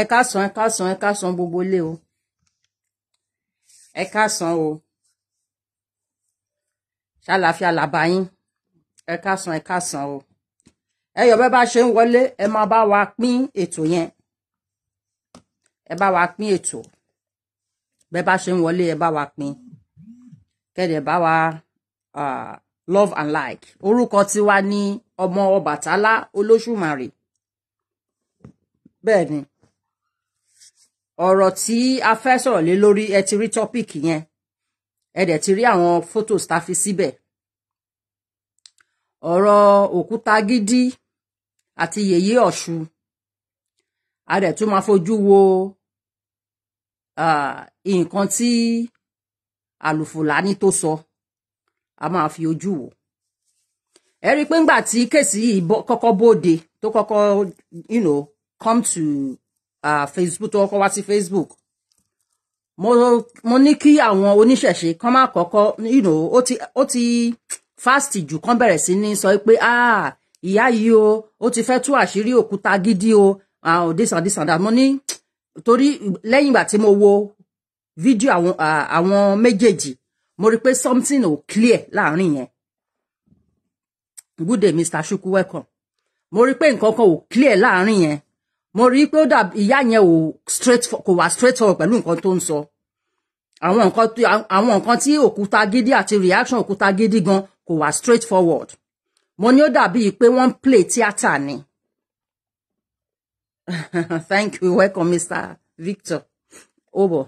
ẹ káàsán ẹ káàsán ẹ káàsán gbogbo ilé o ẹ káàsán o ṣàlàfíà làbá yín ẹ káàsán ẹ káàsán o ẹ yọ bẹ bá ṣe ń wọlé ẹ máa bá wa pín ètò yẹn ẹ bá wa pín ètò bẹ bá ṣe ń wọlé ẹ bá wa pín kẹdẹ bá wa love and like orúkọ tiwa ní ọmọ Ọbàtálá Olóṣùmarè bẹ́ẹ̀ ni ọ̀rọ̀ tí a fẹ́ sọ̀rọ̀ lé lórí ẹ ti rí tọ́píìkì yẹn ẹ dẹ̀ ti rí àwọn photos tá a fi síbẹ̀ ọ̀rọ̀ òkúta gidi àti yèyé ọ̀ṣù a dẹ̀ tún máa fojú wo nǹkan tí Alùfùlání tó sọ a máa fi ojú wò ẹ rí i pé ńgbà tí kéèsì yìí kọ́kọ́ bóde tó kọ́kọ́ you know, come to uh, Facebook tó kọ́kọ́ wá sí Facebook mo mo ní kí àwọn oníṣẹ̀ṣe kan má kọ́kọ́ you know, ó ti ó ti fast jù kan bẹ̀rẹ̀ sí ní sọ pé ah, ìyá yìí o ó ti fẹ́ tú àṣírí òkúta gidi o àwọn òdìsàn dìsàn dà mo ní torí lẹ́yìn ìgbà tí mo wo fídíò àwọn àwọn méjèèjì mo rí pé something ò clear láàrin yẹn good day Mr. Shuku welcome mo rí i pé nǹkan kan ò clear láàrin yẹn mo rí i pé ó dà ìyá yẹn ò straight kò wá straight forward pẹ̀lú nǹkan tó ń sọ àwọn nǹkan tí òkúta gidi àti reaction òkúta gidi gan kò wá straight forward mo ní ó dàbíi pé wọ́n play theatre ni thank you welcome Mr. Victor obo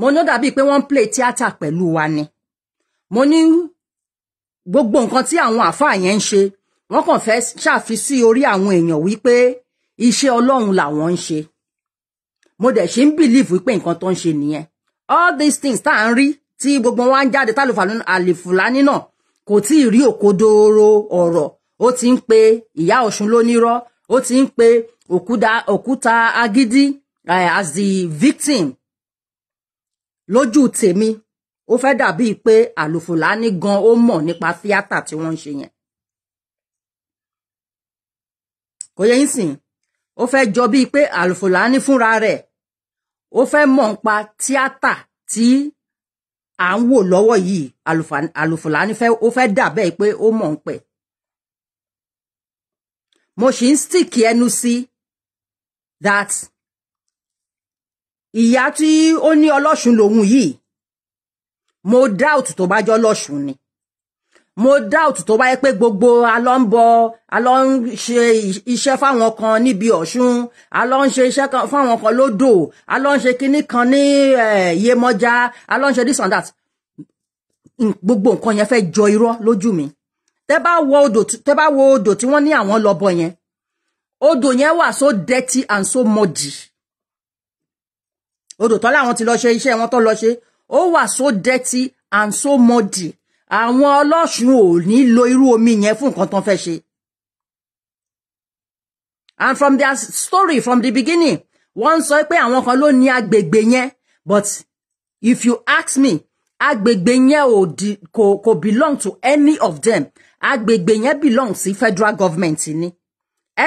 mo ní ó dàbíi pé wọ́n ń play theatre pẹ̀lú wa ni mo ní gbogbo nǹkan tí àwọn àáfàá yẹn ń ṣe wọ́n kàn fẹ́ ṣàfi sí orí àwọn èèyàn wípé iṣẹ́ ọlọ́run làwọn ń ṣe mo dẹ̀ ṣe ń bìlíf wípé nǹkan tó ń ṣe nìyẹn all these things tá à ń rí tí gbogbo wa ń jáde tálùfà àlìfùlání náà kò tí ì rí òkodoro ọ̀rọ̀ ó ti ń pe ìyá ọ̀ṣun lónírọ́ ó ti ń pe òkúta agídí eh, as the victim lójú tèmi ó fẹ́ dàbíi pé àlùfùlání gan ó mọ̀ nípa tíátà tí wọ́n ń ṣe yẹn kò yẹ yín sìn ó fẹ́ jọ bíi pé àlùfòlání fúnra rẹ̀ ó fẹ́ mọ̀ nípa tíátà tí à ń wò lọ́wọ́ yìí àlùfòlání ó fẹ́ dà bẹ́ẹ̀ pé ó mọ̀ ń pẹ̀. mo sì ń stick ẹnu sí that ìyá tí ó ní ọlọ́ṣun lòun yìí mo doubt tó bá jọ lọ́ṣun ni mo doubt tó wáyé pé gbogbo alọ́ ń bọ alọ́ ń ṣe iṣẹ́ fáwọn kan níbi ọ̀ṣun alọ́ ń ṣe iṣẹ́ fáwọn kan lódò alọ́ ń ṣe kinní kan ní eh, Yemọja alọ́ ń ṣe this and that gbogbo nǹkan yẹn fẹ́ jọ irọ́ lójú mi tẹ́ bá wo odò tẹ́ bá wo odò tí wọ́n ní àwọn lọ bọ yẹn odò yẹn wà so dirty and so muddy odò tọ́lá àwọn ti lọ ṣe iṣẹ́ wọn tó lọ ṣe ó wà so dirty and so muddy àwọn ọlọ́ṣun ò ní lo irú omi yẹn fún nǹkan tó ń fẹ́ ṣe. and from their story from the beginning wọ́n sọ pé àwọn kan ló ní agbègbè yẹn but if you ask me agbègbè yẹn ò di kò kò belong to any of them agbègbè yẹn belong sí federal government ni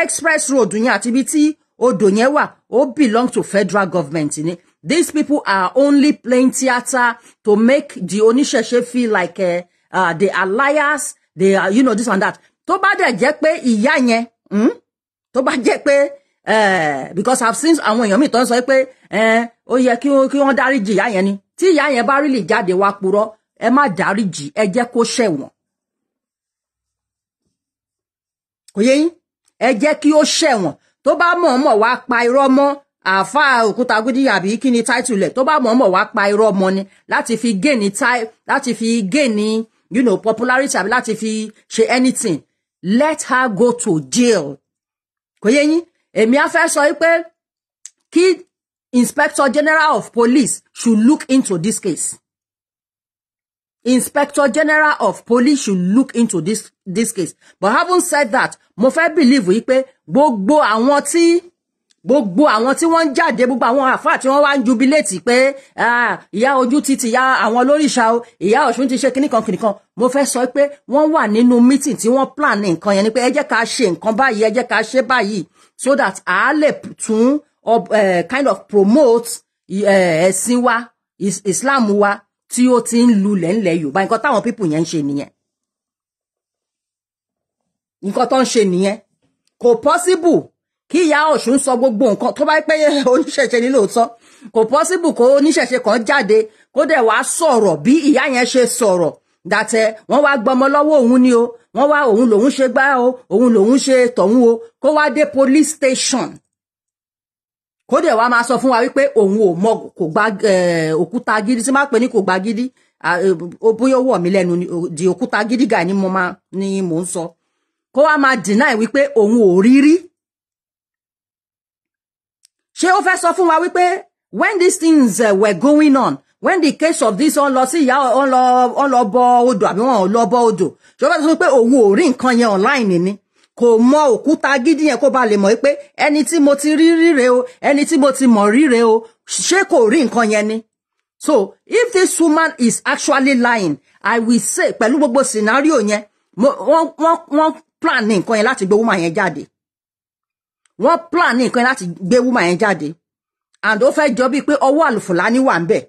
express road yẹn àti ibi tí odò yẹn wà ó belong to federal government ni These people are only playing theater to make the oníṣẹ̀ṣe feel like uh, uh, they are liars, they are, you know, this and that. Tó bá dẹ̀ jẹ́ pé Hmm. To tó bá jẹ́ pé Uh, because I've seen àwọn èèyàn míì tó ń sọ pé eh, ó yẹ kí wọ́n dáríjì ìyá yẹn ni tí ìyá yẹn bá rí lè jáde wá purọ́ ẹ má dáríjì ẹ jẹ́ kó ṣẹ̀wọ̀n. kò yẹ yín ẹ jẹ́ kí ó ṣẹ̀wọ̀n tó bá mọ̀ọ́mọ̀ wá pa irọ́ mọ́ àáfàá òkútagídí àbí kí ni táìtù rẹ̀ tó bá mọ̀ọ́mọ̀ wá pa irọ́ ọmọ ni láti fi gain ni táì láti fi gain ni you know popularity àbí láti fi ṣe anything let her go to jail kò yé yín èmi á fẹ́ sọ pé kí inspector general of police should look into this case inspector general of police should look into this this case but having said that mo fẹ́ believe wípé gbogbo àwọn tí gbogbo àwọn tí wọ́n ń jáde gbogbo àwọn àfáà tí wọ́n wá ń jubiléètì pé ah, ìyá ojú ti ti ya àwọn olóríṣà o ìyá ọ̀ṣun ti ṣe kíníkan kíníkan mo fẹ́ sọ pé wọ́n wà nínú meeting tí wọ́n plan nǹkan yẹn ni pé ẹ jẹ́ ká ṣe nǹkan báyìí ẹ jẹ́ ká ṣe báyìí so that a lè tún eh, kind of promote eh, ẹ̀sìn wa Islam wa tí ó ti ń lulẹ̀ ńlẹ̀ Yorùbá nǹkan táwọn people yẹn ń ṣe nìyẹn nǹkan tó ń ṣe nìyẹn kò possible kí ìyá ọ̀ṣun sọ gbogbo nǹkan tó bá pé oníṣẹ̀ṣe ni lóòótọ́ kò pọ́síbù kó oníṣẹ̀ṣe kan jáde kó dẹ̀ wá sọ̀rọ̀ bí ìyá yẹn ṣe sọ̀rọ̀ dàtẹ̀ eh, wọ́n wá gbọmọ lọ́wọ́ òun ni o wọ́n wá òun lòun ṣe gbá o òun lòun ṣe tọ̀hún o kó wá dé police station kó dẹ̀ wá máa sọ fún wa wípé òun ò mọ kò gba eh, òkúta gidi sí má pè ní kò gba gidi bóyá wọ̀ mí lẹ́nu di òkúta gidi gà ni mo máa ni mò ń sọ kó wá máa deny wípé òun ò rí ṣé ó fẹ́ sọ fún wa wípé when these things uh, were going on when the case of this ọ̀n lọ sí ìyá ọ̀n lọ bọ odò àbí wọn lọ bọ odò ṣé ó fẹ́ sọ pé òun ò rí nǹkan yẹn online ni kò mọ òkúta gidi yẹn kó ba lè mọ̀ pé ẹni tí mo ti rí ríre o ẹni tí mo ti mọ̀ ríre o ṣé kò rí nǹkan yẹn ni so if this woman is actually lying i will say pẹ̀lú gbogbo scenario yẹn wọ́n plan ní nǹkan yẹn láti gbé woman yẹn jáde wọ́n plan ní nǹkan láti gbé woman yẹn jáde and ó fẹ́ jọ bíi pé ọwọ́ àlùfùlání wà ń bẹ̀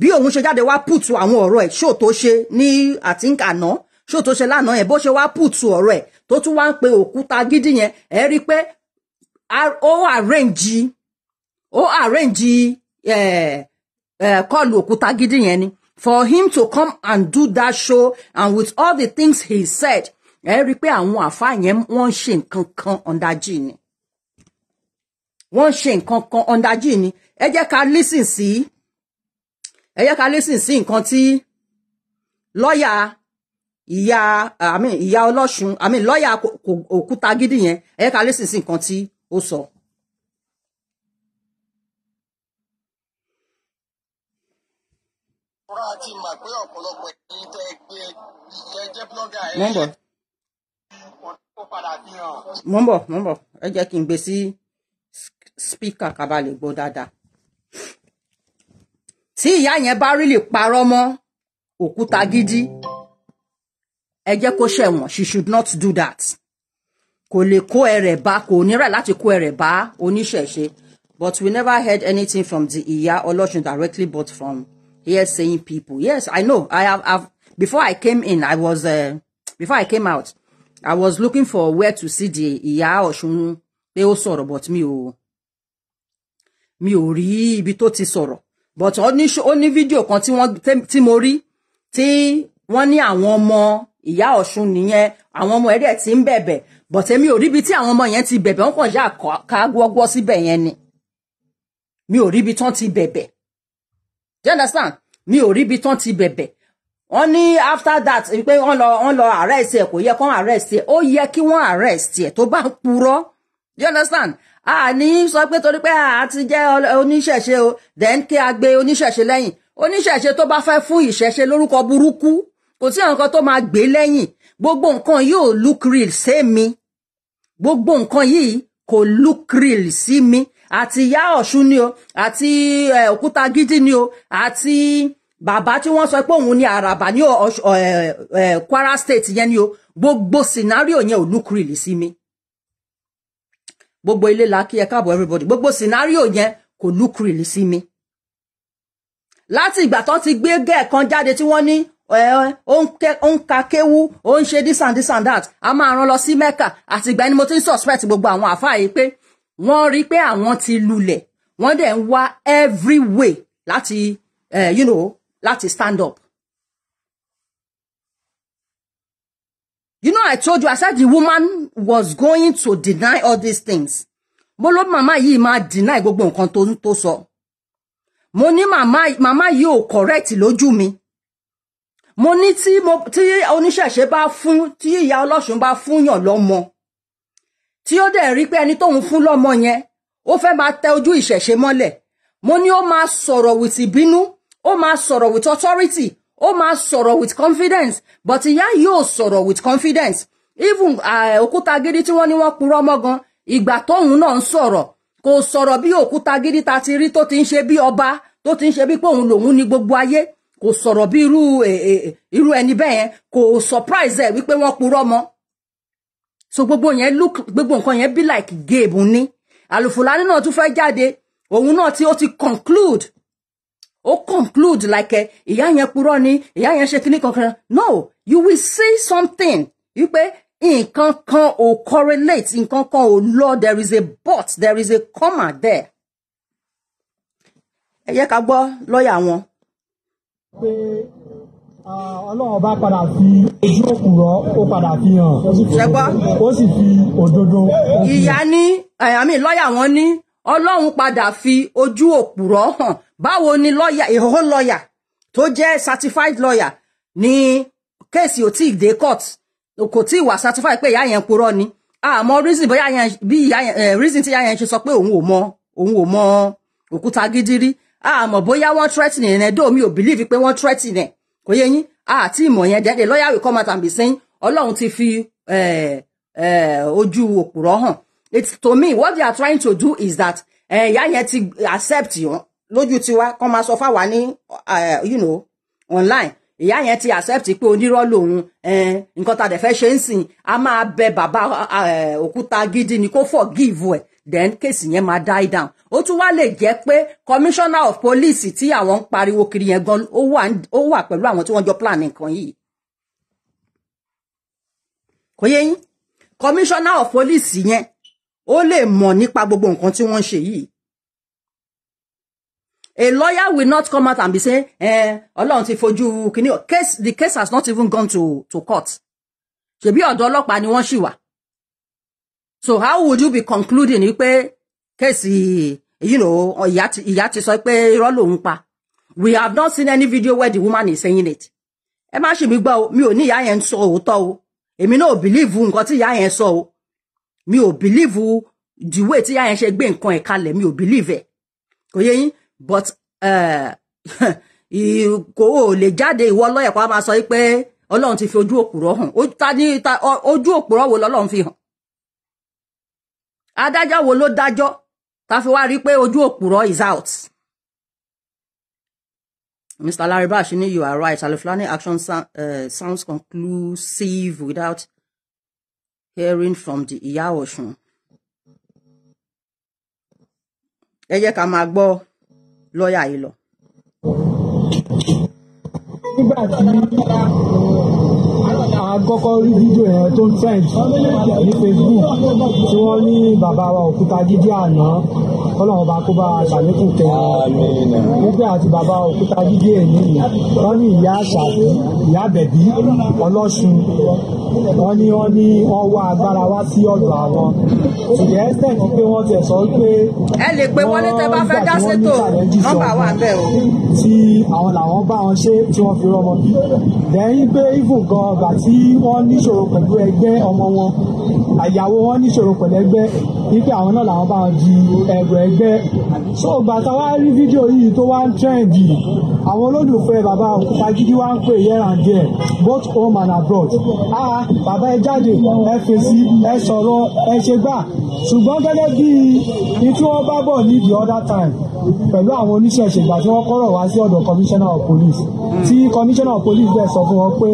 bí òun ṣe jáde wá pùtù àwọn ọ̀rọ̀ ẹ̀ ṣó tó ṣe ní àtìǹkà náà ṣó tó ṣe lánàá yẹn bó ṣe wá pùtù ọ̀rọ̀ ẹ̀ tó tún wá ń pe òkúta gidi yẹn ẹ̀ rí i pé ó àrẹ́ǹjì ó àrẹ́ǹjì kọlù òkúta gidi yẹn ni for him to come and do that show and with all the things he said ẹ rí i pé àwọn àfáà yẹn wọ́n ń ṣe nǹkan kan ọ̀ndájì ni wọ́n ń ṣe nǹkan kan ọ̀ndájì ni ẹ jẹ́ ká lísìn sí ẹ jẹ́ ká lísìn sí nǹkan tí lọ́ọ̀yà ìyá àmì ìyá ọlọ́ṣun àmì lọ́ọ̀yà Òkútagídí yẹn ẹ jẹ́ ká lísìn sí nǹkan tí ó sọ. Mo rántí padà fi I mo ń bọ̀ mo ń bọ̀ ẹ jẹ́ kí n gbé sí spíkà ká bá lè gbọ́ dáadáa. tí ìyá gidi she should not do that Kole lè kó bá kò nira láti kó bá but we never heard anything from the or ọlọ́sùn directly but from Saying people yes i know i have I've, before i came in i was uh, before i came out I was looking for where to see the ìyá Ọ̀ṣun pé ó sọ̀rọ̀ but mi ò mi ò rí ibi tó ti sọ̀rọ̀ but ó ní ó ní fídíò kan tí wọ́n tí mo rí tí wọ́n ní àwọn ọmọ ìyá Ọ̀ṣun nìyẹn àwọn ọmọ ẹ̀rẹ́ ti ń bẹ̀bẹ̀ but èmi ò rí ibi tí àwọn ọmọ yẹn ti bẹ̀bẹ̀ wọ́n kàn yà ká gbọ́gbọ́ síbẹ̀ yẹn ni mi ò rí ibi tán ti bẹ̀bẹ̀ do you understand mi ò rí ibi tán ti bẹ̀bẹ̀ wọ́n ní after that pé wọ́n lọ wọ́n lọ arrest ẹ̀ kò yẹ kó arrest ẹ̀ ó yẹ kí wọ́n arrest ẹ̀ tó bá ń purọ́ you understand a ní sọ pé torí pé a ti jẹ́ oníṣẹ̀ṣe o then kí a gbé oníṣẹ̀ṣe lẹ́yìn oníṣẹ̀ṣe tó bá fẹ́ fún ìṣẹ̀ṣe lórúkọ burúkú kò sí nǹkan tó máa gbé lẹ́yìn gbogbo nǹkan yóò look real sí mi gbogbo nǹkan yìí kò look real sí mi àti ìyá ọ̀ṣun ni o àti òkúta gidi ni o àti bàbá tí wọ́n sọ pé òun ní àràbà ní Kwara State yẹn ni o gbogbo scenario yẹn ò look real sí mi gbogbo ilé la ẹ káàbọ̀ everybody gbogbo scenario yẹn kò look real sí mi láti ìgbà tó ti gbé gẹ́ẹ̀kan jáde tí wọ́n ní ó ń ka kéwú ó ń ṣe this and this and that a máa rán lọ sí Mecca àti ìgbà ni mo ti ń suspect gbogbo àwọn àfáà yìí pé wọ́n rí pé àwọn ti lulẹ̀ wọ́n dẹ̀ ń wá every way láti uh, you know, láti stand up. You know, I told you, I said the woman was going to deny all these things. Mo ló màmá yìí máa deny gbogbo nǹkan tó ń tó sọ. Mo ní màmá màmá yìí ò correct lójú mi. Mo ní tí mo tí oníṣẹ̀ṣe bá fún tí ìyá ọlọ́ṣun bá fúnyàn lọ́mọ. Tí ó dẹ̀ rí pé ẹni tóun fún lọ́mọ yẹn, ó fẹ́ máa tẹ ojú ìṣẹ̀ṣe mọ́lẹ̀. Mo ní ó máa sọ̀rọ̀ with ìbínú ó máa sọ̀rọ̀ with authority ó máa sọ̀rọ̀ with confidence but ìyá yóò sọ̀rọ̀ with confidence even eh, òkúta gidi tí wọ́n ní wọ́n purọ́ mọ́ gan ìgbà tóun náà ń sọ̀rọ̀ kò sọ̀rọ̀ bí òkúta gidi ta ti rí tó ti ń ṣe bí ọba tó ti ń ṣe bí pé lòun ní gbogbo ayé kò sọ̀rọ̀ bí eh, eh, irú ẹni bẹ́ẹ̀ yẹn kò surprise ẹ̀ wípé wọ́n purọ́ mọ́ so gbogbo yẹn look gbogbo nǹkan yẹn be like game ni Alufulani náà tún fẹ́ jáde òun náà tí ó ti conclude ó conclude like eh, ìyá yẹn purọ́ ni ìyá yẹn ṣe kíní kankan no you will see something wípé nǹkan kan ò correlate nǹkan kan ò lọ there is a but there is a comma there. ẹ yẹ ká gbọ́ lọ́ọ̀yà wọn. pé ọlọ́run bá padà fi ojú òkùnrọ̀ ó padà fi hàn ṣẹgbọ́ ó sì fi òdodo. ìyá ní àmì eh, lọ́ọ̀yà wọn ní ọlọ́run padà fi ojú òkùnrọ̀ hàn báwo ni lọ́ọ̀yà a whole lawyer tó jẹ́ certified lawyer ní kéèsì ò tí ì court kò tí ì wà certified pé ìyá yẹn purọ́ ni àmọ́ reason bóyá yẹn bí ìyá yẹn eh, reason tí ìyá yẹn ṣe sọ pé òun ò mọ òun ò mọ òkúta gidiri àmọ́ bóyá wọ́n threaten ẹ̀ náà dóòmí ò believe pé wọ́n threaten ẹ̀ kò yẹ yín àti ìmọ̀ yẹn then the lawyer will come out and be saying ọlọ́run ti fi eh, eh, ojú òpùrọ̀ hàn it's to me what they are trying to do is that ìyá yẹn ti accept yẹn lójú tiwa kán máa sọ fáwa ní eh, you know online ìyá yẹn ti accept pé onírọ́ lòun eh, nǹkan tá a dẹ̀ fẹ́ ṣe ń sìn a máa bẹ bàbá eh, òkúta gidi ni kó forgive ẹ̀ then case yẹn máa die down ó tún wá lè jẹ́ pé commissioner of police tí àwọn ń pariwo kiri yẹn gan ó wà pẹ̀lú àwọn tí wọ́n jọ plan nǹkan yìí kò yẹ yín commissioner of police yẹn ó lè mọ̀ nípa gbogbo nǹkan tí wọ́n ń ṣe yìí A lawyer will not come out and be saying, eh, Ọlọ́run ti fojú kìíní. Case, the case has not even gone to, to court. Ṣebí ọ̀dọ̀ ọlọ́pàá ni wọ́n ṣì wà. So how would you be concluding wípé kéèsì, you know, ìyá ti, ìyá ti sọ pé irọ́ lòun pa? We have not seen any video where the woman is saying it. Ẹ má ṣì mí gbọ́ o, mi ò ní ìyá yẹn sọ òótọ́ o. Èmi náà ò bìlíìfù nǹkan tí ìyá yẹn sọ o. Mi ò bìlíìfù the way tí ìyá yẹn ṣe gbé nǹkan ẹ̀ kalẹ̀, mi ò bìlíìfù ẹ̀. Kò yẹ yín, but kò eh, lè jáde ìwọ lọ́yẹ̀kọ́ pa máa sọ pé ọlọ́run ti fi ojú òpùrọ̀ hàn ojú òpùrọ̀ wo lọ́lọ́run fi hàn adájọ́ wo ló dájọ́ ta fi wá rí i pé ojú òpùrọ̀ is out. Mr. ni you are right. Aliflani action sound, eh, sounds conclusive without hearing from the Ìyá Ọ̀ṣun. Ẹ jẹ́ ká máa gbọ́. lọ́ọ̀yà yìí lọ. nígbà tí àkọ́kọ́ rí fídíò yẹn tó ń trend ní Facebook tí wọ́n ní bàbá wa Òkútagídí àná kọ́lọ́wọ́n bá kó bá ṣàlékù tẹ wípé àti bàbá òkúta jíjẹ èmi yìí wọ́n ní ìyá àṣàbí ìyá bẹ̀bí ọlọ́sùn wọ́n ní wọ́n ní wọ́n wá agbára wá sí ọ̀dọ̀ àwọn ṣùgbọ́n ẹ̀sẹ̀ ni pé wọ́n tẹ̀ sọ pé. ẹ lè pe wọlé tẹ bá fẹ́ tí àwọn làwọn bá wọn ṣe tí wọ́n fi rọmọ bí. pé ifun gan ọgbà tí wọ́n níṣòro pẹ̀lú ẹgbẹ́ ọmọ wọn àyàwó wọn níṣòro pẹ̀lú ẹgbẹ́ wípé àwọn náà làwọn bá wọn di ẹgbẹ́ ẹgbẹ́ so ìgbà táwa rí fídíò yìí tó wá ń trẹ́ǹdì àwọn olólùfẹ́ bàbá Fagidi wá ń pè here and there both home and abroad ah bàbá ẹ jáde ẹ fèsì ẹ sọ̀rọ̀ ẹ ṣe gbà ṣùgbọ́n gẹ́gẹ́ bíi ní tí wọ́n bá bọ̀ ní the other time pẹ̀lú àwọn oníṣẹ̀ṣẹ̀ ìgbà tí wọ́n kọ́rọ̀ wá sí ọ̀dọ̀ commissioner of police tí commissioner of police bẹ̀ sọ fún wọn pé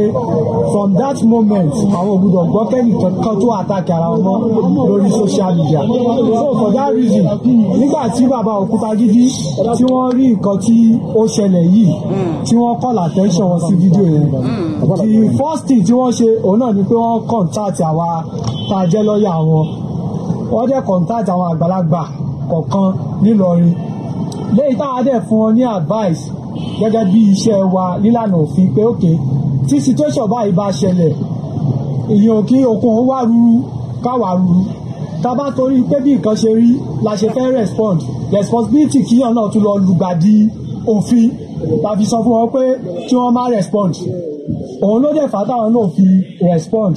from that moment àwọn ògbúdọ̀ gbọ́ kẹ́nìkan kan tó àtàkì ara wọn lórí social media so for that reason nígbà tí bàbá Òkútagidi tí wọ́n rí nǹkan tí ó ṣẹlẹ̀ yìí tí wọ́n call attention wọn sí fídíò yẹn the first thing tí wọ́n ṣe òun náà ni pé wọ́n contact àwa tá a jẹ́ lọ́ọ̀yà wọn wọ́n jẹ́ contact àwọn àgbàlagbà kọ̀ọ̀kan nílọrin lẹ́yìn táwa dẹ̀ fún ọ ní advice gẹ́gẹ́ bí iṣẹ́ wa nílànà òfin pé òkè tí situation báyìí bá ṣẹlẹ̀ èèyàn kí okun ó wá ruru káwa ruru tá a bá torí pé bí nǹkan ṣe rí la ṣe fẹ́ respond responsibility kíyàn náà tún lọ lùgbàdì òfin tàbí sọ fún wọn pé kí wọ́n má respond òun ló dẹ̀ fà táwọn náà fi respond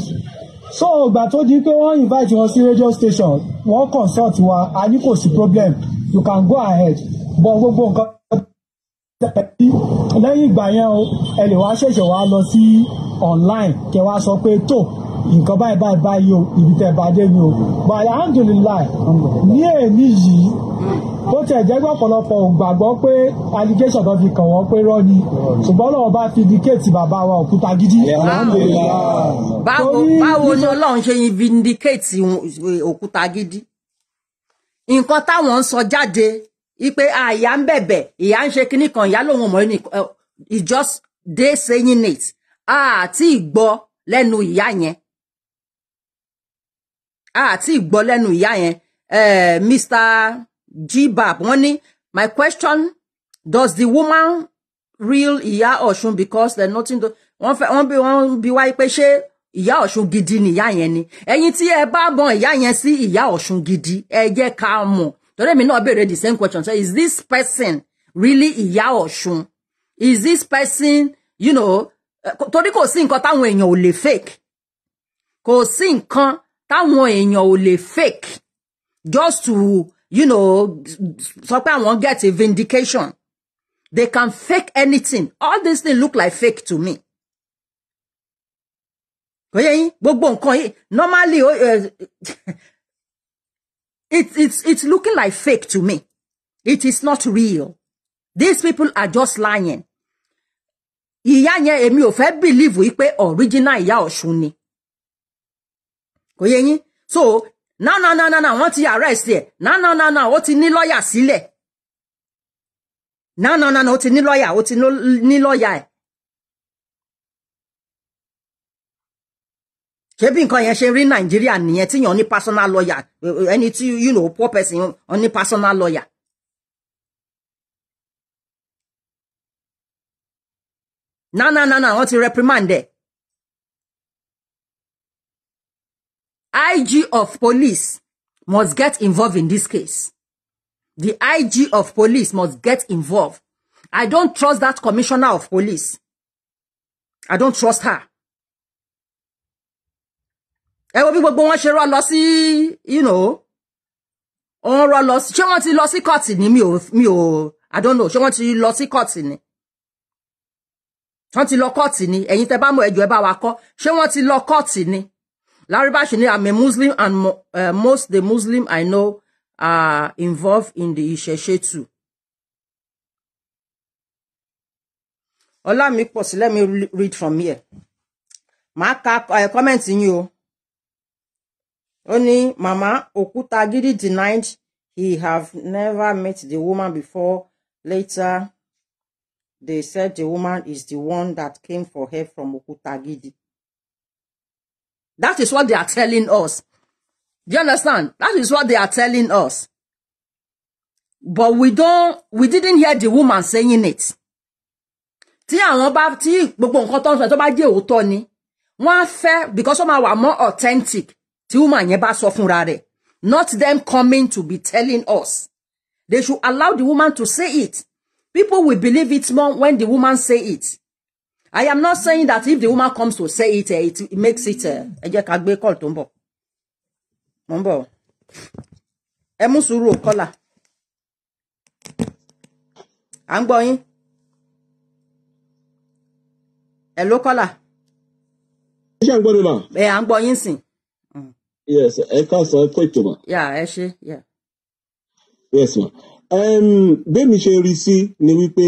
so ìgbà tó di pé wọ́n invite wọn sí radio station wọ́n consult wa a ní kò sí problem you can go ahead bọ gbogbo nǹkan tẹ̀lé lẹ́yìn ìgbà yẹn o ẹ lè wá ṣẹ̀ṣẹ̀ wá lọ sí online kẹ wá sọ pé tó nǹkan báyìí báyìí báyìí o ibi tẹ bá dé ni o but alhamdulilayi ní èmi yìí bó tiẹ̀ jẹ́ pé ọ̀pọ̀lọpọ̀ ò gbàgbọ́ pé allegation tó fi kàn wọ́n pé rọ́ ni ṣùgbọ́n lọ́wọ́ bá fi indicate bàbá wa òkúta gidi. báwo báwo ni ọlọ́run ṣe vindicate òkúta gidi nǹkan táwọn ń sọ jáde ipe àyà ah, ń bẹ̀bẹ̀ ìyá ń ṣe kinní kan ìyá lòun ọmọ ní it just dey saying it àti ìgbọ́ lẹ́nu ìyá yẹn àti ìgbọ́ lẹ́nu ìyá yẹn eh, Mr. Gbab wọ́n ní my question does the woman real ìyá ọ̀ṣun because there nothing to wọ́n fẹ́ wọ́n bí wọ́n bí wáyé pé ṣé ìyá ọ̀ṣun gidi ni ìyá yẹn ni ẹ̀yin tí ẹ bá mọ ìyá yẹn sí ìyá ọ̀ṣun gidi ẹ jẹ́ ká mọ̀ torí èmi náà béèrè the same question so is this person really ìyá ọ̀ṣun is this person you know eh, torí kò sí nǹkan táwọn èèyàn ò lè fake kò sí nǹkan táwọn èèyàn ò lè fake just to you know sọ pé àwọn get a vindication they can fake anything all these things look like fake to me kò yẹ yín gbogbo nǹkan yìí normally oh, eh, It's it's it's looking like fake to me. It is not real. These people are just lying. Ìyá yẹn èmi ò fẹ́ believe wí original ìyá Ọ̀ṣun ni. Kò yé yín. So na na na na now wọ́n ti arrest ẹ̀. na na na na. ó ti ní lọ́ọ̀yà sílẹ̀. Na na na. now ó ti ní lọ́ọ̀yà ó ti ní lọ́ọ̀yà ẹ̀. ṣebí nǹkan yẹn ṣe rí nàìjíríà nìyẹn tíyàn ní personal lawyer ẹni tí you know poor person ní personal lawyer. nana nana wọ́n ti reprimand ẹ. IG of police must get involved in this case. The IG of police must get involved. I don't trust that commissioner of police. I don't trust her ẹ wo bí gbogbo wọn ṣe rọ lọ sí you know òun rọ lọ sí ṣé wọ́n ti lọ sí kọ́ọ̀tì ni mi ò I don't know ṣé wọ́n ti lọ sí kọ́ọ̀tì ni wọ́n ti lọ kọ́ọ̀tì ni ẹ̀yin tẹ́ bá mọ̀ ẹjọ́ ẹ bá wa kọ́ ṣé wọ́n ti lọ kọ́ọ̀tì ni Lárúbáṣe ni I'm a Muslim and uh, most the Muslim I know are involved in the ìṣẹ̀ṣe too. Ọlámi pọ̀ sí let me read from here. Màá ka kọ́mẹ́ǹtì eh, yín o ó ní màmá òkútagídí denied he have never met the woman before later they said the woman is the one that came for help from òkútagídí. That is what they are telling us. Do you understand? That is what they are telling us. But we don't, we didn't hear the woman saying it. Tí àwọn bá tí gbogbo nǹkan tó ń sọ tó bá jẹ́ òótọ́ ni, wọ́n á fẹ́ because wọ́n máa wà more authentic tí woman yẹn bá sọ fúnra rẹ̀ not them coming to be telling us they should allow the woman to say it people will believe it more when the woman say it i am not saying that if the woman comes to say it eh, it, makes it eh, ẹ jẹ́ ká gbé call tó ń bọ̀ mo ń bọ̀ ẹ mú sùúrù òkọlà à ń gbọ́ yín ẹ ló kọlà. ẹ ṣe à ń ẹ à ń gbọ́ yín sìn yes ẹ káàsán ẹ kó ètò mà. Yeah, ẹ ṣe. yes ma bẹ́ẹ̀ni ṣe rí sí ni wípé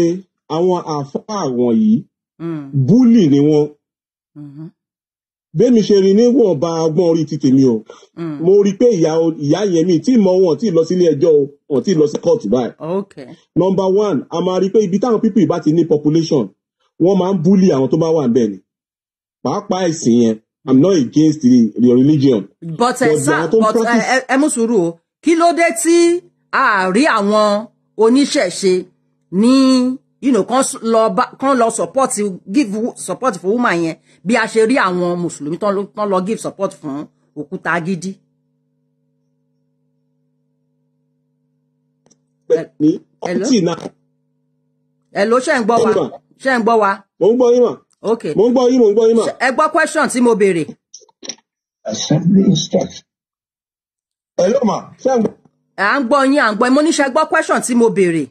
àwọn àáfàá wọ̀nyí hmm. búlì ni wọ́n mm-hmm. bẹ́ẹ̀ni ṣe rí níwọ̀nba ọgbọ́n orí ti tèmi o hmm. mo rí i pé ìyá yẹn mi tí mọ wọn tí lọ sílé ẹjọ́ wọn tí lọ sí kóòtù báyìí. okay. number one a máa rí i pé ibi táwọn pípì bá ti ní population wọ́n máa ń búlì àwọn tó bá wà bẹ́ẹ̀ ni pàápàá ẹ̀sìn yẹn i'm not against the, the religion. but ẹ eh, but ẹ eh, eh, ẹ mú sùúrù o kí ló dé tí a àwọn oníṣẹ̀ṣe ní you know, kan lọ ba, kan lọ support give support for woman yẹn bí a ṣe rí àwọn mùsùlùmí tán lọ give support fún òkúta gidi. hello hello ṣe ń gbọ́ wa ṣe ń gbọ́ wa. mo ń gbọ́ yín mà okay mo ń gbọ́ yín mo ń gbọ́ yín mà. ẹ gbọ́ question tí mo béèrè. hello ma ṣé ń gbọ́. à ń gbọ́ yín à ń gbọ́ yín mo ní ṣe question tí mo béèrè.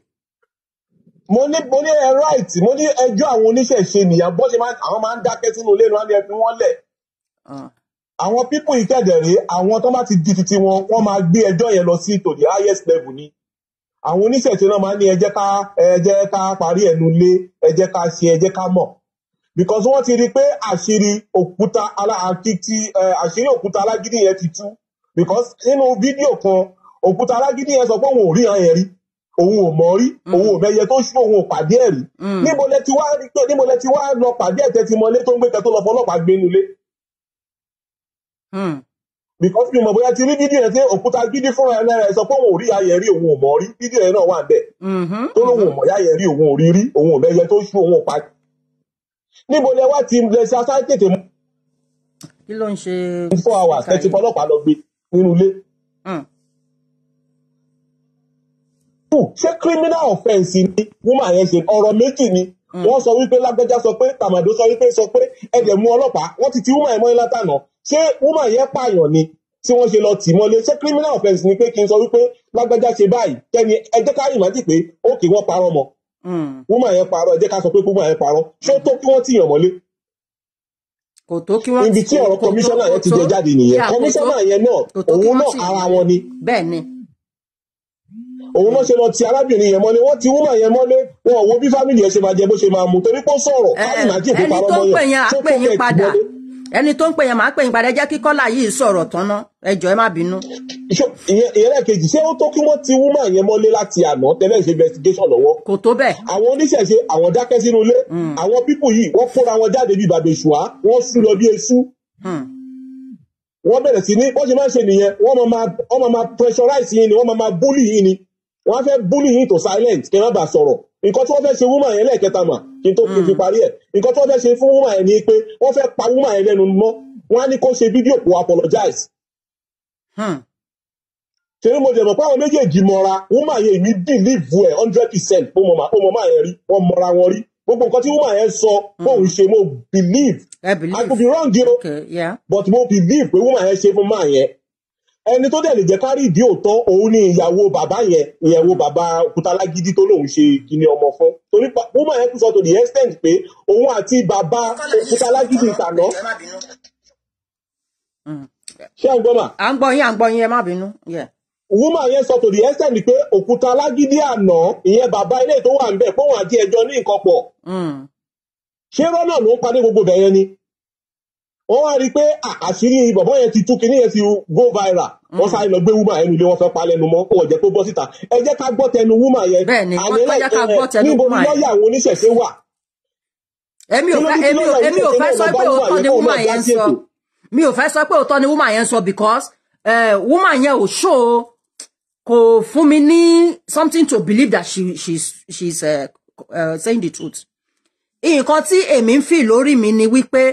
mo ní mo ní ẹ right mo ní ẹjọ́ àwọn oníṣẹ̀ṣe nìyà bó ṣe máa àwọn máa ń dákẹ́ sínú ilé ìrànlẹ́ fi wọ́n lẹ̀. Ah. àwọn pípọ̀ ìtẹ̀dẹ̀rẹ́ àwọn tó bá ti di titi wọn wọ́n máa gbé ẹjọ́ yẹn lọ sí to highest level ni àwọn oníṣẹ̀ṣe náà máa ń ní ẹ ká ẹ ká parí ẹnu lé ẹ ká ṣe ẹ ká mọ̀ because wọ́n ti rí i pé àṣírí òkúta aláàkìtì àṣírí òkúta alágídí yẹn ti tú because nínú fídíò kan òkúta alágídí yẹn sọ pé òun ò ríran yẹn rí òun ò mọ̀ rí mm. òun ò mẹyẹ tó ṣú òun ò pàdé ẹ̀ rí mm. níbo lẹ ti wá rí pé níbo lẹ ti wá lọ pàdé ẹ̀ tẹ́ ti mọlé tó ń gbé kẹ́ tó lọ fọlọ́pàá gbé nulẹ̀ mm. because mi mọ̀ bóyá ti rí fídíò yẹn tí òkúta gidi fúnra ẹ̀ náà sọ pé òun ò rí ayẹ rí òun ò mọ̀ rí fídíò yẹn náà wà bẹ́ẹ̀ mm-hmm. tó lóun ò mm-hmm. mọ̀ yáyẹ rí òun ò rí rí òun ò mẹyẹ tó ṣú òun ò pàdé níbo lẹ wá ti lẹ ṣe aṣáré tètè mú. kí ló ń ṣe. four hours ẹ ti fọ ọlọ́pàá lọ gbé nínú ilé. Hmm. Hmm, ṣé criminal offence ni woman yẹn ṣe ọ̀rọ̀ méjì ni hmm. wọ́n sọ wípé lágbẹ́já sọ pé tàmàdó sọ wípé sọ pé ẹ̀jẹ̀ mú ọlọ́pàá wọ́n ti ti woman yẹn mọ́ ilá tànà ṣé woman yẹn pààyàn ni tí wọ́n ṣe lọ tì mọ́lé ṣé criminal offence ni pé kí n sọ wípé lágbẹ́já ṣe báyìí kẹ́ni ẹjẹ́ ká ìmájì pé ó kì wọ́n parọ́ mọ́. Hmm. woman yẹn parọ́ ẹ jẹ́ ká sọ pé woman yẹn parọ́ ṣó tó kí wọ́n ti yàn mọ́lé. kò tó kí wọ́n ti ibi tí ọ̀rọ̀ kọmíṣánná yẹn ti jẹ jáde nìyẹn kọmíṣánná yẹn náà òun náà ara wọn ni. bẹ́ẹ̀ ni òun náà ṣe lọ ti arábìnrin yẹn mọ́lé wọ́n ti wúmọ̀ yẹn mọ́lé wọn ò wo bí fámìlì yẹn ṣe máa jẹ bó ṣe máa mu torí pé ó sọ̀rọ̀ káàdì náà jẹ́ ìfipá ẹni tó ń pè yẹn máa pè yín padà jẹ́ kí Kọ́lá yìí sọ̀rọ̀ tánná ẹjọ́ ẹ má bínú. ìyẹn kejì ṣé ó tó kí wọ́n ti woman yẹn mọ́lé láti àná tẹ́lẹ̀ ṣe investigation lọ́wọ́. kò tó bẹ́ẹ̀. àwọn oníṣẹ̀ṣe àwọn dákẹ́ sínú ilé hmm. àwọn pípù yìí wọ́n kóra wọn jáde bíi bàbèṣùá wọ́n sú lọ bí eṣú. Hmm. wọ́n bẹ̀rẹ̀ sí ní wọ́n ṣe máa ń ṣe nìyẹn wọ́n máa máa pressurize yín ni wọ́n máa máa bully yín ni wọ́n á fẹ́ bully yín to silence kẹ́ má bàa sọ̀rọ̀ nǹkan tí wọ́n fẹ́ ṣe woman yẹn lẹ́ẹ̀kẹta mà kí n tó fi mm. parí ẹ̀ nǹkan tí wọ́n fẹ́ ṣe fún woman yẹn ni pé wọ́n fẹ́ pa woman yẹn lẹ́nu mọ́ wọ́n á ní kó ṣe fídíò kó apologize. Hmm. ṣé ni mo jẹ̀ mọ̀ pé àwọn méjèèjì mọ́ra woman yẹn mi believe ẹ̀ hundred percent ó mọ̀ máa yẹn rí wọ́n mọ́ra wọn rí gbogbo nǹkan tí yẹn sọ hmm. ṣe I could be wrong but mo believe pé yẹn ẹni tó dẹ̀ lè jẹ́ kárí ìdí òótọ́ òun ni ìyàwó bàbá yẹn ìyàwó bàbá Òkútalágídí tó lòun ṣe kíní ọmọ fún torí woman yẹn sọ to the extent pé òun àti bàbá Òkútalágídí ìtànà. Mm. ṣé ẹ ń gbọ́ mà. à ń gbọ́ yín à ń gbọ́ yín ẹ má bínú. woman yẹn sọ to the extent pé Òkútalágídí àná ìyẹn bàbá ilé tó wà ń bẹ̀ pé òun àti ẹjọ́ ní nǹkan mm. ṣé rọ́nà ló ń parí gbogbo bẹ̀yẹn ni wọ́n wá rí i pé ah, àṣírí bọ̀bọ́ yẹn ti tú kinní yẹn ti go viral mm. wọ́n sáré lọ gbé woman ẹnu ilé wọ́n fẹ́ pa lẹ́nu mọ́ kó wọ́n jẹ́ kó bọ́ síta ẹ jẹ́ ká gbọ́ tẹnu woman yẹn bẹ́ẹ̀ni wọ́n jẹ́ ká gbọ́ tẹnu eh, woman yẹn níbo lọ́ọ̀yà àwọn oníṣẹ̀ṣe wà. èmi ò fẹ́ èmi ò fẹ́ sọ pé òótọ́ ni woman yẹn sọ mi ò fẹ́ sọ pé òótọ́ ni woman yẹn sọ because eh, woman yẹn ò ṣó kò fún mi ní something to believe that she she she's uh, uh, saying the truth. nǹkan tí èmi ń fì lórí mi ni wípé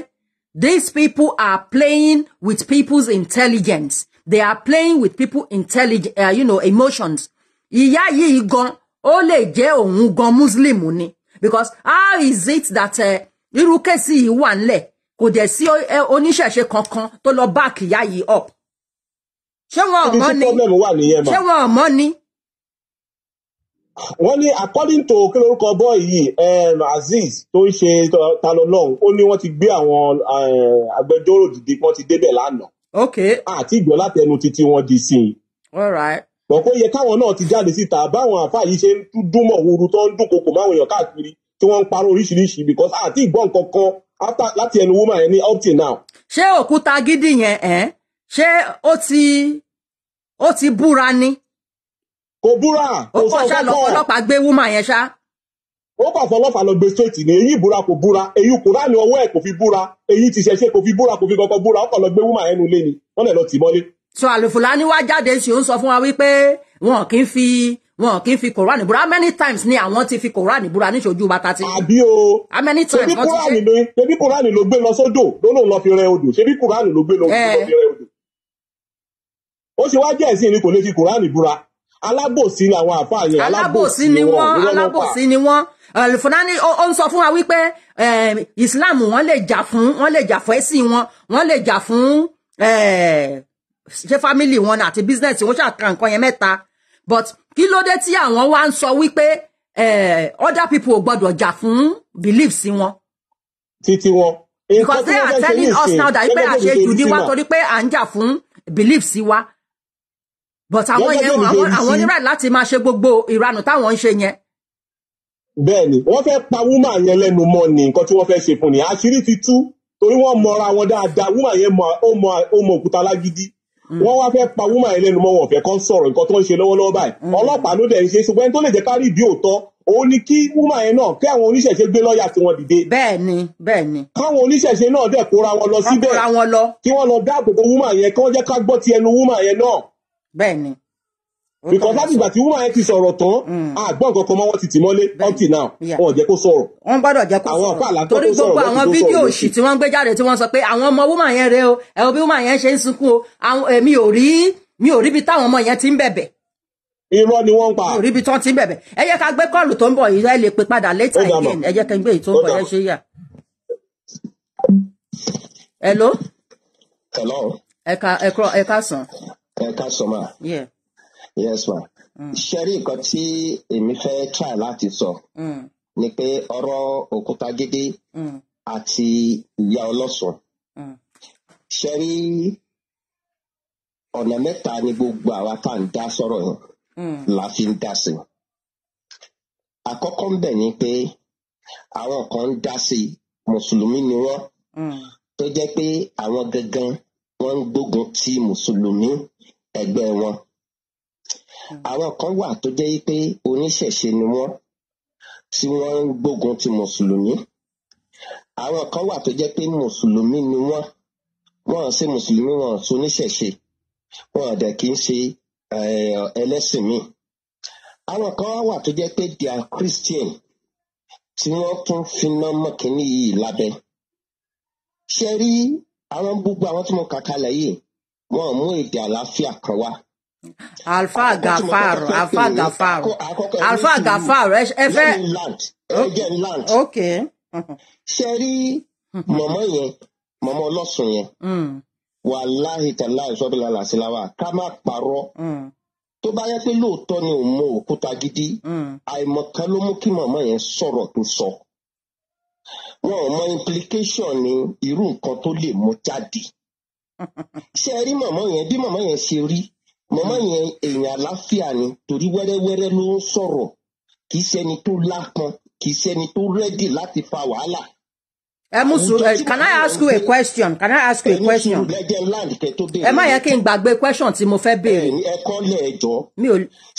These people are playing with people's intelligence. They are playing with people intelligence, uh, you know, emotions. Iya yìí gan, ó lè jẹ́ òun gan Muslim ni. Because how is it that uh, irú kẹ́sì yìí wà ńlẹ̀? Kò dẹ̀ sí eh, oníṣẹ̀ṣe kankan tó lọ back ìyá yìí up. Ṣé wọn ò mọ̀ ni? Ṣé wọn ò ni? wọ́n ní according to kí bọ́ọ̀ yìí um, Azeez tó ń ṣe ta lọ ó ní wọ́n ti gbé àwọn um, agbẹjọ́rò dìde wọ́n ti débẹ̀ lánàá. ok àti ìgbọ́ láti ẹnu títí wọn di sí i. bọ̀ kó yẹ káwọn náà ti jáde síta báwọn àáfàá yìí ṣe ń dúnmọ̀ wuru tó ń dún kòkò máwọn èèyàn káàkiri tí wọ́n ń parọ́ oríṣiríṣi because àti ìgbọ́ nǹkan láti ẹnu woman yẹn ní up till now. ṣé òkúta gidi yẹn ẹ ṣé ó ti ó ti búra ni kò búra kò sọ ọgbọ́n. ó kọ ṣá ọlọ́pàá gbé wúmà yẹn ṣá. ó kọ̀ fọlọ́pàá lọ gbé straight ni èyí ìbúra kò búra èyí kùránì ọwọ́ ẹ̀ kò fi búra èyí ti ṣẹ̀ṣẹ̀ kò fi búra kò fi kankan búra ó kọ̀ lọ gbé wúmà yẹn nulẹ̀ ni wọ́n lè lọ tì mọ́lé. sọ àlùfùlání wá jáde sí ó ń sọ fún wa wípé wọn kì í fi wọn kì í fi kòránì búra many times ni àwọn ti fi kòránì búra níṣojú bàtà ti. àbí o ṣebí kòránì ló ṣebí kòránì ló gbé lọ sódò ló lọ fi rẹ odò ṣebí kòránì ló gbé lọ fi rẹ odò. Eh. ó ṣe wá jẹ́ ẹ̀sìn ni kò lè fi kòránì búra alábòsí ni àwọn àfáà yẹn alábòsí ni wọ́n alábòsí ni wọ́n Al-Fulani ó ń sọ fún wa wípé eh, Islam wọ́n lè jà fún wọ́n lè jà fún ẹ̀sìn wọn wọ́n lè jà fún eh, ṣe fámìlì wọn àti bísínẹsì wọn ṣàkà nǹkan yẹn mẹ́ta but kí ló dé tí àwọn wá ń sọ wípé eh, other people ò gbọdọ̀ jà fún beliefs wọn. títí wọn. because they are telling us now that pé àṣejù ni wá torí pé à ń jà fún beliefs wa but àwọn yẹn àwọn àwọn ní right láti máa ṣe gbogbo ìranù táwọn ń ṣe yẹn. bẹ́ẹ̀ni wọ́n fẹ́ẹ́ pa wúmà yẹn lẹ́nu mọ́ ni nǹkan tí wọ́n fẹ́ẹ́ ṣe fún ni àṣírí ti tú torí wọ́n mọra wọn dáadáa wúmà yẹn ó mọ òkúta lágídí mm. wọ́n wá fẹ́ẹ́ pa wúmà yẹn lẹ́nu mọ́ wọn fẹ́ kán sọ̀rọ̀ nǹkan tó ń ṣe lọ́wọ́lọ́wọ́ báyìí mm. ọlọ́pàá ló dẹ̀ ń ṣe ṣùgbọ́n tó lè jẹ́ kárí ìdí òótọ́ òun ni kí wúmà yẹn náà kí àwọn oníṣẹ̀ṣe gbé lọ́ọ̀yà tí wọ́n dìde. bẹ́ẹ̀ni bẹ́ẹ̀ni. káwọn oníṣẹ̀ṣe náà dẹ̀ kóra wọn lọ síbẹ̀ kí wọ́n lọ dáàbò bo wúmà yẹn kí wọ́n jẹ́ ká gbọ́ ti ẹnu wúmà yẹn náà bẹ́ẹ̀ni. because láti ìgbà tí woman yẹn ti sọ̀rọ̀ tán àgbọ̀n mm. kankan mọ́ wọ́n ti tì mọ́lé until now wọn ò jẹ́ kó sọ̀rọ̀. wọ́n gbọ́dọ̀ jẹ́ kó sọ̀rọ̀ torí gbogbo àwọn fídíò òṣì tí wọ́n gbé jáde tí wọ́n sọ pé àwọn ọmọ woman yẹn rèé o ẹ wo bí woman yẹn ṣe ń sunkún o èmi eh, ò rí mi ò rí ibi táwọn ọmọ yẹn ti ń bẹ̀bẹ̀ irọ́ ni wọ́n ń pa. orí ibi tí wọ́n ti ń bẹ̀bẹ̀ ẹ jẹ́ ká gbé kọ́ọ̀lù tó ń bọ̀ yìí ẹ lè pè padà later again ẹ jẹ́ ká gbé èyí tó ń bọ̀ yẹn ṣe yà. hello. hello. ẹ ká sàn ẹ ká yes ma. Mm. ṣẹ́rí nǹkan tí èmi fẹ́ try láti sọ mm. ni pé ọ̀rọ̀ òkúta gidi mm. àti ìyá ọlọ́sùn. ṣẹ́rí ọ̀nà mẹ́ta ni gbogbo àwa tá à ń dá sọ̀rọ̀ yẹn la fi ń dá sí. àkọ́kọ́ ń bẹ̀ ni pé àwọn kan ń dá sí mùsùlùmí ni wọ́n tó jẹ́ pé àwọn gangan wọ́n ń gbógun ti mùsùlùmí ẹgbẹ́ wọn hmm. àwọn kan wà tó jẹ́ pé oníṣẹ̀ṣe ni wọ́n tí wọ́n ń gbógun ti mùsùlùmí àwọn kan wà tó jẹ́ pé mùsùlùmí ni wọ́n wọ́n ṣe mùsùlùmí wọn ṣe oníṣẹ̀ṣe wọn dẹ̀ kì í ṣe eh, ẹlẹ́sìn míì àwọn kan wà tó jẹ́ pé they are Christian tí wọ́n tún finá mọ́kínní yìí lábẹ́ ṣe rí àwọn gbogbo àwọn tí mo kà kalẹ̀ yìí wọn mú èdè àlàáfíà kan wá. alfa gafaro alfa gafaro alfa gafaro ẹ fẹ́. ok. ṣe rí mọ̀mọ́ yẹn mọ̀mọ́ ọlọ́sùn yẹn hmm. wàláhì tàlá ìsọ́bìlà làṣìláwà ká má parọ́ hmm. tó bá yẹ pé lóòótọ́ ni ò mọ òkúta gidi hmm. àìmọ̀kan ló mú kí mọ̀mọ́ yẹn sọ̀rọ̀ tó sọ wọn ò mọ implication ni irú nǹkan tó lè mú jáde. Mm ṣé ẹ rí mọ̀mọ́ yẹn bí mọ̀mọ́ yẹn ṣe rí mọ̀mọ́ hmm. yẹn èèyàn àláfíà ni torí wẹ́rẹ́wẹ́rẹ́ ló ń sọ̀rọ̀ kì í ṣẹni tó lápọn kì í ṣẹni tó rẹ́dì láti fa wàhálà. ẹ mú eh, can I ask you a question can I ask you a question ẹ má yẹ kí n gbàgbé question tí mo fẹ́ béèrè. ẹ kọ́ lẹ̀ ẹjọ́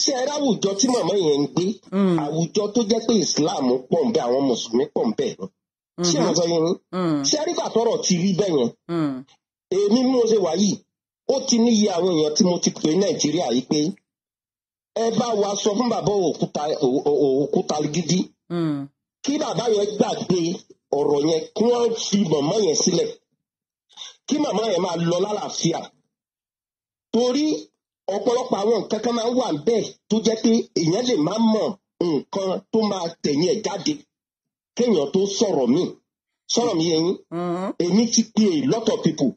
ṣé ẹ ráwùjọ tí mọ̀mọ́ yẹn ń gbé hmm. àwùjọ tó jẹ́ pé Islam pọ̀ ń àwọn mùsùlùmí pọ̀ hmm. ń ṣé àwọn sọ yẹn ṣé ẹ rí ti rí bẹ́ẹ̀ yẹn èmi mú ṣe wà yìí ó ti níyì àwọn èèyàn tí mo ti pè nàìjíríà yìí pé ẹ bá wa sọ fún bàbá òkúta gidi hmm. kí bàbá yẹn gbàgbé ọ̀rọ̀ yẹn kí wọ́n fi màmá yẹn sílẹ̀ kí màmá yẹn máa lọ lálàáfíà torí ọ̀pọ̀lọpọ̀ àwọn nǹkan kan máa ń wà bẹ́ẹ̀ tó jẹ́ pé èèyàn lè má mọ̀ nǹkan tó máa tẹ̀yìn ẹ̀ jáde kéèyàn mi yẹn hmm. èmi ti a people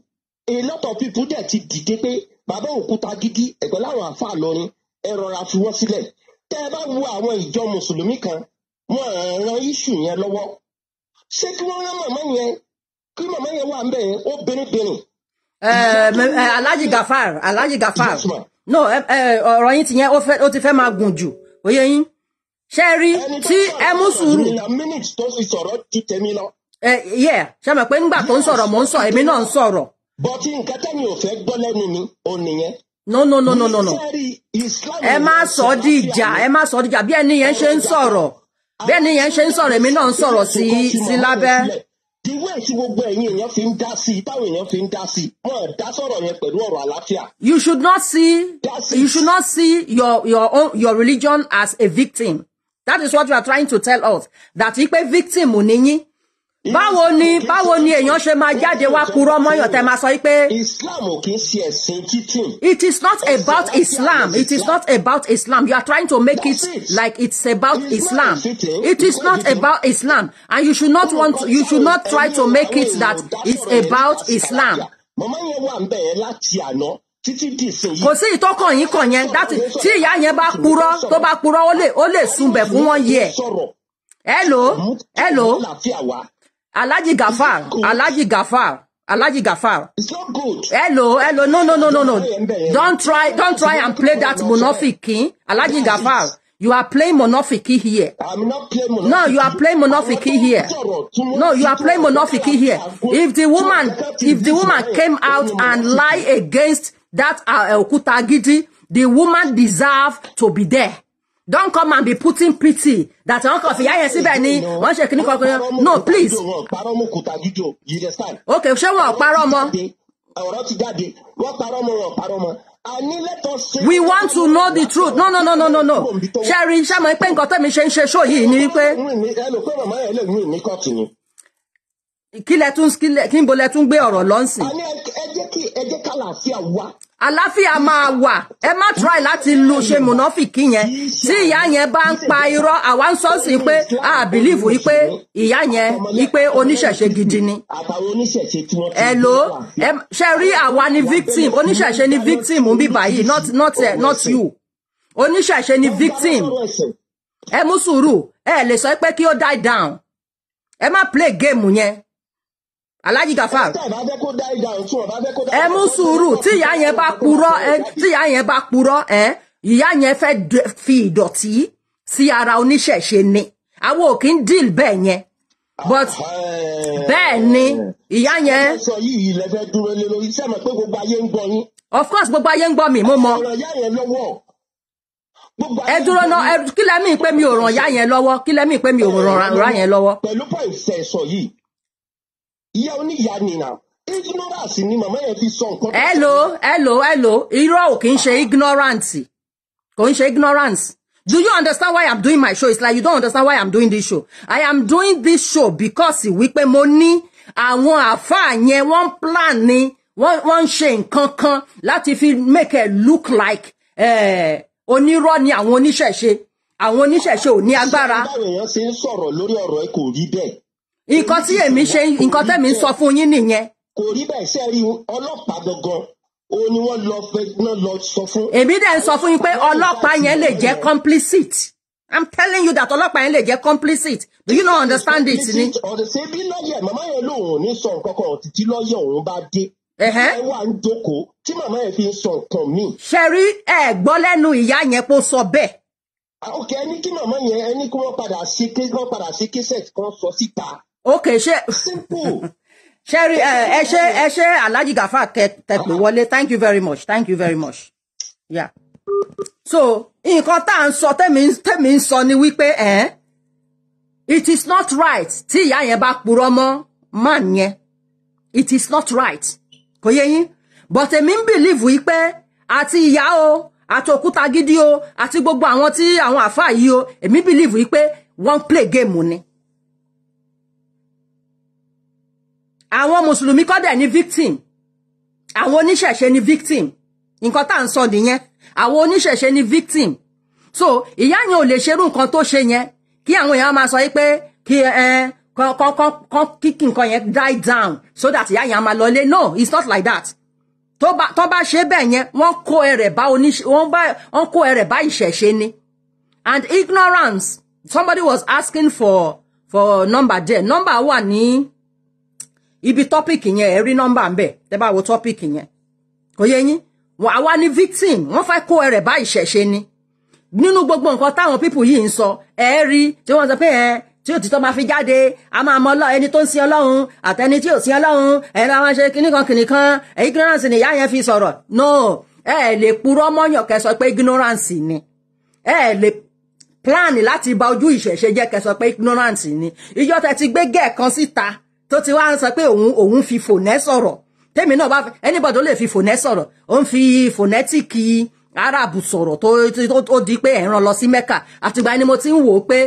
a lot of people dẹ̀ ti dìde pé bàbá òkúta gidi ẹ̀gbẹ́ láwọn àfa àlọrin ẹ rọra fi wọ́n sílẹ̀ tẹ́ ẹ bá wo àwọn ìjọ mùsùlùmí kan wọ́n ran iṣu yẹn lọ́wọ́ ṣé kí wọ́n rán màmá yẹn kí màmá yẹn wà ń bẹ̀ yẹn ó bínúbínú. Alhaji Gafar Alhaji Gafar no ọ̀rọ̀ yín ti yẹn ó ti fẹ́ máa gùn jù òye yín ṣe rí tí ẹ mú sùúrù. ẹ yẹ ṣe mọ̀ pé ńgbà tó ń sọ̀rọ̀ mò ń sọ èmi náà ń sọ̀rọ̀ bọ́tí nǹkan tẹ́mi ò fẹ́ gbọ́ lẹ́nu mi ò nìyẹn. no no no no no no ẹ má sọ ọ́ di ìjà ẹ má sọ ọ́ di ìjà bí ẹni yẹn ṣe ń sọ̀rọ̀ bí ẹni yẹn ṣe ń sọ̀rọ̀ èmi náà ń sọ̀rọ̀ sí sí lábẹ́. the way tí gbogbo ẹ̀yin èèyàn fi ń dá sí i táwọn èèyàn fi ń dá sí i wọn ò dá sọ̀rọ̀ yẹn pẹ̀lú ọ̀rọ̀ àlàáfíà. you should not see you should not see your your own your religion as a victim that is what you are trying to tell us that ipe victim ò níyìn báwo ni báwo ni èèyàn ṣe máa jáde wá purọ́ mọ́yàn tẹ́ máa sọ pé. Islam ò kìí ṣe ẹ̀sìn títún. it is not about Islam it is not about Islam you are trying to make it like it's about Islam it is not about Islam and you should not oh want to, you should not try to make it that it's about Islam. mọ̀mọ́ yẹn wà ń bẹ̀rẹ̀ láti àná kò sí ìtọ́kàn yín kàn yẹn láti tí ìyá yẹn bá purọ́ tó bá purọ́ ó lè ó lè sunbẹ̀ fún wọn yẹ. hello hello. Alaji Gafar. Alaji Gafar. Alaji Gafar. It's not good. Hello, hello. No, no, no, no, no. Don't try, don't try and play that monofiki. Alaji Gafar. You are playing monofiki here. I'm not playing monofiki. No, you are playing monofiki here. No, you are playing monofiki here. If the woman, if the woman came out and lie against that uh, Okutagidi, the woman deserve to be there don't come and be putting pity that wọn kàn fìyà yẹn síbẹ̀ ni wọ́n ṣe kíní kankan no please. parọ́ mú kùtà jíjò you understand. ok ṣé wọn ò parọ́ mọ́. ti jáde wọ́n parọ́ mọ́ wọn ò parọ́ We want to know the truth. No, no, no, no, no, no. Sherry, ṣá mọ̀ pé nǹkan tẹ́mi ṣe ń ṣe ṣó yìí ni wípé. Kí lẹ tún kí bo lẹ tún gbé ọ̀rọ̀ lọ́nsìn jẹ́ kí ẹ jẹ́ ká àlàáfíà wá. àlàáfíà máa wà ẹ má try láti lu ṣe mùnáfìkì yẹn tí ìyá yẹn bá ń pa irọ́ àwa ń sọ́ọ̀sì pé a bìlíìfù wípé ìyá yẹn wípé oníṣẹ̀ṣe gidi ni. àtàwọn oníṣẹ̀ṣe tí wọ́n ti ń ṣe rí àwa ni victim oníṣẹ̀ṣe ni victim ń bí báyìí not not eh, not you oníṣẹ̀ṣe ni victim ẹ mú sùúrù ẹ lè sọ pé kí ó die down ẹ má play game yẹn alájí gàfà. ẹ mú sùúrù tí ìyá yẹn bá purọ́ ẹ tí ìyá yẹn bá purọ́ ẹ ìyá yẹn fẹ́ fi ìdọ̀tí sí ara oníṣẹ̀ṣe ni àwọn ò kí ń deal bẹ́ẹ̀ yẹn but bẹ́ẹ̀ ni ìyá yẹn. sọ yìí ilẹ̀ fẹ́ dúró lé lórí sẹ́mi pé gbogbo ayé ń gbọ́ yín. of course gbogbo ayé ń gbọ́ mi mo mọ. ẹ dúró náà ẹ kí lẹ́mìí pé mi ò ràn ìyá yẹn lọ́wọ́ kí lẹ́mìí pé mi ò ràn ìyá yẹn lọ́wọ́. pẹ̀lú pẹ̀lú ìṣẹ̀ṣọ̀ yìí ìyá oníyá nìyà ignorance ni màmá yẹn fi sọ nǹkan. hello hello hello irọ́ ò kì í ṣe ignorant kò ń ṣe ignorance do you understand why i'm doing my show it's like you don't understand why i'm doing this show i am doing this show because wípé mo ní àwọn àáfàá yẹn wọ́n plan ni wọ́n ń ṣe nǹkan kan láti fi make it look like eh, onírọ́ ni àwọn oníṣẹ̀ṣe àwọn oníṣẹ̀ṣe ò ní agbára. ṣé báwo èèyàn ṣe ń sọ̀rọ̀ lórí ọ̀rọ̀ ẹ kò rí bẹ́ẹ̀ nǹkan tí èmi ṣe nǹkan tẹ́mi ń sọ fún yín nìyẹn. kò rí bẹ́ẹ̀ ṣe rí ọlọ́pàá gangan o ni wọ́n lọ náà lọ sọ fún. èmi dẹ̀ ń sọ fún yín pé ọlọ́pàá yẹn lè jẹ́ complicit i'm telling you that ọlọ́pàá yẹn lè jẹ́ complicit do you not understand it ni. ọ̀rẹ́ ṣe bí lọ́yẹ̀ màmá yẹn lòun ò ní sọ nǹkan kan títí lọ́yẹ̀ òun bá dé. ẹ wà ń jókòó tí màmá yẹn fi ń sọ nǹkan míì. ṣe rí ẹ gbọ́ lẹ́nu ìyá yẹn kó sọ bẹ́ẹ̀ ah, ok ẹni kí màmá yẹn ẹni kí wọ́n padà sí kí wọ́n padà sí kí sẹt kan sọ síta okay ṣe ṣẹ́rí ẹ ṣe ẹ ṣe alhaji gafa tẹpẹ wọlé thank you very much thank you very much yeah. so nǹkan tá à ń sọ tẹ́mi ń sọ ni wípé eh, it is not right tí ìyá yẹn bá purọ́ mọ́ man yẹn it is not right kò yẹ yín but èmi ń believe wípé àti ìyá o àti òkúta gidi o àti gbogbo àwọn tí àwọn àfáà yìí o èmi believe wípé wọ́n play game ni àwọn mùsùlùmí kọ́ dẹ̀ ní victim àwọn oníṣẹ̀ṣe ní victim nǹkan tá à ń sọ nìyẹn àwọn oníṣẹ̀ṣe ní victim so ìyá yẹn ò lè ṣerú nǹkan tó ṣe yẹn kí àwọn èèyàn máa sọ yí pé kí kọ́ kíkì nǹkan yẹn die down so that ìyá yẹn á máa lọlé no it's not like that tó bá ṣe bẹ́ẹ̀ yẹn wọ́n kó ẹrẹ̀ bá oníṣẹ́ wọ́n kó ẹrẹ̀ bá ìṣẹ̀ṣe ni and ignorance somebody was asking for for number there number one. ní ibi tọ́pìkì yẹn ẹ rí nọ́mbà ń bẹ̀ bá wo tọ́pìkì yẹn kò yẹ yín àwa ni victim wọ́n fẹ́ kó ẹrẹ̀ bá ìṣẹ̀ṣe ni nínú gbogbo nǹkan táwọn pípù yìí ń sọ ẹ rí tí wọ́n sọ pé ẹ tí òtítọ́ máa fi jáde a máa mọ ọlọ́ ẹni tó ń sin ọlọ́run àtẹni tí ò sin ọlọ́run ẹni máa ṣe kìnnìkan kìnnìkan ignorance ni ìyá yẹn fi sọ̀rọ̀ no ẹ lè purọ́ mọ́yàn kẹ́ sọ pé ignorance ni ẹ lè plan láti bà ojú ìṣẹ̀ṣe jẹ́ kẹ́ pé ignorance ni ìjọ tẹ́ ti gbé gẹ́ẹ̀kan síta tó ti wá ń sọ pé òun òun fi fònẹ́ sọ̀rọ̀ tèmi náà bá fẹ́ anybody ó lè fi fònẹ́ sọ̀rọ̀ ó ń fi fònẹ́tìkì arabu sọ̀rọ̀ tó tó di pé ẹ̀ràn lọ sí mẹ́kà àtìgbà ni mo ti ń wò ó pé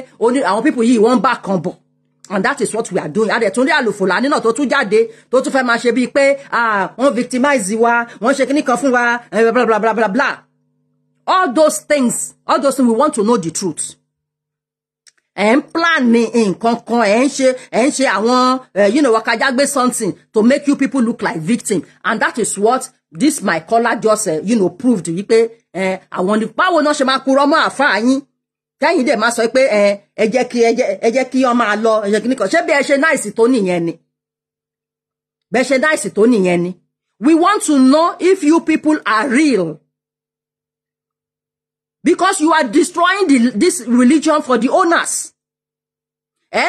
àwọn pípù yìí wọ́n ń bá kan bọ̀ and that is what we are doing adẹ̀túndé àlùfòlání náà tó tún jáde tó tún fẹ́ máa ṣe bíi pé wọ́n victimize wa wọ́n ṣe kíní kan fún wa eh, bla bla bla bla bla all those things all those things we want to know the truth ẹ̀ ń plan nǹkan kan ẹ̀ ń ṣe ẹ̀ ń ṣe àwọn eh, you know wakajagbe something to make you people look like victim and that is what this my caller just uh, you know proved wípé eh, àwọn ní báwo náà ṣe máa kúrọ́ mọ́ àfáà yín kẹ́yìn dẹ̀ máa sọ pé ẹ jẹ́ kí ẹ jẹ́ kí wọ́n máa lọ ẹ jẹ́ kí nìkan ṣé bí ẹ ṣe náìsì tó nìyẹn ni bẹ́ẹ̀ ṣe náìsì tó nìyẹn ni we want to know if you people are real because you are destroying the, this religion for the owners ẹ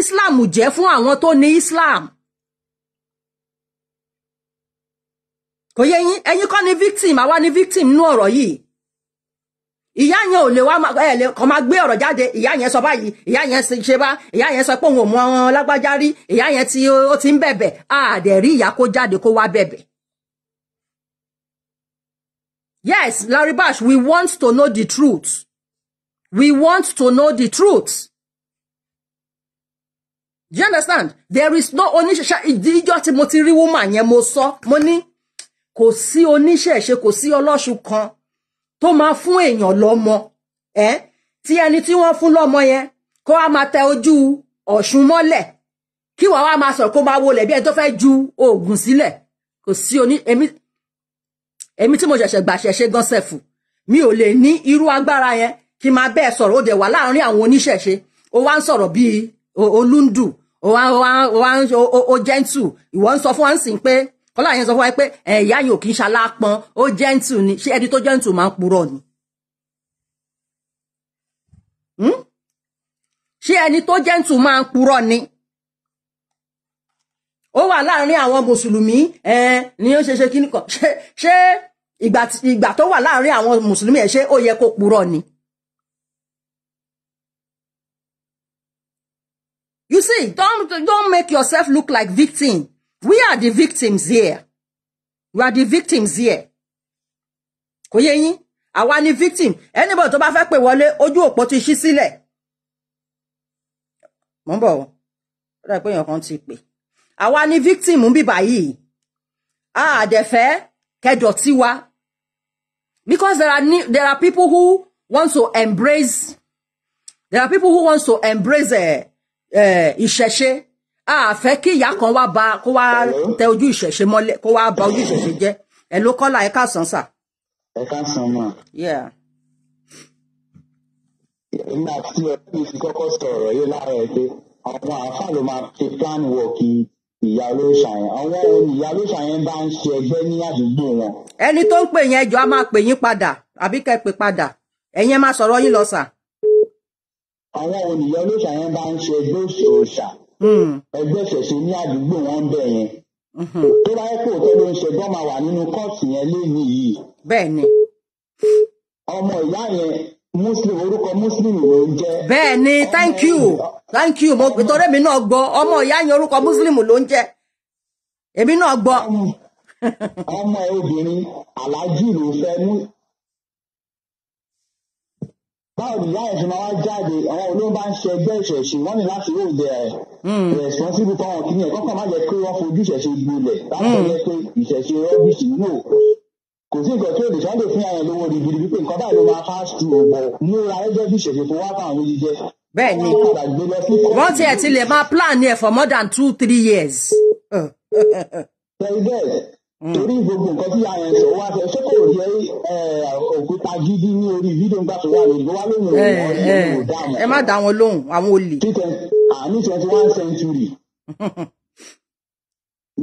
Islam jẹ́ fun àwọn tó ní Islam kò yẹ yín ẹ̀yin kọ́ ni victim àwa ni victim nínú ọ̀rọ̀ yìí ìyá yẹn ò lè wá ẹ lè kàn máa gbé ọ̀rọ̀ jáde ìyá yẹn sọ báyìí ìyá yẹn ṣe bá ìyá yẹn sọ pé òun ò mọ lágbájá rí ìyá yẹn tí ó ti ń bẹ̀bẹ̀ àdẹ̀rí ìyá kó jáde kó wá bẹ̀bẹ̀. Yes, Larry Bash, we want to know the truth. We want to know the truth. Do you understand? There is no oníṣẹ̀ṣe ìdíjọ́ tí mo ti woman yẹn mo sọ money. ní kò sí oníṣẹ̀ṣe kò sí ọlọ́ṣun kan ma máa fún lomo eh? ẹ́ tí ti tí fun lomo lọ́mọ yẹn kó wá máa tẹ ojú Ọ̀ṣun mọ́lẹ̀ kí wàá wá máa sọ̀rọ̀ kó máa wọlé bí ẹni tó fẹ́ ju oògùn sílẹ̀ kò sí oní èmi èmi tí mo ṣẹ̀ṣẹ̀ gbà ṣẹ̀ṣẹ̀ gan sẹ̀fù mi ò lè ní irú agbára yẹn kí n máa bẹ́ẹ̀ sọ̀rọ̀ ó dẹ̀ wà láàárín àwọn oníṣẹ̀ṣe ó wá ń sọ̀rọ̀ bíi olúndù ó wá ń ó jẹ́ǹtù ìwọ ń sọ fún wa ń sìn pé kọ́lá yẹn sọ fún wa pé ẹ̀yà yìí ò kì í ṣalápọn ó jẹ́ǹtù ni ṣé ẹni tó jẹ́ǹtù máa ń purọ́ ni. Hmm? ṣé ẹni tó jẹ́ǹtù máa ń purọ́ ni ó wà láàrin àwọn mùsùlùmí ni ó ṣe ṣe kí nìkan ṣé ìgbà tó wà láàrin àwọn mùsùlùmí ẹ̀ ṣé ó yẹ kó purọ́ ni. You see, don't, don't make yourself look like victim. We are the victims here. We are the victims here. Kò yé yín, àwa ni victim. Anybody tó bá fẹ́ pè wọlé, ojú òpó ti ṣí sílẹ̀. Mo ń bọ̀ wọ́n. Ó dà pé èèyàn kan ti pè àwa ni victim ń bíbà yìí a àdẹ̀fẹ́ kẹdọ̀tí wa because there are, there are people who want to embrace there are people who want to embrace eh, eh, ìṣẹ̀ṣe uh, uh, a fẹ́ kí ìyá kan wá ba kó wá tẹ ojú ìṣẹ̀ṣe mọ́lẹ̀ kó wá ba ojú ìṣẹ̀ṣe jẹ́ ẹ̀ ló kọ́lá ẹ̀ka sàn sà. ẹ̀ka sàn mà. nígbà tí ẹ fi kọ́kọ́ sọ̀rọ̀ yìí lára ẹ̀ pé àwọn àáfàá ló máa ṣe plan work yìí ìyá olóṣàyẹn ọ̀rẹ́ ìyá olóṣàyẹn bá ń ṣe ẹgbẹ́ ní àdúgbò wọn. ẹni tó ń pè yẹn jọ a máa pè yín padà àbí kẹ́ pè padà ẹ̀yin máa sọ̀rọ̀ yín lọ sà. àwọn olùyọ olóṣàyẹn bá ń ṣe ẹgbẹ́ òṣà hmm. ẹgbẹ́ ìṣẹ̀ṣe ní àdúgbò wọn bẹ̀ yẹn. Hmm. tó bá yẹ kó òótọ́ ló ń ṣe gbọ́n máa wà nínú kọ́ọ̀tù yẹn léyìí. yìí. ni. ọmọ ìyá yẹn muslim orúkọ muslim ló ń jẹ́. bẹ́ẹ̀ ni thank you thank you mo torí èmi náà gbọ́ ọmọ ìyá yẹn orúkọ muslim ló ń jẹ́ èmi náà gbọ́. ọmọ obìnrin aláàjì ló fẹ́ mú báwo ni láì fi máa wá jáde àwọn olóńgbà ń ṣe ẹgbẹ́ ìṣẹ̀ṣe wọ́n ní láti yóò jẹ hmm. responsible fáwọn kìnìún ẹ̀kọ́ kan má jẹ́ pé wọ́n fojú ìṣẹ̀ṣe gbolẹ̀ láti hmm. jẹ́ pé ìṣẹ̀ṣe rọ́bìṣì wò kò sí nǹkan tí olùsàn lè fún àwọn olówó rí wípé nǹkan báyìí ló máa pass through ọ̀bọ̀ ní ó ra ẹjọ́ bí ìṣèṣe fún wákàtí àwọn oúnjẹ. bẹ́ẹ̀ni wọn tiẹ̀ ti lè máa plan ẹ for more than two three years. Hmm. torí gbogbo nǹkan tí àwọn ẹ̀sọ́ wá sọ ṣé kò rí òkúta gidi ní orí fídíò ńgbà tó wà lórí wá lóhùn òun ẹ má dá wọn lóhùn àwọn olè. àní twenty one century.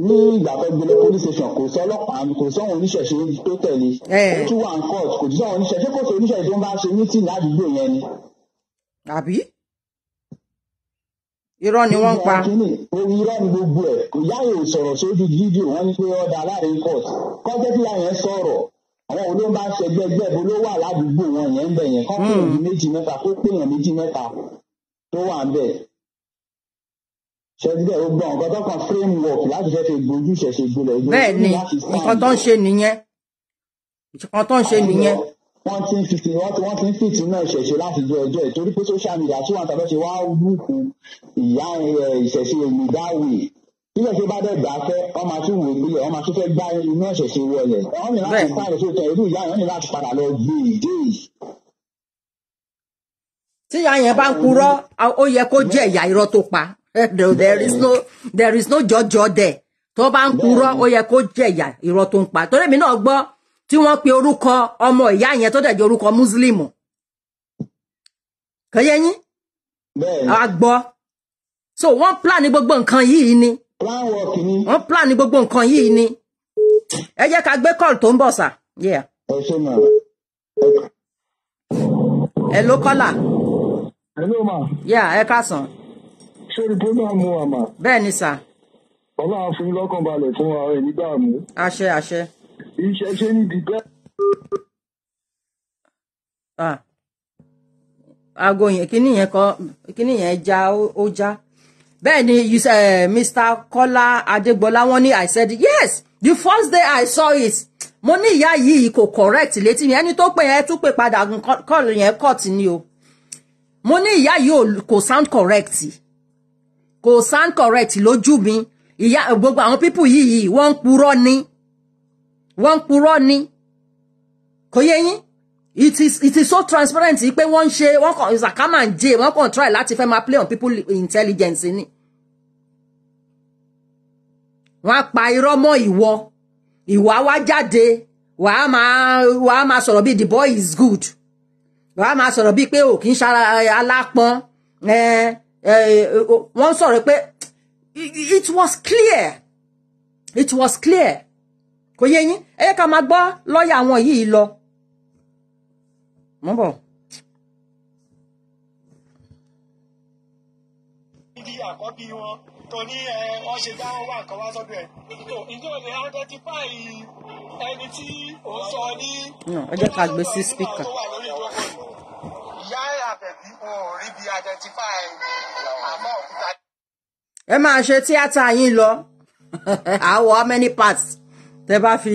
ní ìgbà tó gbélé police station kò sọ ọlọ́pàá kò sọ àwọn oníṣẹ̀ṣe tó tẹ̀lé ó tún wà ní court kò sọ àwọn oníṣẹ̀ṣe kò sọ oníṣẹ̀ṣe tó ń bá ṣe meeting ládùúgbò yẹn ni. àbí irọ́ ni wọ́n ń pa. orí irọ́ ni gbogbo ẹ̀ kò yáyò sọ̀rọ̀ sójú fídíò wọn ni pé ọ̀dà láàrin court kọ́ńtẹ́tì láyẹn sọ̀rọ̀ àwọn olóń bá ṣẹgbẹ́ gbẹ́ bó ló wà ládùúgbò wọn yẹn ń bẹ̀ yẹn kọ́ńtẹ́tì hmm. méjì mẹ́ta kó pèèyàn méjì mẹ́ta tó wà ń bẹ̀ ṣẹ́dúgbẹ́ ó gbọ́n nǹkan tó kan framework láti fẹ́ fi gbójú ìṣẹ̀ṣe gbolẹ̀ ìjọba bẹ́ẹ̀ ni nǹkan tó ń ṣe nìyẹn nǹkan tó ń ṣe nìyẹn. wọ́n ti ń fìtì wọ́n ti ń fìtì náà ìṣẹ̀ṣe láti jọ ẹjọ́ ìtorí pé social media tí wọ́n tàbí ṣe wá wúkú ìyá ìṣẹ̀ṣe èmi dáwì bílẹ̀ tó bá dẹ̀ gbà fẹ́ wọ́n máa tún wò bílẹ̀ wọ́n máa tún fẹ́ gbá inú ìṣẹ̀ṣe wọlé wọ́n ní láti sáré tó tẹ irú ìyá yẹn ní láti padà lọ gbé ìdí e yìí tí ìyá yẹn bá ń purọ́ ó yẹ kó jẹ́ ìyá irọ́ tó pa no there is no there is no jọjọ there tó bá ń purọ́ ó yẹ kó jẹ̀yà irọ́ tó ń pa torí èmi náà gbọ́ tí wọ́n pe orúkọ ọmọ ìyá yẹn tó dẹ̀ orúkọ múslímù kẹyẹ yín a gbọ́ so wọ́n plan gbogbo nǹkan yìí ni wọ́n plan gbogbo nǹkan yìí ni ẹ jẹ́ ká gbé call tó ń bọ̀ sà. ẹ ló kọ́là. ẹ ló mà. ẹ ká sàn sórí programu wa mà. bẹ́ẹ̀ ni sà. ọlọ́run fún yín lọ́kàn balẹ̀ fún wa ẹ̀ nígbà mú. àṣẹ àṣẹ. iṣẹ́ ṣe níbi bẹ́ẹ̀. aago yẹn kíní yẹn kọ kíní yẹn já ó já bẹ́ẹ̀ ni eh, Mr. Kọ́lá Adégbọlá wọn ní I said yes the first day I saw it mo ní ìyá yìí kò correct létí mi ẹni tó pè ẹ tún pè padà kọ́ọ̀lù yẹn kọ́ọ̀tì ni o mo ní ìyá yìí kò sound correct kò sound correct lójú mi ìyá gbogbo àwọn pípù yìí wọ́n ń purọ́ ni wọ́n ń purọ́ ni kò yẹ yín it is it is so transparent pé wọ́n ń ṣe wọ́n kàn zakama ń jẹ wọ́n kàn try láti fẹ́ máa play on people intelligence ni wọ́n á pa irọ́ mọ́ ìwọ ìwà wá jáde wàá máa wàá máa sọ̀rọ̀ bíi the boy is good wàá máa sọ̀rọ̀ bíi pé ò kì í ṣe alápọn Eh, wọ́n sọ̀rọ̀ pé it was clear it was clear kò yé yín ẹ yẹ ká máa gbọ́ lọ́ọ̀yà àwọn yìí lọ. mọ́ bọ̀. ibi àkọ́bí wọn tó ní ṣe dá wà kan wá sọ́dọ̀ ẹ̀. ǹjẹ́ o identify ẹni tí ò sọ ní. ẹ ká gbé sí speaker ìyá àbẹ̀bí wọn ò ẹ máa ṣe tíátà yín lọ àwọ̀ how many parts tẹ bá fi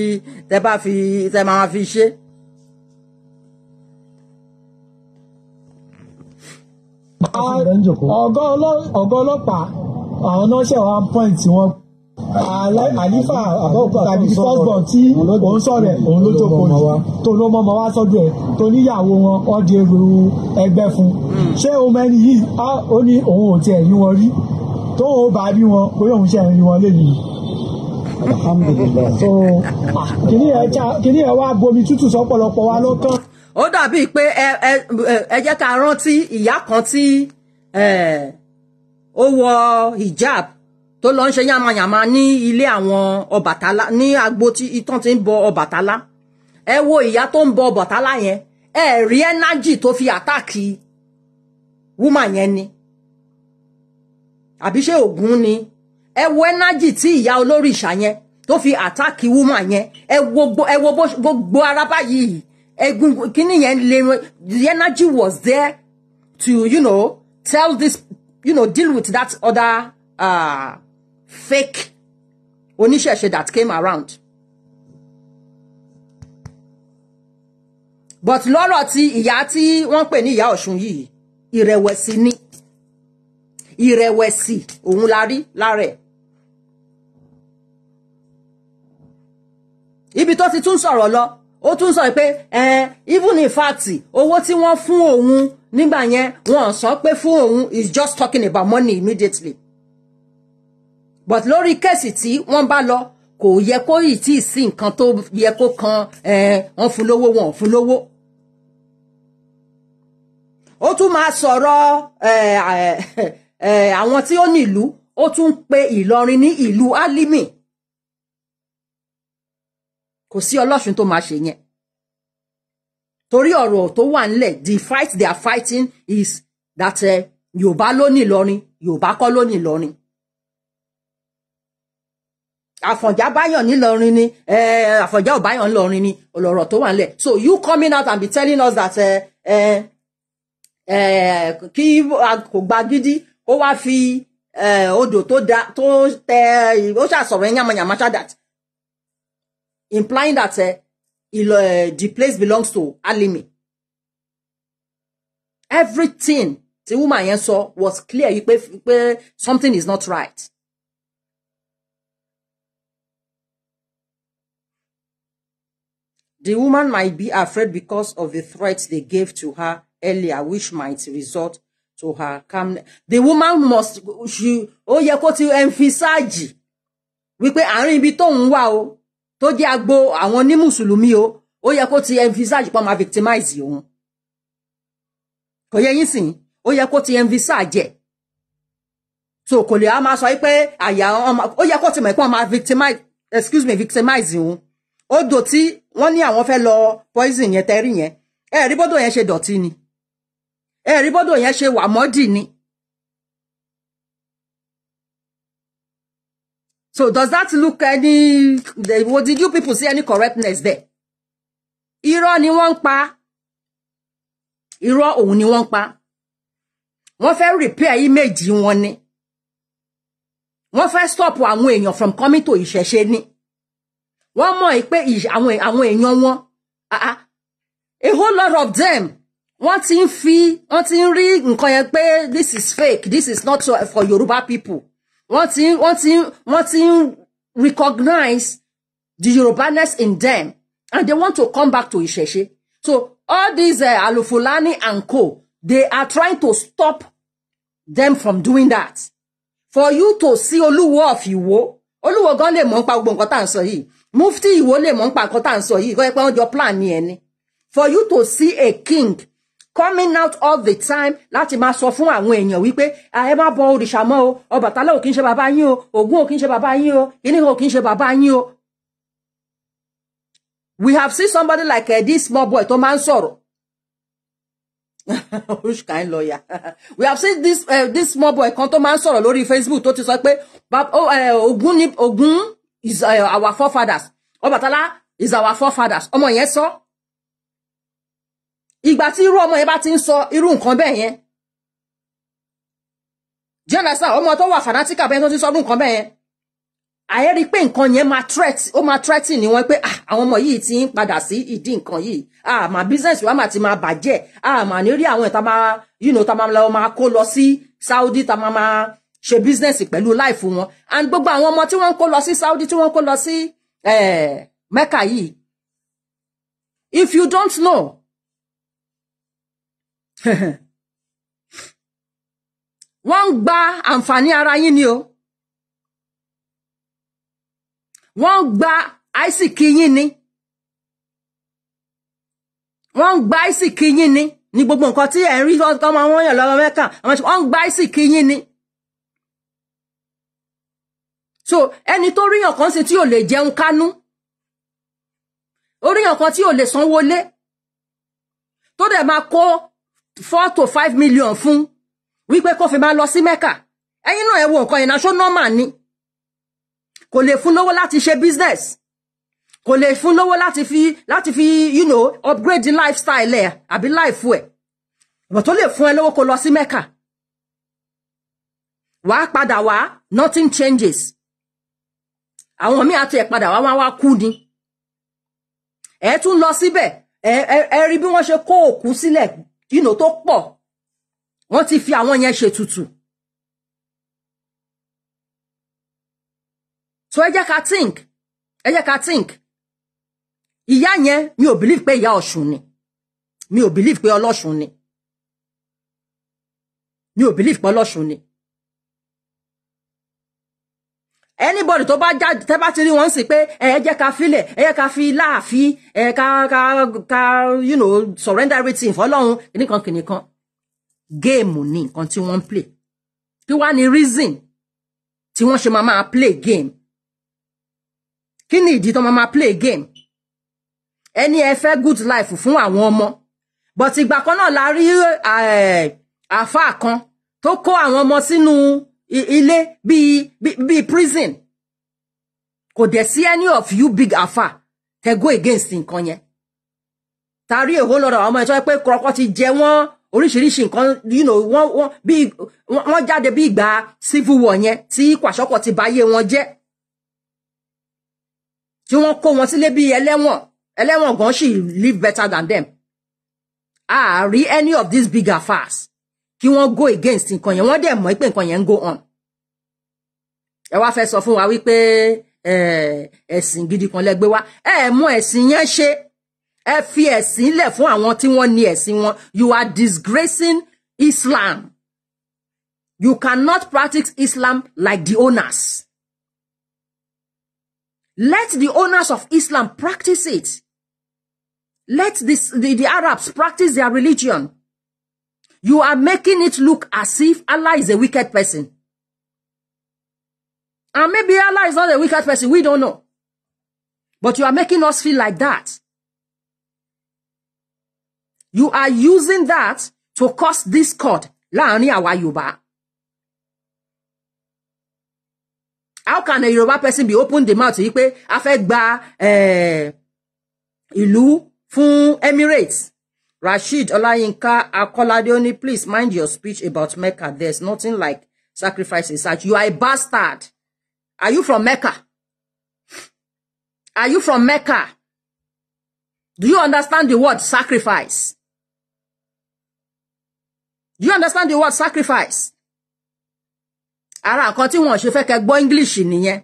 tẹ bá fi tẹ máa fi ṣe. ọgá ọlọ́pàá àwọn náà ṣẹ̀wá point wọn àlífà tàbí first born tí òun sọ̀rọ̀ òun ló jókòó jù tó ló mọ́ ọmọ wá sọ́dọ̀ ẹ̀ tó níyàwó wọn ọ́ di èrò ẹgbẹ́ fún hmm. ṣé òun mẹ́ni yìí ó ní òun ò tiẹ̀ rí wọn rí tóun ó bá bí wọn pé òun ṣe ń rí wọn lẹ́yìn so kìnìún ẹ wá gbomi tútù sọ́pọ̀lọpọ̀ wa ló ó dàbíi pé ẹ jẹ́ ká rántí ìyá kan tí ó wọ hijab tó lọ ń ṣe yàmàyàmà ní ilé àwọn Ọbàtálá ní agbo tí ìtàn ti ń bọ Ọbàtálá ẹ wo ìyá tó ń bọ Ọbàtálá yẹn ẹ rí ẹnájì tó fi àtàkì wúmà yẹn ni àbí Ògún ni ẹ wo ẹnájì tí ìyá olórìṣà yẹn tó fi àtàkì wúmà yẹn ẹ wo gbogbo ara báyìí egungun kíní yẹn lè the energy was there to you know tell this you know deal with that other. Uh, fake oníṣẹ̀ṣe that came around. but lọ́rọ̀ tí ìyá tí wọ́n pè ní ìyá Ọ̀ṣun yìí ìrẹ̀wẹ̀sì ni ìrẹ̀wẹ̀sì òun la rí lára ẹ̀. ibi tó ti tún sọ̀rọ̀ lọ ó tún sọ pé even in fact owó tí wọ́n fún òun nígbà yẹn wọ́n sọ pé fún òun is just talking about money immediately but lórí kẹ́sì tí wọ́n bá lọ kò yẹ kó yìí tí ì sí nǹkan tó yẹ kó kan wọ́n fún lówó wọn ò fún lówó. ó tún máa sọ̀rọ̀ àwọn tí ó nílù ó tún ń pe Ìlọrin ní ìlú alimi. kò sí ọlọ́sùn tó máa ṣe yẹn torí ọ̀rọ̀ tó wà nílẹ̀ the fight they are fighting is that uh, Yorùbá ló ní Ìlọrin Yorùbá kọ́ ló ní Ìlọrin àfọ̀njá báyọ̀ nílọrin ni àfọ̀njá ò báyọ̀ nílọrin ni ọ̀lọ̀rọ̀ tó wà nílẹ̀ so you coming out and be telling us that kí kò gba gidi ó wá fi odò tó da tó tẹ ó ṣàṣọ̀rọ̀ yẹn yamayama ṣádat implying that the place belongs to Alimi everything tí woman yẹn sọ was clear yìí pé something is not right. The woman might be afraid because of the threats they gave to her earlier, which might result to her calmness. The woman must she ó yẹ kó ti emphasize wípé àárín ibi tóun wà o tó jẹ́ agbo àwọn ní mùsùlùmí o ó yẹ kó ti emphasize pọ́n máa victimize òun. Kò yẹ yín sin. ó yẹ kó ti emphasize ẹ̀. So kò lè á máa sọ pé àyà ọmọ ó yẹ kó ti mọ̀ pé wọ́n máa victimize excuse me victimize òun. Ó dò tí wọ́n ní àwọn fẹ́ lọ poison yẹn tẹ́rí yẹn ẹ rí bọ́dọ̀ yẹn ṣe dọ̀tí ni ẹ rí bọ́dọ̀ yẹn ṣe wàmọ́dì ni. So does that look any what did you people see any correctness there? Irọ́ ni wọ́n ń pa. Irọ́ òun ni wọ́n ń pa. Wọ́n fẹ́ repair image wọn ni. Wọ́n fẹ́ stop àwọn èèyàn from coming to ìṣẹ̀ṣe ni wọ́n mọ̀ pé àwọn èèyàn wọn a whole lot of them wọ́n ti ń fi wọ́n ti ń rí nǹkan yẹn pé this is fake this is not for Yoruba people wọ́n ti wọ́n ti ń recognize the Yorubaness in them and they want to come back to Ìṣẹ̀ṣe so all these uh, Alufulani and co they are trying to stop them from doing that for you to see Olúwo of Ìwó Olúwo gan lè mọ̀ nípa gbogbo nǹkan tá à sọ yìí mufti ìwọ lè mọ̀ nípa nǹkan tá à ń sọ yìí kọ́ plan ni ẹ̀ for you to see a king coming out all the time láti máa sọ fún àwọn èèyàn wípé ẹ má bọ òrìṣà mọ́ o Ọbàtálá ò kí ń ṣe bàbá yín o Ògún ò kí ń ṣe bàbá yín o ìní ò kí ń ṣe bàbá yín o. we have seen somebody like uh, this small boy tó máa ń which kind lawyer we have seen this uh, this small boy kan tó máa ń sọ̀rọ̀ Facebook tó ti sọ pé oh, eh, Ògún ni Ògún is uh, our forefathers Obatala is our forefathers Omo yẹn sọ ìgbà tí irú ọmọ yẹn bá ti ń sọ irú nǹkan bẹ́ẹ̀ yẹn jẹ́nàṣà ọmọ tó wà fanatika bẹ́ẹ̀ tó ti sọ irú nǹkan bẹ́ẹ̀ yẹn àyẹ́ rí i pé nǹkan yẹn máa threat ó máa threat ni wọ́n pé ah, àwọn ọmọ yìí ti ń padà sí ìdí nǹkan yìí àmà ah, business wa máa ti máa Ah àmà ní rí àwọn ìta máa yìí nù ta máa lọ máa kó lọ sí Saudi ta máa máa ṣe business pẹ̀lú life wọn and gbogbo àwọn ọmọ tí wọ́n ń kó lọ sí Saudi tí wọ́n ń kó lọ sí eh, Mecca yìí if you don't know wọ́n ń gba àǹfààní ara yín ni o wọ́n ń gba àìsìkí yín ni wọ́n ń gba àìsìkí yín ni ní gbogbo nǹkan tí ẹ̀ ń rí ọmọ wọn yàn lọ́wọ́ mẹ́ka wọ́n ń gba àìsìkí yín ni so ẹni tó ríyàn kan ṣe tí ò lè jẹun kánú oríyàn kan tí ò lè sanwó lé tó dẹ̀ máa kó four to five million fún wípé kó fi máa lọ sí mẹ́kà ẹ̀yin náà ẹ wo nǹkan yẹn náà ṣó nọ́mà ni kò lè fún lówó láti ṣe business kò lè fún lówó láti fi láti fi you know upgrade the lifestyle ẹ àbí life ẹ ìwọ̀n tó lè fún ẹ lówó kó lọ sí mẹ́kà wàá padà wá nothing changes àwọn míì àti ẹ̀ padà wá wá wá kú ni ẹ tún lọ síbẹ̀ ẹ ẹ rí bí wọ́n ṣe kó òkú sílẹ̀ ìnà tó pọ̀ wọ́n ti fi àwọn yẹn ṣètùtù. so ẹ jẹ́ ká think ẹ jẹ́ ká think ìyá yẹn mi ò believe pé ìyá ọ̀ṣun ni mi ò believe pé ọlọ́ṣun ni mi ò believe pé ọlọ́ṣun ni anybody tó bá jáde tẹ́ bá ti rí wọn sí pé ẹ jẹ́ ká filẹ̀ ẹ jẹ́ ká fi láàfin ẹ ká ká ká you know surrender everything fọ́lọ́run kìnìkan kìnìkan géèmù ni nǹkan tí wọ́n ń play kí wàá ní reason tí wọ́n ṣe máa máa play game kí ni ìdí tó máa máa play game ẹni ẹ fẹ́ good life fún àwọn ọmọ but ìgbà kan náà la rí eh, àáfàá kan tó kó àwọn ọmọ sínú ilé bíi bíi prison kò dẹ̀ sí any of you big afa tẹ go against nǹkan yẹn tàrí èho lọ́dọ̀ àwọn ọmọ ẹ̀ tó yẹ pé kọ́kọ́ ti jẹ wọ́n oríṣiríṣi nǹkan you know wọ́n wọ́n bíi wọ́n jáde bí ìgbà civil war yẹn tí kwàsọ́kọ̀ ti báyé wọn jẹ́ tí wọ́n kó wọn sílé bíi ẹlẹ́wọ̀n ẹlẹ́wọ̀n gan ṣì live better than them àárí any of these big affairs kí wọ́n go against nǹkan yẹn wọ́n dẹ̀ mọ̀ pé nǹkan yẹn ń go on ẹ wá fẹ́ sọ fún wa wípé ẹ̀sìn gidi kan lẹ gbé wá ẹ mú ẹ̀sìn yẹn ṣe ẹ fi ẹ̀sìn lẹ̀ fún àwọn tí wọ́n ní ẹ̀sìn wọn you are disgracing Islam you cannot practice Islam like the owners let the owners of Islam practice it let this, the, the Arabs practice their religion You are making it look as if Allah is a wicked person. And maybe Allah is not a wicked person. We don't know. But you are making us feel like that. You are using that to cause discord How can a Yoruba person be open the mouth to pé a fẹ́ gba eh, ìlú Emirates? Rashid Olayinka Akoladioni, please mind your speech about Mecca. There's nothing like sacrifices. Such. You are a bastard. Are you from Mecca? Are you from Mecca? Do you understand the word sacrifice? Do you understand the word sacrifice? Ara continue. tí wọ́n fẹ́ kẹ́ gbọ́ English niye?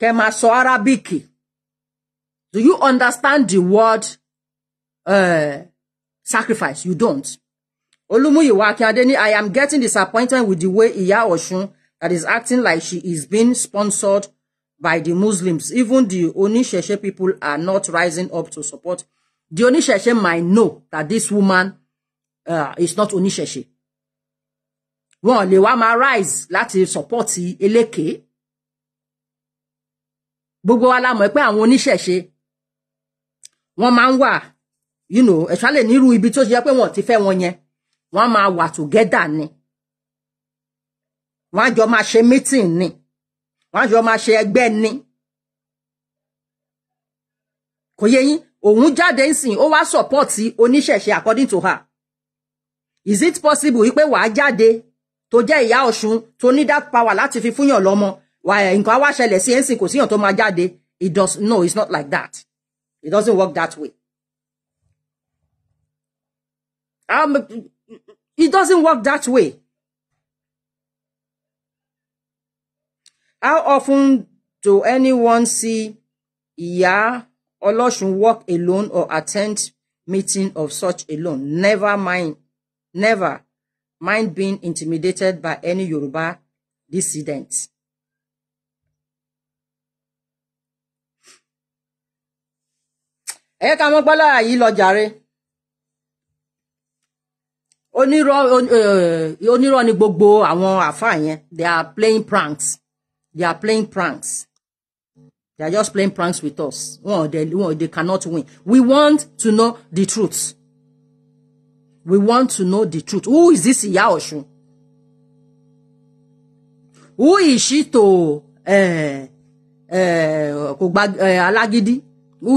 Kẹ́ máa sọ Arabic. Do you understand the word uh, sacrifice you don't olumuyiwa akíade ni i am getting disappointed with the way Iya ọ̀ṣun that is acting like she is being sponsored by the muslims even the onisese people are not rising up to support the onisese might know that this woman uh, is not onisese wọn lè wá ma rise láti support eléke gbogbo wa la mọ̀ pé àwọn oníṣẹ̀ṣe wọ́n máa you know especially nírú ibi tó ṣe yẹ pé wọ́n ti fẹ́ wọn yẹn wọ́n á máa wà together ni wọ́n á jọ máa ṣe meeting ni wọ́n á jọ máa ṣe ẹgbẹ́ ni kò yẹ yín òun jáde ń sìn ó wá support oníṣẹ̀ṣe according to her is it possible wípé wàá jáde tó jẹ́ ìyá ọ̀ṣun tó ní that power láti fi fúnyàn lọ́mọ nǹkan á wá ṣẹlẹ̀ sí ẹ̀sìn kò síyàn tó máa jáde it does no it's not like that it doesn't work that way Um, it doesn't work that way. How often do anyone see Iya Oloshun walk alone or attend meeting of such alone? Never mind, never mind being intimidated by any Yoruba dissident. Ẹ ká mọ́ gbọ́lá yìí lọ jàre onírọ́ eh, eh, onírọ́ ni gbogbo àwọn àfáà yẹn they are playing pranks they are playing pranks they are just playing pranks with us wọn they wọn they cannot win we want to know the truth we want to know the truth who is this Ìyá Ọ̀ṣun who is she to eh, kò gba alágídí who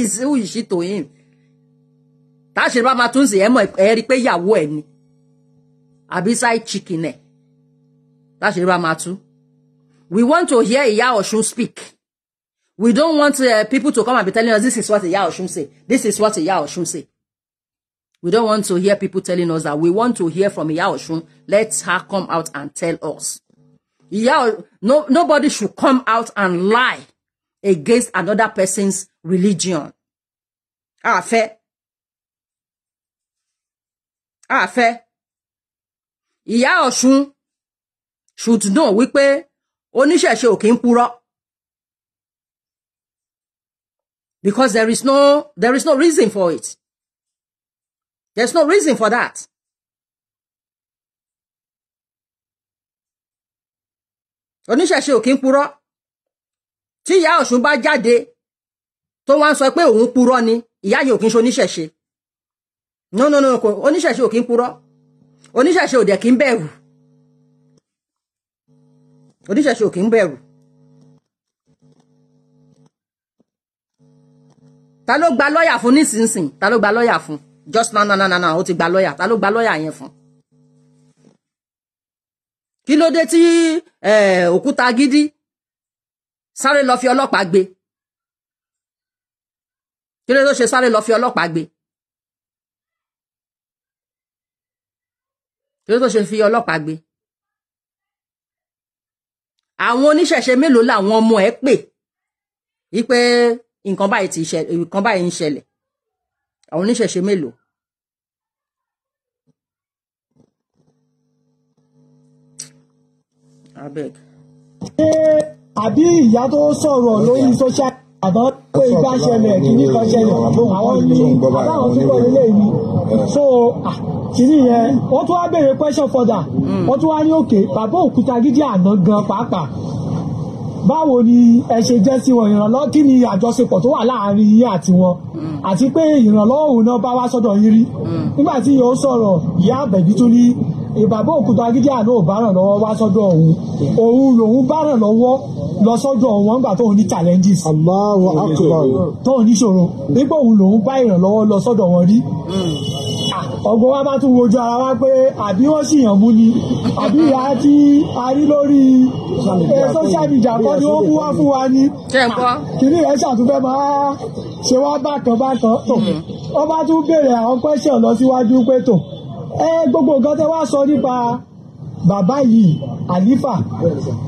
is who is she to him táṣìírí bá máa tún sìn ẹ mọ̀ ẹ rí pé ìyàwó ẹ ni àbí side chicken ẹ táṣìírí bá máa tún. we want to hear Iya Osun speak we don't want uh, people to come and be telling us this is what Iya Osun say this is what Iya Osun say we don't want to hear people telling us that we want to hear from Iya Osun let her come out and tell us Iya no nobody should come out and lie against another person's religion àfẹ́ àfẹ́ ìyá ọ̀ṣun ṣùtúndùn wípé oníṣẹ̀ṣe ò kí ń purọ́ because there is no there is no reason for it there is no reason for that. oníṣẹ̀ṣe ò kí ń purọ́ tí ìyá ọ̀ṣun bá jáde tó wá ń sọ pé òun purọ́ ni ìyá yìí ò kí ń ṣe oníṣẹ̀ṣe no no no oníṣẹ̀ṣe ò kí ń purọ́ oníṣẹ̀ṣe ò dẹ̀ kí ń bẹ̀rù oníṣẹ̀ṣe ò kí ń bẹ̀rù ta ló gba lọ́ọ̀yà fún nísinsìnyí ta ló gba lọ́ọ̀yà fún just na na na na na ó ti gba lọ́ọ̀yà ta ló gba lọ́ọ̀yà yẹn fún kí ló dé tí òkúta gidi sáré lọ fi ọlọ́pàá gbé kí ló dé tó ṣe sáré lọ fi ọlọ́pàá gbé torí tó ṣe fi ọlọ́pàá gbé àwọn oníṣẹ̀ṣe mélòó làwọn ọmọ ẹ̀ pè wípé nǹkan báyìí ti ṣẹlẹ̀ nǹkan báyìí ń ṣẹlẹ̀ àwọn oníṣẹ̀ṣe mélòó. abeg. ṣé àbí ìyá tó sọ̀rọ̀ lórí social àbọ̀ pé ìgbà ṣẹlẹ̀ kìíní kan ṣẹlẹ̀ àwọn ní àbáwọn tó pọ̀ lélẹ́yìn so. Ah kìíní yẹn wọ́n tún wá béèrè question further hmm. wọ́n tún wá ní òkè bàbá Òkútagídí àná gan pàápàá báwo ni ẹ ṣe jẹ́ sí wọn ìrànlọ́wọ́ kí ni àjọṣepọ̀ tó wà láàárín yín àti wọn hmm. àti pé ìrànlọ́wọ́ òun náà bá wá sọ́dọ̀ yín rí hmm. nígbà tí yóò sọ̀rọ̀ ìyá àbẹ̀bí tún ní ìbàbá Òkútagídí àná ò bá ràn lọ́wọ́ wá sọ́dọ̀ òun òun lòun bá ràn lọ́wọ́ lọ sọ́dọ̀ wọn nígbà tóun ní challenges tóun ní ṣòro nígbà òun lòun bá ìrànlọ́wọ́ lọ sọ́dọ̀ wọn rí ọgbọ́n wa bá tún wojú ara wa pé àbí wọ́n sì yàn mú ni àbí ìyá tí a rí lórí eh, social media kọ́ ni wọ́n mú wá fún wa ni kìnìún rẹ̀ ṣàtúnfẹ́ máa ṣe wá bákan bákan tó mm-hmm. wọ́n bá tún béèrè àwọn question lọ síwájú pé tó ẹ gbogbo nǹkan tẹ́ wá sọ nípa bàbá yìí àlífà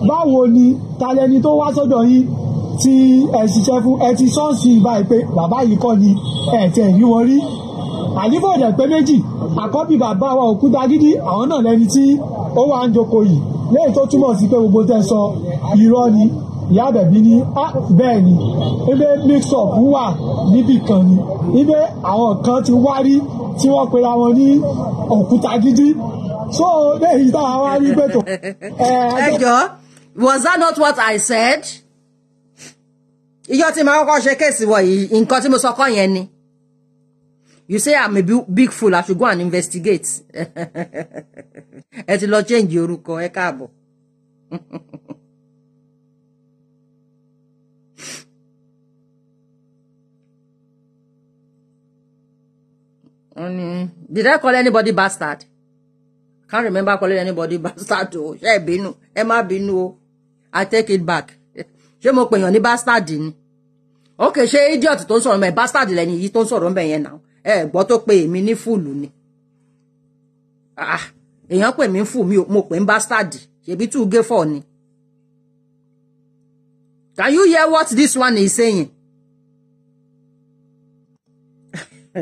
báwo ni talẹni tó wá sọ́dọ̀ yìí tí ẹ ṣiṣẹ́ fún ẹ ti ṣọ́ọ̀ṣì báyìí pé bàbá yìí kọ́ ni ẹ tẹ̀ rí wọn rí àlífò pé méjì àkọ́bí bàbá wa Òkútagídí àwọn náà lẹni tí ó wà ń jókòó yìí lẹ́yìn tó túmọ̀ sí pé gbogbo tẹ́ sọ irọ́ ni ìyá àbẹ̀bí ní bẹ́ẹ̀ ni ibi mix wà níbì kan ni ibi àwọn kan ti wá tí wọ́n pera wọn ní Òkútagídí so lẹ́yìn táwọn wá rí pé ẹ jọ was that not what I said? iyọ́ tí màá kọ́kọ́ ṣe kéèsì wọ̀nyí nǹkan tí mo sọ kọ́ yẹn ni you say i'm a big fool i should go and investigate ẹ ti lọ change orúkọ ẹ káàbọ̀. did i call anybody bastard can't remember calling anybody bastard o ṣe é bínú ẹ má bínú o i take it back ṣé mo pèèyàn ní bastard ni Okay, ṣé idiot tó ń sọ̀rọ̀ mẹ́ bastard lẹ́yìn yìí tó ń sọ̀rọ̀ mẹ́ yẹn náà ẹ gbọ́ tó pe èmi ní ni ah, èèyàn pè mí fù mi mo pè ń bástàdì ṣèbí tú gé fọ ni. Can you hear what this one is saying?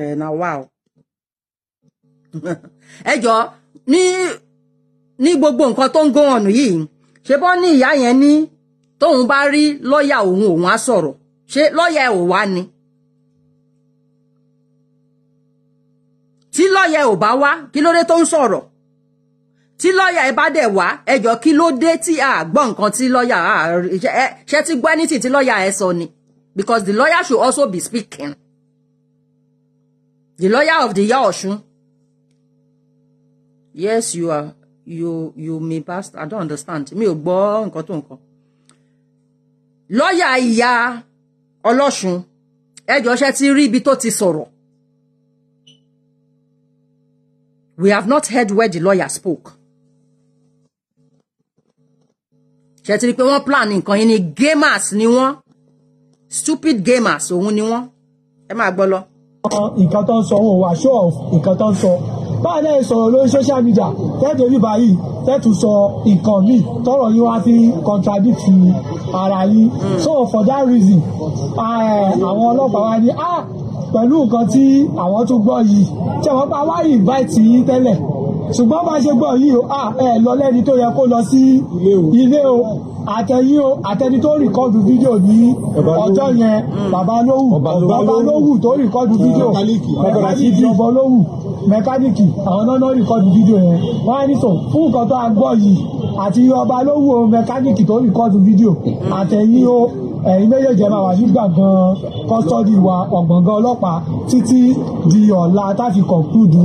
Eh, na wow ẹ jọ ní ní gbogbo nǹkan tó ń go on yìí ṣe bọ́ ní ìyá yẹn ní tóun bá rí lọ́ọ̀yà òun òun á ni. tí lọ́ọ̀yà ò bá wá kí ló dé tó ń sọ̀rọ̀ tí lọ́ọ̀yà ẹ bá dẹ̀ wá ẹjọ́ kí ló dé tí a gbọ́ nǹkan tí lọ́ọ̀yà ṣe ti gbọ́ anything tí lọ́ọ̀yà ẹ sọ ni because the lawyer should also be speaking the lawyer of the Iya Ọ̀ṣun yes you are you you may pass i don't understand mi ò gbọ́ nǹkan tó nǹkan lọ́ọ̀yà ìyá ọlọ́ṣun ẹjọ́ ṣe ti rí ibi tó ti sọ̀rọ̀ We have not heard where the lawyer spoke. ṣe ti rí i pé wọ́n plan nǹkan yìí ni gamers ni wọ́n stupid gamers òun ni wọ́n ẹ máa gbọ́ lọ. nǹkan tó ń sọ wọn wà show off nǹkan tó ń sọ báyìí náà sọ̀rọ̀ lórí social media tẹ́tù orí báyìí tẹ́tù sọ nǹkan míì tọrọ yín wá sí contradict ara yín hmm. so for that reason eh, àwọn ọlọ́pàá wá ní ah pẹ̀lú nǹkan tí àwọn tó gbọ́ yìí tí àwọn bá wá invite yín tẹ́lẹ̀ ṣùgbọ́n bá ṣe gbọ́ yìí o à ẹ lọ lẹ́ni tó yẹ kó lọ sí ilé o àtẹ̀yìn o àtẹni tó rìkọ́dù fídíò ní ọjọ́ yẹn hmm. bàbá lówù bàbá lówù tó rìkọ́dù fídíò hmm. mẹkáníìkì ọbọ lówù mẹkáníìkì àwọn náà rìkọ́dù fídíò yẹn wọ́n á ní sọ fún nǹkan tó a gbọ́ yìí àti ọba lówù o mẹkáníìkì tó rìkọ́dù fídíò hmm. àtẹ̀yìn o ẹ̀yin méjèèjì ẹ máa wà yígbà gan kọ́sítọ́dì wa ọ̀gbọ̀ngàn ọlọ́pàá títí di ọ̀la táfi conclude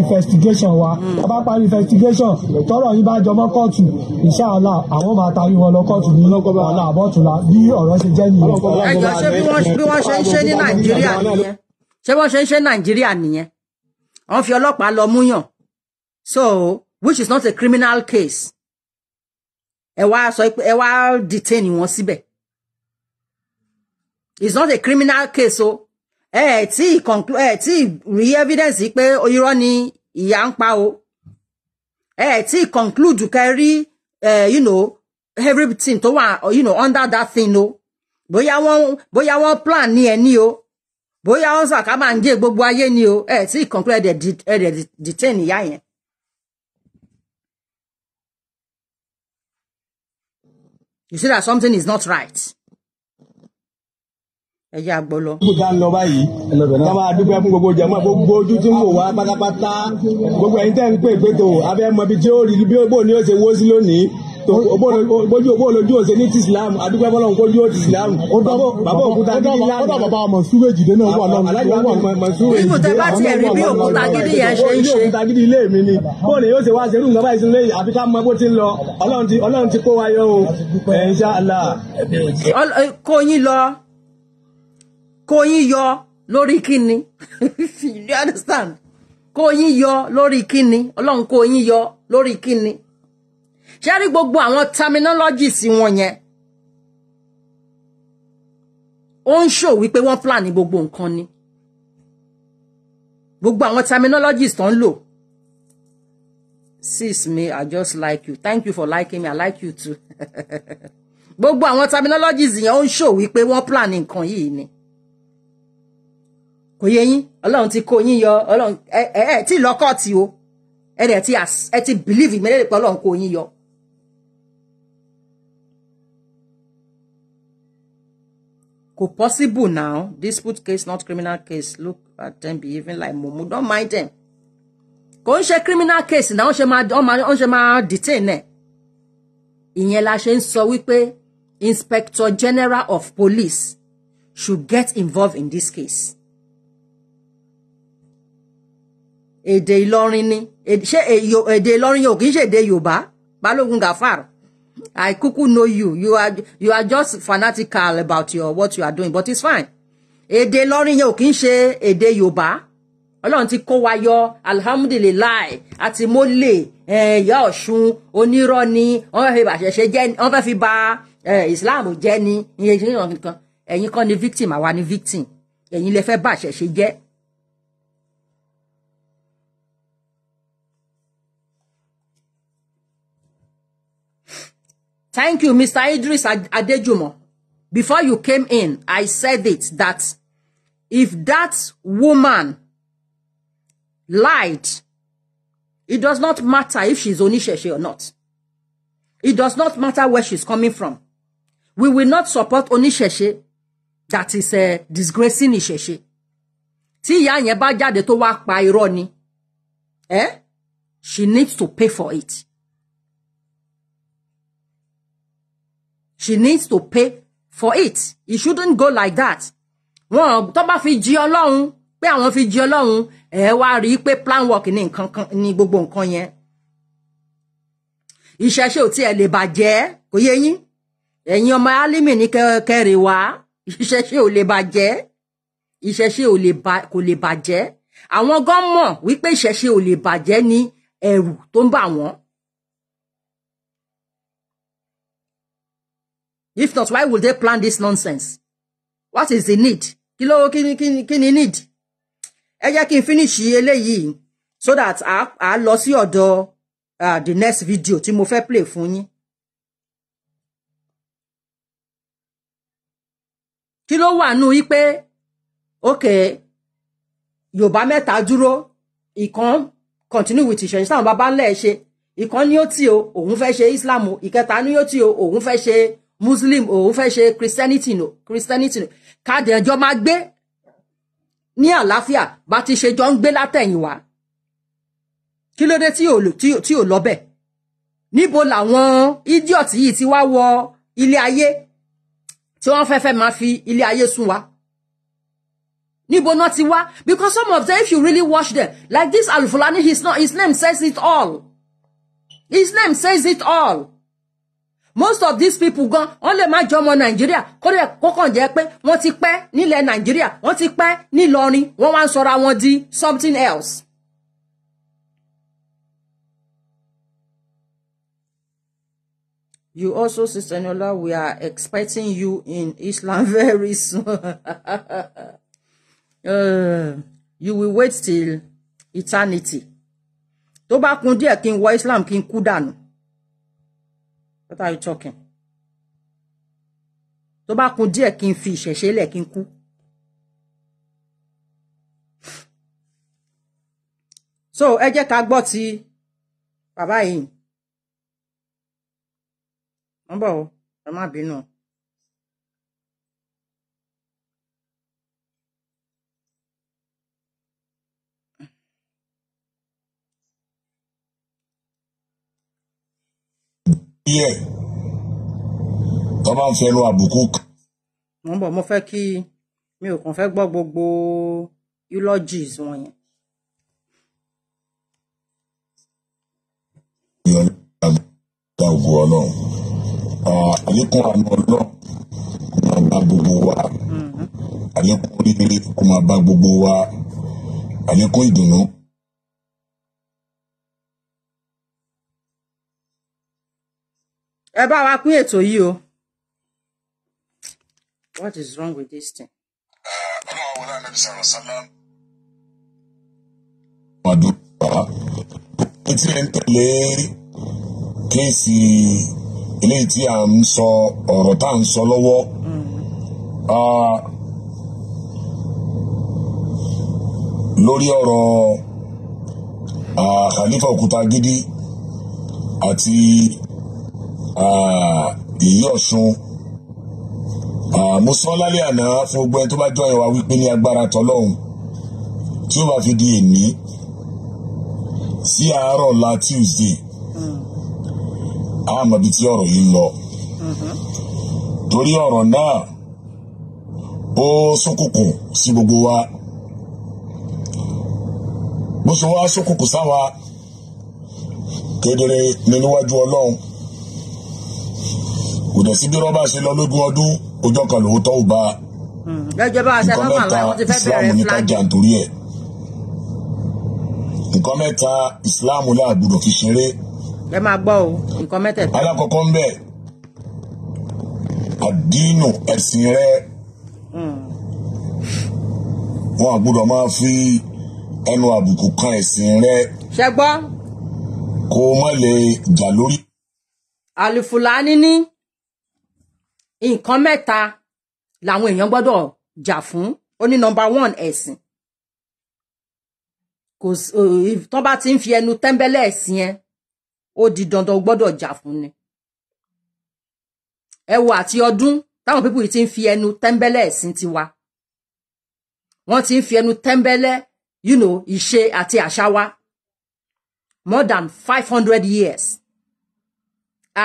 investigation wa hmm. tá a parí investigation tọ́rọ̀ yín bá jọmọ́ kóòtù ìṣáàlà àwọn máa tarí wọn lọ kóòtù ní ọ̀la àbọ̀túnla bí ọ̀rọ̀ ṣe jẹ́ nìyẹn. ẹjọ ṣé bí wọ́n ṣe ń ṣe ní nàìjíríà nìyẹn ṣé wọ́n ṣe ń ṣe nàìjíríà nìyẹn wọ́n fi ọlọ́pàá lọ múyàn so which is not a criminal case ẹ wá sọ ẹ wá detain wọn síbẹ̀ it's not a criminal case o ẹ ẹ tí conclude ẹ tí rí evidence pé irọ́ ni ìyá ń pa o ẹ ẹ tí conclude kẹ rí you know everything tó wà you know under that thing o bóyá wọ́n bóyá wọ́n plan ní ẹ ní o bóyá wọ́n sàkà máa ń gé gbogbo ayé ní o ẹ tí conclude ẹ dẹ̀ detain ìyá yẹn. You see that something is not right ẹ yá gbọ́ lọ. kó tá a lọ báyìí ká máa dúpẹ́ fún gbogbo jẹ̀mọ́ gbogbo ojú tí ń wò wá pátápátá gbogbo ẹ̀yin tẹ́ ń pè pé tó abẹ́ mọ ibi tí ó rí bí bó ni ó ṣe wó sí lónìí bójú owó lójú òsè ní ti islam adúgbò ẹbọ lọhùn kójú ó ti islam. ó dọ́bọ̀ bàbá òkúta gidi lánàá. ó dọ̀ bàbá mọ̀súwé jìdé náà wà lọ́nà. aláìwá mọ̀súwé jìdé. bí tẹ bá tiẹ̀ rí bí òkúta gidi yẹn ṣe ń ṣe. òkúta gidi ilé mi ni. bó ni yóò ṣe wá ṣerú nǹkan báyìí sílé àfi ká mọ bó ti ń lọ ọlọ́run ti kó wa yọ o. insha Allah. kó yín lọ kó yín yọ lórí kíni you understand kó yín yọ lórí kíni ọlọ́run kó yín yọ lórí kíni ṣé rí gbogbo àwọn terminologies wọn yẹn ó ń ṣò wípé wọ́n plan gbogbo nǹkan ni gbogbo àwọn terminologies tó ń lò sis me i just like you thank you for liking me i like you too gbogbo àwọn terminologies yẹn ó ń ṣò wípé wọ́n plan nǹkan yìí ni kò yẹ yín ọlọ́run ti kó yín yọ ọlọ́run ẹ ẹ tí lọ́kọ̀ọ̀tì o ẹ dẹ̀ ti ẹ ti believe ìmẹ́lẹ́lẹ́ pé ọlọ́run kó yín yọ. kò possible now dispute case not criminal case look at them behaving like mumu don't mind them kò ń ṣe criminal case náà ń ṣe máa ń ṣe máa detain ẹ ìyẹn la ṣe ń sọ wípé inspector general of police should get involved in this case. èdè Ìlọrin ni ṣé èdè Ìlọrin yóò kì í ṣèdè Yorùbá Balógun Gafar I kuku know you you are you are just fanatical about your what you are doing but it's fine èdè Ìlọrin yẹn ò kì í ṣe èdè Yorùbá Ọlọ́run ti kó wa yọ alihamudulilayi àti mólè ìyá Ọ̀ṣun onírọ́ ni wọ́n fẹ́ẹ́ fi bàṣẹ̀ṣẹ̀ jẹ́ ni wọ́n fẹ́ẹ́ fi ba Islam jẹ́ ni ìyẹn kan ni victim àwa ni victim ẹ̀yin lè fẹ́ bàṣẹ̀ṣẹ̀ jẹ́ Thank you, Mr. Idris Adejumo. Before you came in, I said it that if that woman lied, it does not matter if she's Onisheshe or not. It does not matter where she's coming from. We will not support Onisheshe that is a eh, disgracing Ìṣẹ̀ṣe. Tí ìyá yẹn bá to tó wá pa irọ́ eh? She needs to pay for it. she needs to pay for it it shouldn't go like that wọn tó bá fi jí ọlọ́run pé àwọn fi jí ọlọ́run ẹ wá rí i pé plan work ní nǹkan kan ní gbogbo nǹkan yẹn ìṣẹ̀ṣe ò tiẹ̀ lè bàjẹ́ kò yé yín ẹ̀yin ọmọ alimi ní kẹrin wá ìṣẹ̀ṣe ò lè bàjẹ́ ìṣẹ̀ṣe kò lè bàjẹ́ àwọn gan mọ̀ wípé ìṣẹ̀ṣe ò lè bàjẹ́ ní ẹ̀rù tó ń bà wọ́n if not why would they plan this nonsense what is the need kí ló kí ni kí ni kí ni need ẹ jẹ́ kí n finish eléyìí so that a a lọ sí ọ̀dọ̀ the next video tí mo fẹ́ play fún yín. kí ló wà nù yìí pé ok yorùbá mẹ́ta dúró ìkan continue with ìṣẹ̀yìn sáwọn baba ńlẹ̀ ṣe ìkan ni ó tì o òun fẹ́ ṣe islam ìkẹta ni ó tì o òun fẹ́ ṣe muslim òun fẹ́ ṣe christianity no christianity no káàdì ẹjọ́ máa gbé ní àlàáfíà bá ti ṣe jọ ń gbé látẹ̀yìnwá kí ló dé tí ò lọ bẹ́ẹ̀ níbo làwọn idiot yìí ti wá wọ ilé ayé tí wọ́n fẹ́ fẹ́ máa fi ilé ayé sún wa níbo náà ti wá because some of them if you really watch them like this Al-Fulani his, his name says it all his name says it all most of these people gan wọ́n lè má jọ ọmọ nàìjíríà kódà kókàn jẹ́ pé wọ́n ti pẹ́ nílẹ̀ nàìjíríà wọ́n ti pẹ́ nílọrin wọ́n wá ń sọra wọn di something else. You also, Sister Nola, we are expecting you in Islam very soon. uh, you will wait till eternity. Tó bá kun díẹ̀ kí n wọ Islam kí n kú dànù. What are you talking? Tó bá kun díẹ̀ kí n fi ìṣẹ̀ṣe lẹ̀ kí n kú. So ẹ jẹ́ ká gbọ́ ti bàbá yìí. Wọ́n bọ̀ ọ́, ẹ má bínú. yẹ tó bá ń fẹnu àbùkù kan. mo ń bọ̀ mo fẹ́ kí mi ò kàn fẹ́ gbọ́ gbogbo eulogies wọ̀nyẹn. ìyọ̀lẹ́gbẹ̀ta ògo ọlọ́run àlékún àánú ọlọ́run kó máa bá gbogbo wa mm-hmm. àlékún oríire kó máa bá gbogbo wa àlékún ìdùnnú ẹ bá wa pín ètò yìí o what is wrong with this thing. ọlọ́run àwọn ọlọ́run ẹ̀mí sọ̀rọ̀ sọ́lá. àdúrà etí ẹ̀ ń tẹ̀lé kéèsì eléyìí tí à ń sọ ọ̀rọ̀ tá à ń sọ lọ́wọ́ mm-hmm. ah, lórí ọ̀rọ̀ ah, Khalifa Òkútagidi àti Ah, ìyí ọ̀ṣun ah, mo sọ lálẹ́ àná fún gbogbo ẹni tó bá jọyọ̀ wá wípé ní agbára tọlọ́hun tí ó bá fi di èní sí àárọ̀ la Tuesday àmọ̀bí hmm. tí ọ̀rọ̀ yìí ń lọ mm-hmm. torí ọ̀rọ̀ náà ó ṣókùnkùn sí gbogbo wa bó ṣe wá ṣókùnkùn sáwa kedere ní níwájú ọlọ́run kò dẹ̀ sí bí rọ́bà ṣe lọ lógún ọdún ọjọ́ kan lòótọ́ ò bá nǹkan mẹ́ta islam ní ká jà nítorí ẹ̀ nǹkan mẹ́ta islam náà gbọ́dọ̀ fi ṣeré. ẹ máa gbọ́ o nǹkan mẹ́tẹ̀ẹ̀ta. alákọ̀ọ́kọ́ ń bẹ̀ àdínù ẹ̀sìn rẹ hmm. wọn a máa fi ẹnu àbùkù kan ẹ̀sìn rẹ. ṣẹ gbọ́. kó o má lè jà lórí. àlùfùlà níní nǹkan mẹ́ta làwọn èèyàn gbọ́dọ̀ jà fún ó ní nọ́mbà one ẹ̀sìn kò tó bá ti ń fi ẹnu tẹ́ńbẹ́lẹ̀ ẹ̀sìn yẹn ó di dandan gbọ́dọ̀ jà fún ni ẹ wo àti ọdún táwọn pípù yìí ti ń fi ẹnu tẹ́ńbẹ́lẹ̀ ẹ̀sìn tiwa wọ́n ti ń fi ẹnu tẹ́ńbẹ́lẹ̀ you know, ìṣe àti àṣà wa more than five hundred years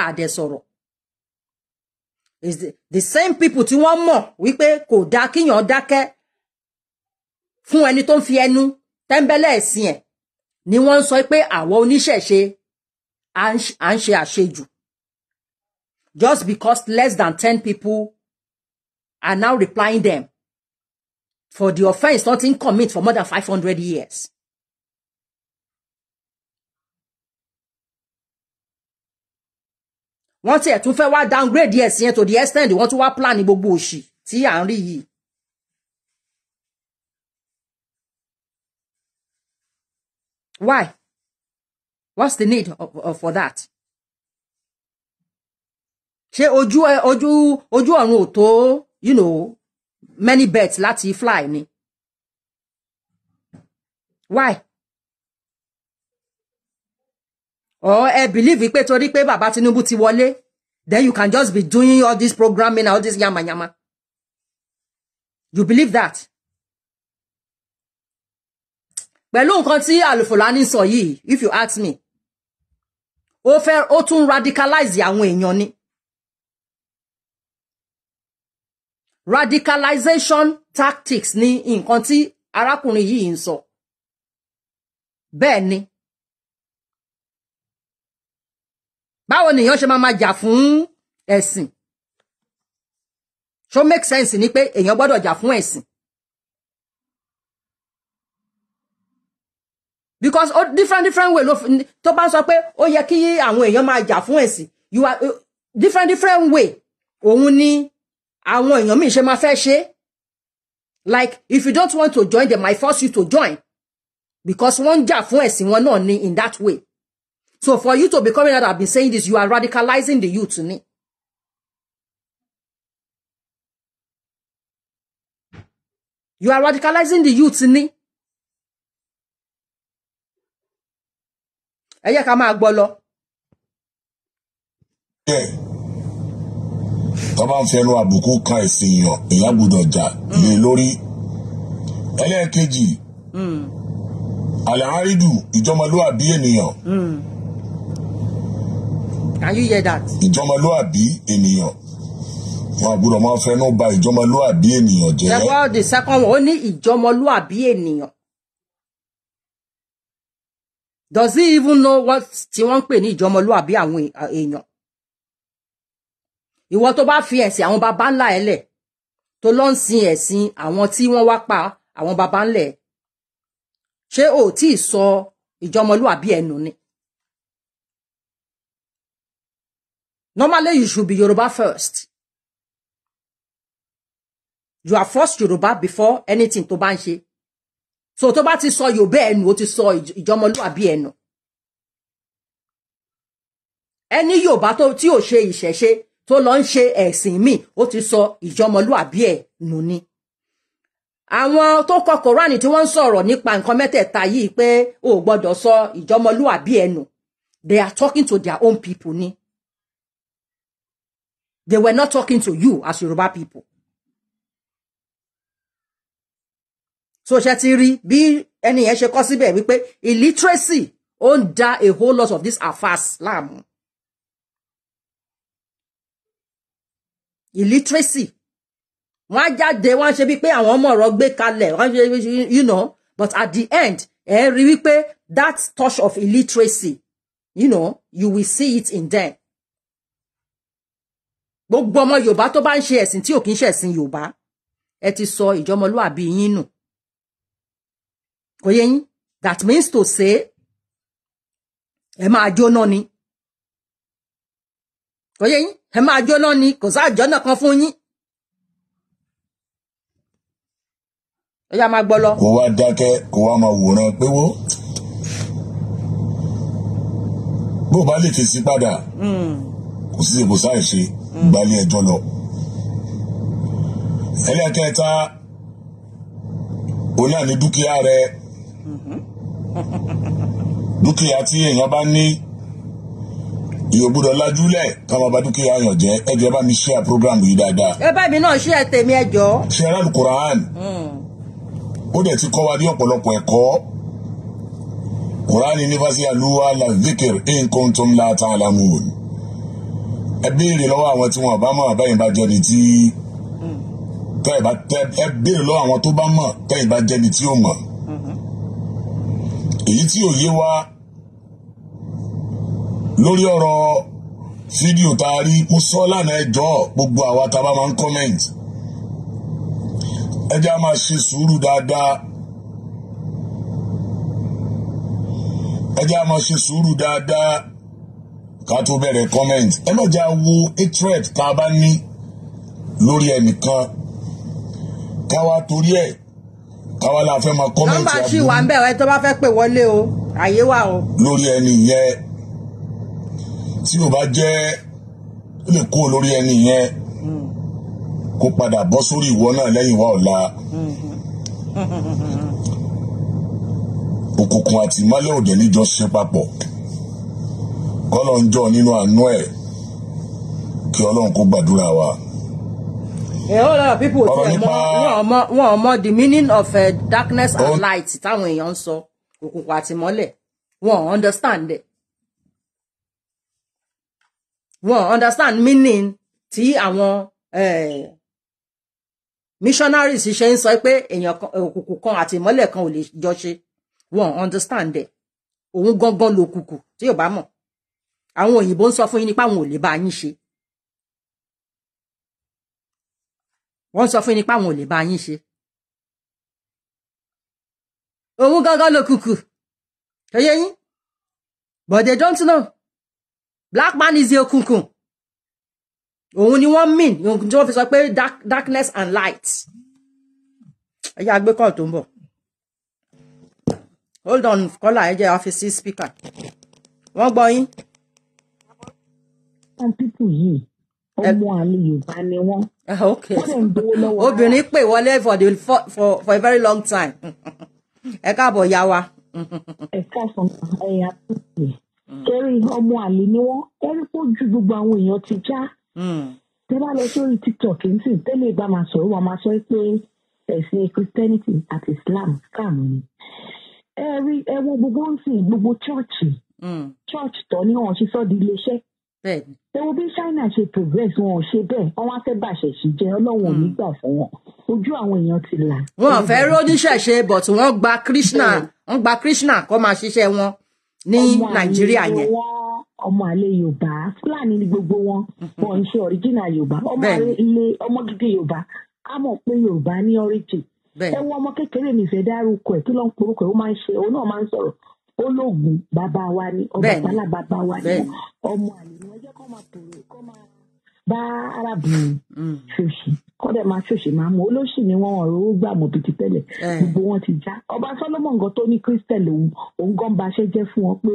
àdẹ sọ̀rọ̀ is the, the same people tí wọ́n mọ̀ wípé kò dáa kíyàn dákẹ́ fún ẹni tó ń fi ẹnu tẹ́ńbẹ́lẹ́ ẹ̀sìn ẹ̀ ni wọ́n ń sọ pé àwọn oníṣẹ̀ṣe à ń ṣe àṣejù just because less than ten people are now replying them for the offence don ti commit for more than five hundred years. wọ́n tiẹ̀ tún fẹ́ wá downgrade ẹ̀ sí yẹn to the extent wọ́n tún wá plan gbogbo òṣì tí à ń rí yìí. Why? What's the need of, of, for that? ṣé ojú ojú ojú ọ̀run ò tó you know, many birds láti fly ni? Why? or ẹ eh, believe pé torí pé bàbá Tinubu ti wọlé then you can just be doing all this programming and all this yamayama you believe that pẹ̀lú nǹkan tí Alufulani sọ yìí if you ask me ó fẹ́ ó tún radicalize àwọn èèyàn ni radicalization tactics ni nǹkan tí arákùnrin yìí ń sọ bẹ́ẹ̀ ni báwo nìyẹn ṣe máa máa jà fún ẹ̀sìn ṣó make sense ni pé èèyàn gbọ́dọ̀ jà fún ẹ̀sìn because ó different different way ló tó bá ń sọ pé ó yẹ kí àwọn èèyàn máa jà fún ẹ̀sìn you are uh, different different way òun ni àwọn èèyàn míì ṣe máa fẹ́ ṣe like if you don't want to join them I force you to join because wọ́n ń jà fún ẹ̀sìn wọn náà ni in that way So for you to be coming out, I've been saying this, you are radicalizing the youth to me. You are radicalizing the youth ni. Ẹ yẹ ká máa gbọ́ lọ. Tọ́ bá ń fẹnu àbùkù kan ẹ̀sìn yàn, ìyá gbọ́dọ̀ jà lé lórí. Ẹlẹ́ẹ̀kejì, hmm. Can you hear that? ìjọmọlúàbí ènìyàn wọn àgbúrò máa fẹnu ba ìjọmọlúàbí ènìyàn jẹ. the world the second one ó ní ìjọmọlúàbí ènìyàn. does he even know what tí wọ́n ń pè ní ìjọmọlúàbí àwọn èèyàn. ìwọ tó bá fi ẹ̀sìn àwọn baba ńlá ẹ lẹ̀ tó lọ ń sin ẹ̀sìn àwọn tí wọ́n wá pa àwọn baba ńlẹ̀ ṣé o tí ì sọ ìjọmọlúàbí ẹnu ni. Normally, you should be Yoruba first. You are first Yoruba before anything tó bá ń ṣe. So tó bá ti sọ Yorùbá ẹnu, ó ti sọ ìjọmọlúwàbí ẹnu. Ẹni Yorùbá tó tí ò ṣe ìṣẹ̀ṣe tó lọ ń ṣe ẹ̀sìn míì, ó ti sọ ìjọmọlúwàbí ẹnu ni. Àwọn tó kọ Kòránì tí wọ́n ń sọ̀rọ̀ nípa nǹkan mẹ́tẹ̀ẹ̀ta yìí pé o ò gbọ́dọ̀ sọ ìjọmọlúwàbí ẹnu. They are talking to their own people ni. They were not talking to you as Yoruba people. So ṣe ti rí bí ẹni yẹn ṣe kọ́ síbẹ̀ wípé illiteracy ó ń da a whole lot of these affairs láàmú. Illiteracy wọ́n á jáde wọ́n á ṣe bíi pé àwọn ọmọ ọ̀rọ̀ gbé kalẹ̀ wọ́n á ṣe you know but at the end ẹ rí wípé that touch of illiteracy you know you will see it in them gbogbo ọmọ yorùbá tó bá ń ṣe ẹ̀sìn tí ò kí ń ṣẹ̀sìn yorùbá ẹ ti sọ ìjọmọlúàbí yín nù kò yẹ yín that means to say ẹ máa jóná ni kò yẹ yín ẹ máa jóná ni kò sáàjọ náà kan fún yín. ẹ yá máa gbọ́ lọ. kò wá dákẹ́ kò wá máa wòran pé bó o bá lè fèsì padà hmm. kò sí kò sáà gbalị ẹjọ́ lọ. ẹlẹ́kẹta ó náà ní dúkìá rẹ mm-hmm. dúkìá tí èèyàn bá ní èèyàn gbọ́dọ̀ lajúlẹ̀ káwọn bá dúkìá yàn jẹ́ bá mi share program yìí dáadáa. ẹ bá mi náà share tèmi ẹ jọ. Mm. ti kọ́ wa ní ọ̀pọ̀lọpọ̀ ẹ̀kọ́ ní àlùwà la ẹ béèrè lọ́wọ́ àwọn tí wọ́n bá mọ̀ bẹ́ẹ̀ bá jẹ́ ni tí tẹ́ ẹ bá tẹ́ ẹ béèrè lọ́wọ́ àwọn tó bá mọ̀ tẹ́ bá jẹ́ ni tí ó mọ̀ èyí tí ò yé wa lórí ọ̀rọ̀ fídíò tá a rí mo sọ lánàá ẹjọ́ gbogbo àwa tá a bá máa ń kọ́mẹ̀ntì ẹ jẹ́ a máa ṣe sùúrù dáadáa ẹ jẹ́ a máa ṣe sùúrù dáadáa ká tó bẹ̀rẹ̀ comment ẹ má jà wo hatred tá a bá ní lórí ẹnìkan káwa torí ẹ̀ káwa la fẹ́ máa comment àbúrò. nọ́mbà ṣì wà ń bẹ̀ ẹ tó bá fẹ́ pè wọlé o àyè wà o. lórí ẹni yẹn tí o bá jẹ́ ó lè kó lórí ẹni yẹn kó padà bọ́ sórí ìwọ náà lẹ́yìn wa ọ̀la. òkùnkùn àti ìmọ́lẹ̀ òde níjọ ṣe papọ̀ kọ́lọ́n jọ nínú àánú ẹ̀ kí ọlọ́run kó gbàdúrà wa. a whole lot of people tẹ wọn ò mọ the meaning of uh, darkness and light táwọn èèyàn ń sọ òkùnkùn àti wọn ò understand it wọn understand meaning tí àwọn eh, missionaries ṣe ń sọ pé èèyàn òkùnkùn eh, kan àti ìmọ́lẹ̀ kan ò lè jọ ṣe wọn understand it òun gangan lòkùnkùn tí yóò bá mọ̀ àwọn òyìnbó ń sọ fún yín nípa àwọn ò lè bá yín ṣe wọ́n sọ fún yín nípa àwọn ò lè bá yín ṣe òun gángan ló kùkù ṣẹyẹ yín but they don't know black man is your okunkun òun ni wọ́n mean ohun tí wọ́n fi sọ pé darkness and light ẹ yá tó ń bọ̀ hold on kọ́là ẹ jẹ́ ọ́fíìsì speaker wọ́n gbọ́ yín some people yìí ọmọ àlè yorùbá ni ah, wọn. okay obìnrin pè wọlé for the for for for a very long time ẹ káàbọ̀ ya wa. ẹ káàsán ẹ̀yà tó ṣe kẹrí ọmọ àlè ni wọn kẹrí pọ̀ ju gbogbo àwọn èèyàn ti já. Hmm. tẹ bá lọ sórí tiktok nsìn tẹ́lẹ̀ bá máa sọ̀rọ̀ wọn máa sọ pé ẹ̀sìn christianity àti islam scam ni. ẹ rí ẹ wo gbogbo nsìn gbogbo chọ́ọ̀chì. Hmm. chọ́ọ̀chì tọ́ ni wọ́n ṣe sọ́ di iléeṣẹ́ bẹ́ẹ̀ni. ewu bí China ṣe progress wọn ò ṣe bẹ́ẹ̀ wọn wá fẹ́ bàṣẹṣì jẹ Ọlọ́run ò ní hmm. gbà fún wọn ojú àwọn èèyàn ti là. wọn ò fẹ́ róníṣẹ̀ṣe but wọ́n gba Krishna wọ́n gba Krishna kó máa ṣiṣẹ́ wọn ní Nàìjíríà yẹn ọmọ àlè yorùbá fúlàní ni gbogbo wọn wọn ń ṣe original yorùbá ọmọ àlè ilé ọmọ gidi yorùbá a mọ̀ pé yorùbá ní origin ẹ wọ ọmọ kékeré mi dárúkọ ẹ̀ kí ló ń porúkọ ẹ̀ ó máa ń ṣe òun náà máa ń sọ̀rọ̀ olóògùn bàbá wa ni Ọbàtálá bàbá wa ni ọmọ àlè ẹjẹ kọ máa tòrò kọ máa bá arábìnrin mm. ṣòṣì kọ́dẹ̀ máa ṣòṣì máa mú olóṣì ni wọ́n ọ̀rọ̀ ó gbà mọ́ bìtì gbogbo wọn ti já ọba Solomon gan tó ní christian lòun òun gan ba ṣe jẹ́ fún wọn pé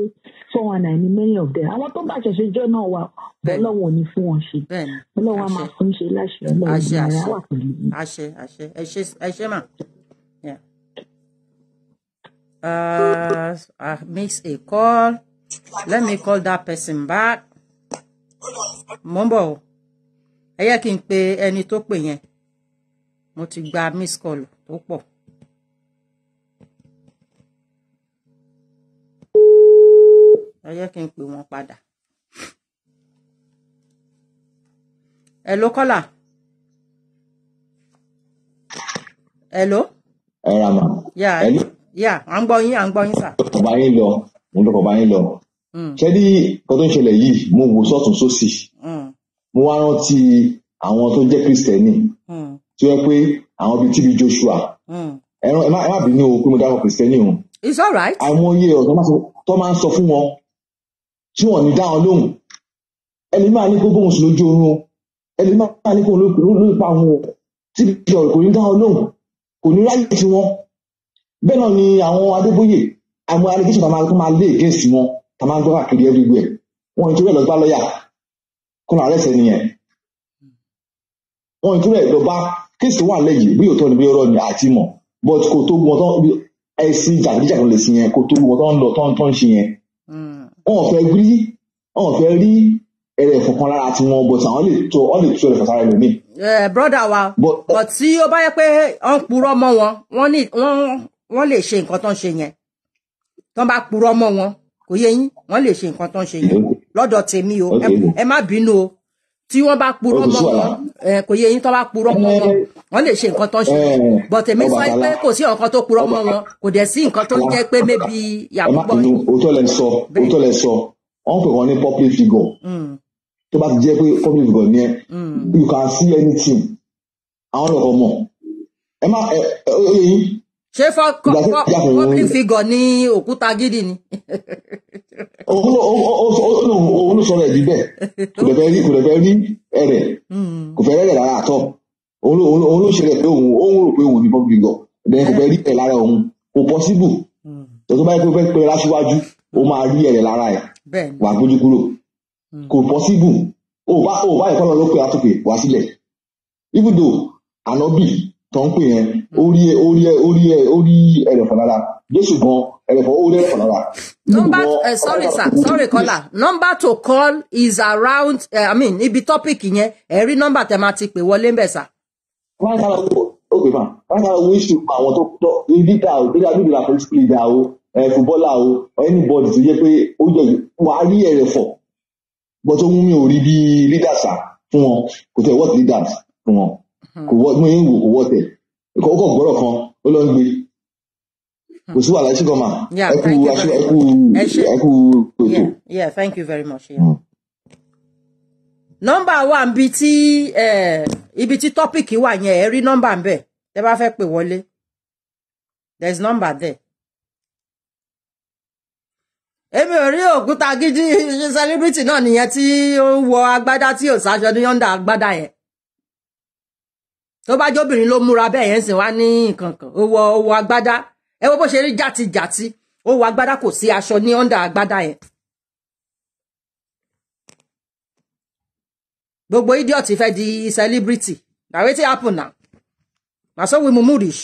four one nine ni many of them àwọn tó bá ṣẹ̀ṣẹ̀ jọ náà wà ọlọ́wọ̀n ni fún wọn ṣe ọlọ́wọ̀n a máa fún ṣe láṣẹ ọlọ́wọ̀n ara wà pẹ̀lú. àṣẹ àṣẹ ẹ ṣe mà uh, I makes a call. Let me call that person back. Mo ń bọ̀ pe eni yẹ pe yen. tó pè Mo ti gba miss call tó pọ̀. Ẹ yẹ kí n pè Hello caller. Hello. Ẹ ma. Yà yà à ń gbọ́ yín à ń gbọ́ yín sà. mo bá yín lọ mo lọ bá yín lọ. Mm. ṣé rí nǹkan tó ń ṣẹlẹ̀ yìí mo wò sọ́tún sósì mm. mo wá rántí àwọn tó jẹ́ kristẹni mm. tó yẹ pé àwọn bíi tíbi Joshua ẹ má bínú o pé mo dáhùn kristẹni o. it's alright. àìmọye ọ̀rọ̀ tó máa ń sọ fún wọn tí wọ́n ní dá wọn lóhùn ẹni máa ní gbogbo oṣù lójú oorun ẹni máa ní kó ló pa òun o tí ìjọ kò ní dá wọn lóhùn kò ní ráyè tí wọn bẹ́ẹ̀ náà ni àwọn adébóyè àwọn allegation tá a máa lé against wọn tá a máa gbọ́ káàkiri everywhere wọn ìtúrẹ̀ lọ bá lọ́yà kọ́nà àrẹ́sẹ̀ nìyẹn wọn ìtúrẹ̀ lọ bá kéèsì wà lẹ́yìn bí òótọ́ ni bí ọ̀rọ̀ ni àti mọ̀ but kò tó wọn tán ẹ̀sìn jàgídíjàgún lè sí yẹn kò tó wọn tán lọ tán tán ṣe yẹn hmm. wọn ò fẹ́ rí wọn ò fẹ́ rí ẹrẹ ìfọkàn lára tí wọn bọ sàn wọn lè tó wọn lè tó ẹrẹ ìfọkàn lómi. ẹ brọdà wa but tí ó bá yẹ pé ọ ń purọ́ mọ́ wọn wọn ní wọn wọ́n lè ṣe nǹkan tó ń ṣe yẹn tán bá purọ́ mọ́ wọn kò yé yín wọ́n lè ṣe nǹkan tó ń ṣe yẹn lọ́dọ̀ tèmi o ẹ má bínú o tí wọ́n bá purọ́ mọ́ wọn kò yé yín tán bá purọ́ mọ́ wọn wọ́n lè ṣe nǹkan tó ń ṣe yẹn bọ̀ tèmi sọ pé kò sí nǹkan tó purọ́ mọ́ wọn kò dẹ̀ sí nǹkan tó jẹ́ pé mébi yàgò gbọ́ yín. òótọ́ lẹ sọ òótọ́ lẹ sọ wọ́n pè wọ́n ní public figure hmm. tó bá ti jẹ́ pé public figure ni ẹ hmm. you can see anything àwọn ọ̀rọ̀ mọ̀ ẹ má ẹ ẹ ṣé public figure ní òkúta gidi ni. òun ló sọ̀rọ̀ ẹbí bẹ́ẹ̀ kò lè fẹ́ rí kò lè fẹ́ rí ẹrẹ hmm. kò fẹ́ rẹrẹ rárá àtọ òun ló ṣẹlẹ̀ pé òun òun rò pé òun ní public figure bẹ́ẹ̀ kò fẹ́ rí ẹ lára òun kò possible hmm. tó bá yẹ kó fẹ́ pé láṣíwájú ó máa rí ẹrẹ lára ẹ wà gbójú kúrò hmm. kò possible ò bá ò bá ìkọlọ ló pé àtúpè wá sílẹ̀ ibùdó ànábì tó ń pè yẹn ó rí ó rí ó rí ó rí ẹrẹ̀fọ̀ lára jésù gan ẹrẹ̀fọ̀ ó rí ẹrẹ̀fọ̀ lára. number uh, sorry sir sorry caller number to call is around uh, i mean ibi topic yẹn ẹ rí nọ́mbà tẹ máa ti pè wọlé ń bẹ̀ sà. wọ́n sára ó pè fún wa wọ́n sára wíṣù àwọn tó tọ́ lídà ó lídà bíbí la political leader ó fúbọ́là ó anybody tó yẹ pé ó jẹ wàá rí ẹrẹ̀fọ̀ bọ́tọ́ mú mi ò rí bí leader fún wọn kò tẹ̀ what leaders fún wọn. Hmm. kò wọ mú ìwò kò wọtẹ ó kàn kan ó lọ ń gbé hmm. kò sí wàhálà sí gọmà ẹkú ẹkú ẹkú ètò. yeah thank you very much. Hmm. wa ń bi tí ibi tí tọ́pìkì wà yẹn ẹ rí nọ́mbà ń bẹ̀ tẹ bá fẹ́ pè wọlé there is number there. èmi ò rí òkúta gidi celebrity náà nìyẹn tí ó wọ agbádá tí ò sáṣọ ní yọ̀ǹda agbádá yẹn tó bá jóbìnrin ló múra bẹ́ẹ̀ yẹn sìn wá ní nǹkan kan ó wọ ó wọ agbádá ẹ wo bó ṣe rí jàtijàti ó wọ agbádá kò sí aṣọ ní ọ́ndà agbádá yẹn. gbogbo idiot fẹ́ di celebrity na wetin happen na na so we mumu reach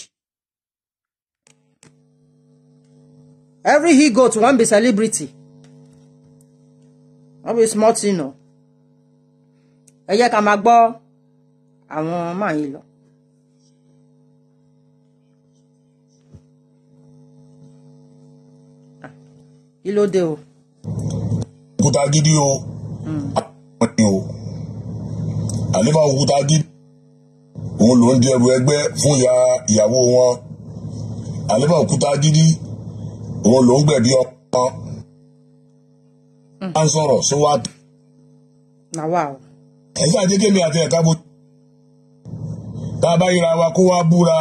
every he goat wan be celebrity no be small thing o ẹ jẹ́ ká máa gbọ́ àwọn máa yín lọ. ilode o. òkúta gidi o òkúta hmm. gidi òun ló ń di ẹrù fún ya ìyàwó wọn òkúta gidi òun ló ń à hmm. ń o. kémi àti ẹ̀ka bó. tá a bá wa kó búra.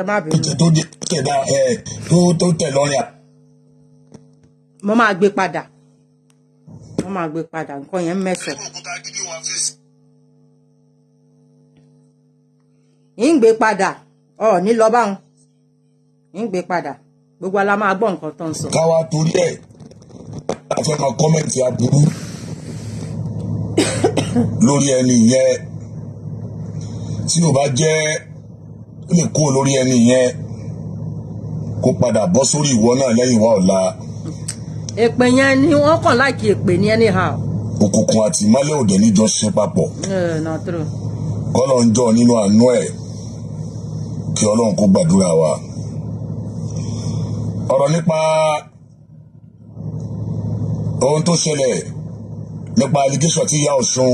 ẹ má bínú. tó tẹ̀dá ẹ tó tó tẹ̀ lọ́rìn. mo máa gbé padà mo máa gbé padà nǹkan yẹn mẹ́sàn. ń gbé padà ọ ní lọ báwọn ń gbé padà gbogbo ala máa gbọ́ nǹkan tó ń sọ. káwa torí ẹ̀ afẹ́mọ̀ kọ́mẹ̀ntì aburú lórí ẹni yẹn tí ò bá jẹ́ lè kúrò lórí ẹni yẹn kó padà bọ́ sórí ìwọ náà lẹ́yìn wá ọ̀la. èpè yẹn ni wọ́n kàn láìkí èpè ní anyhow. òkùnkùn àti ìmọ́lẹ̀ òde níjọ ṣe papọ̀. Eh, kọ́lọ̀ ń jọ nínú àánú ẹ̀ kí ọlọ́run kó gbàdúrà wa. ọ̀rọ̀ nípa ohun tó ṣẹlẹ̀ nípa allegation tí ìyá Ọ̀ṣun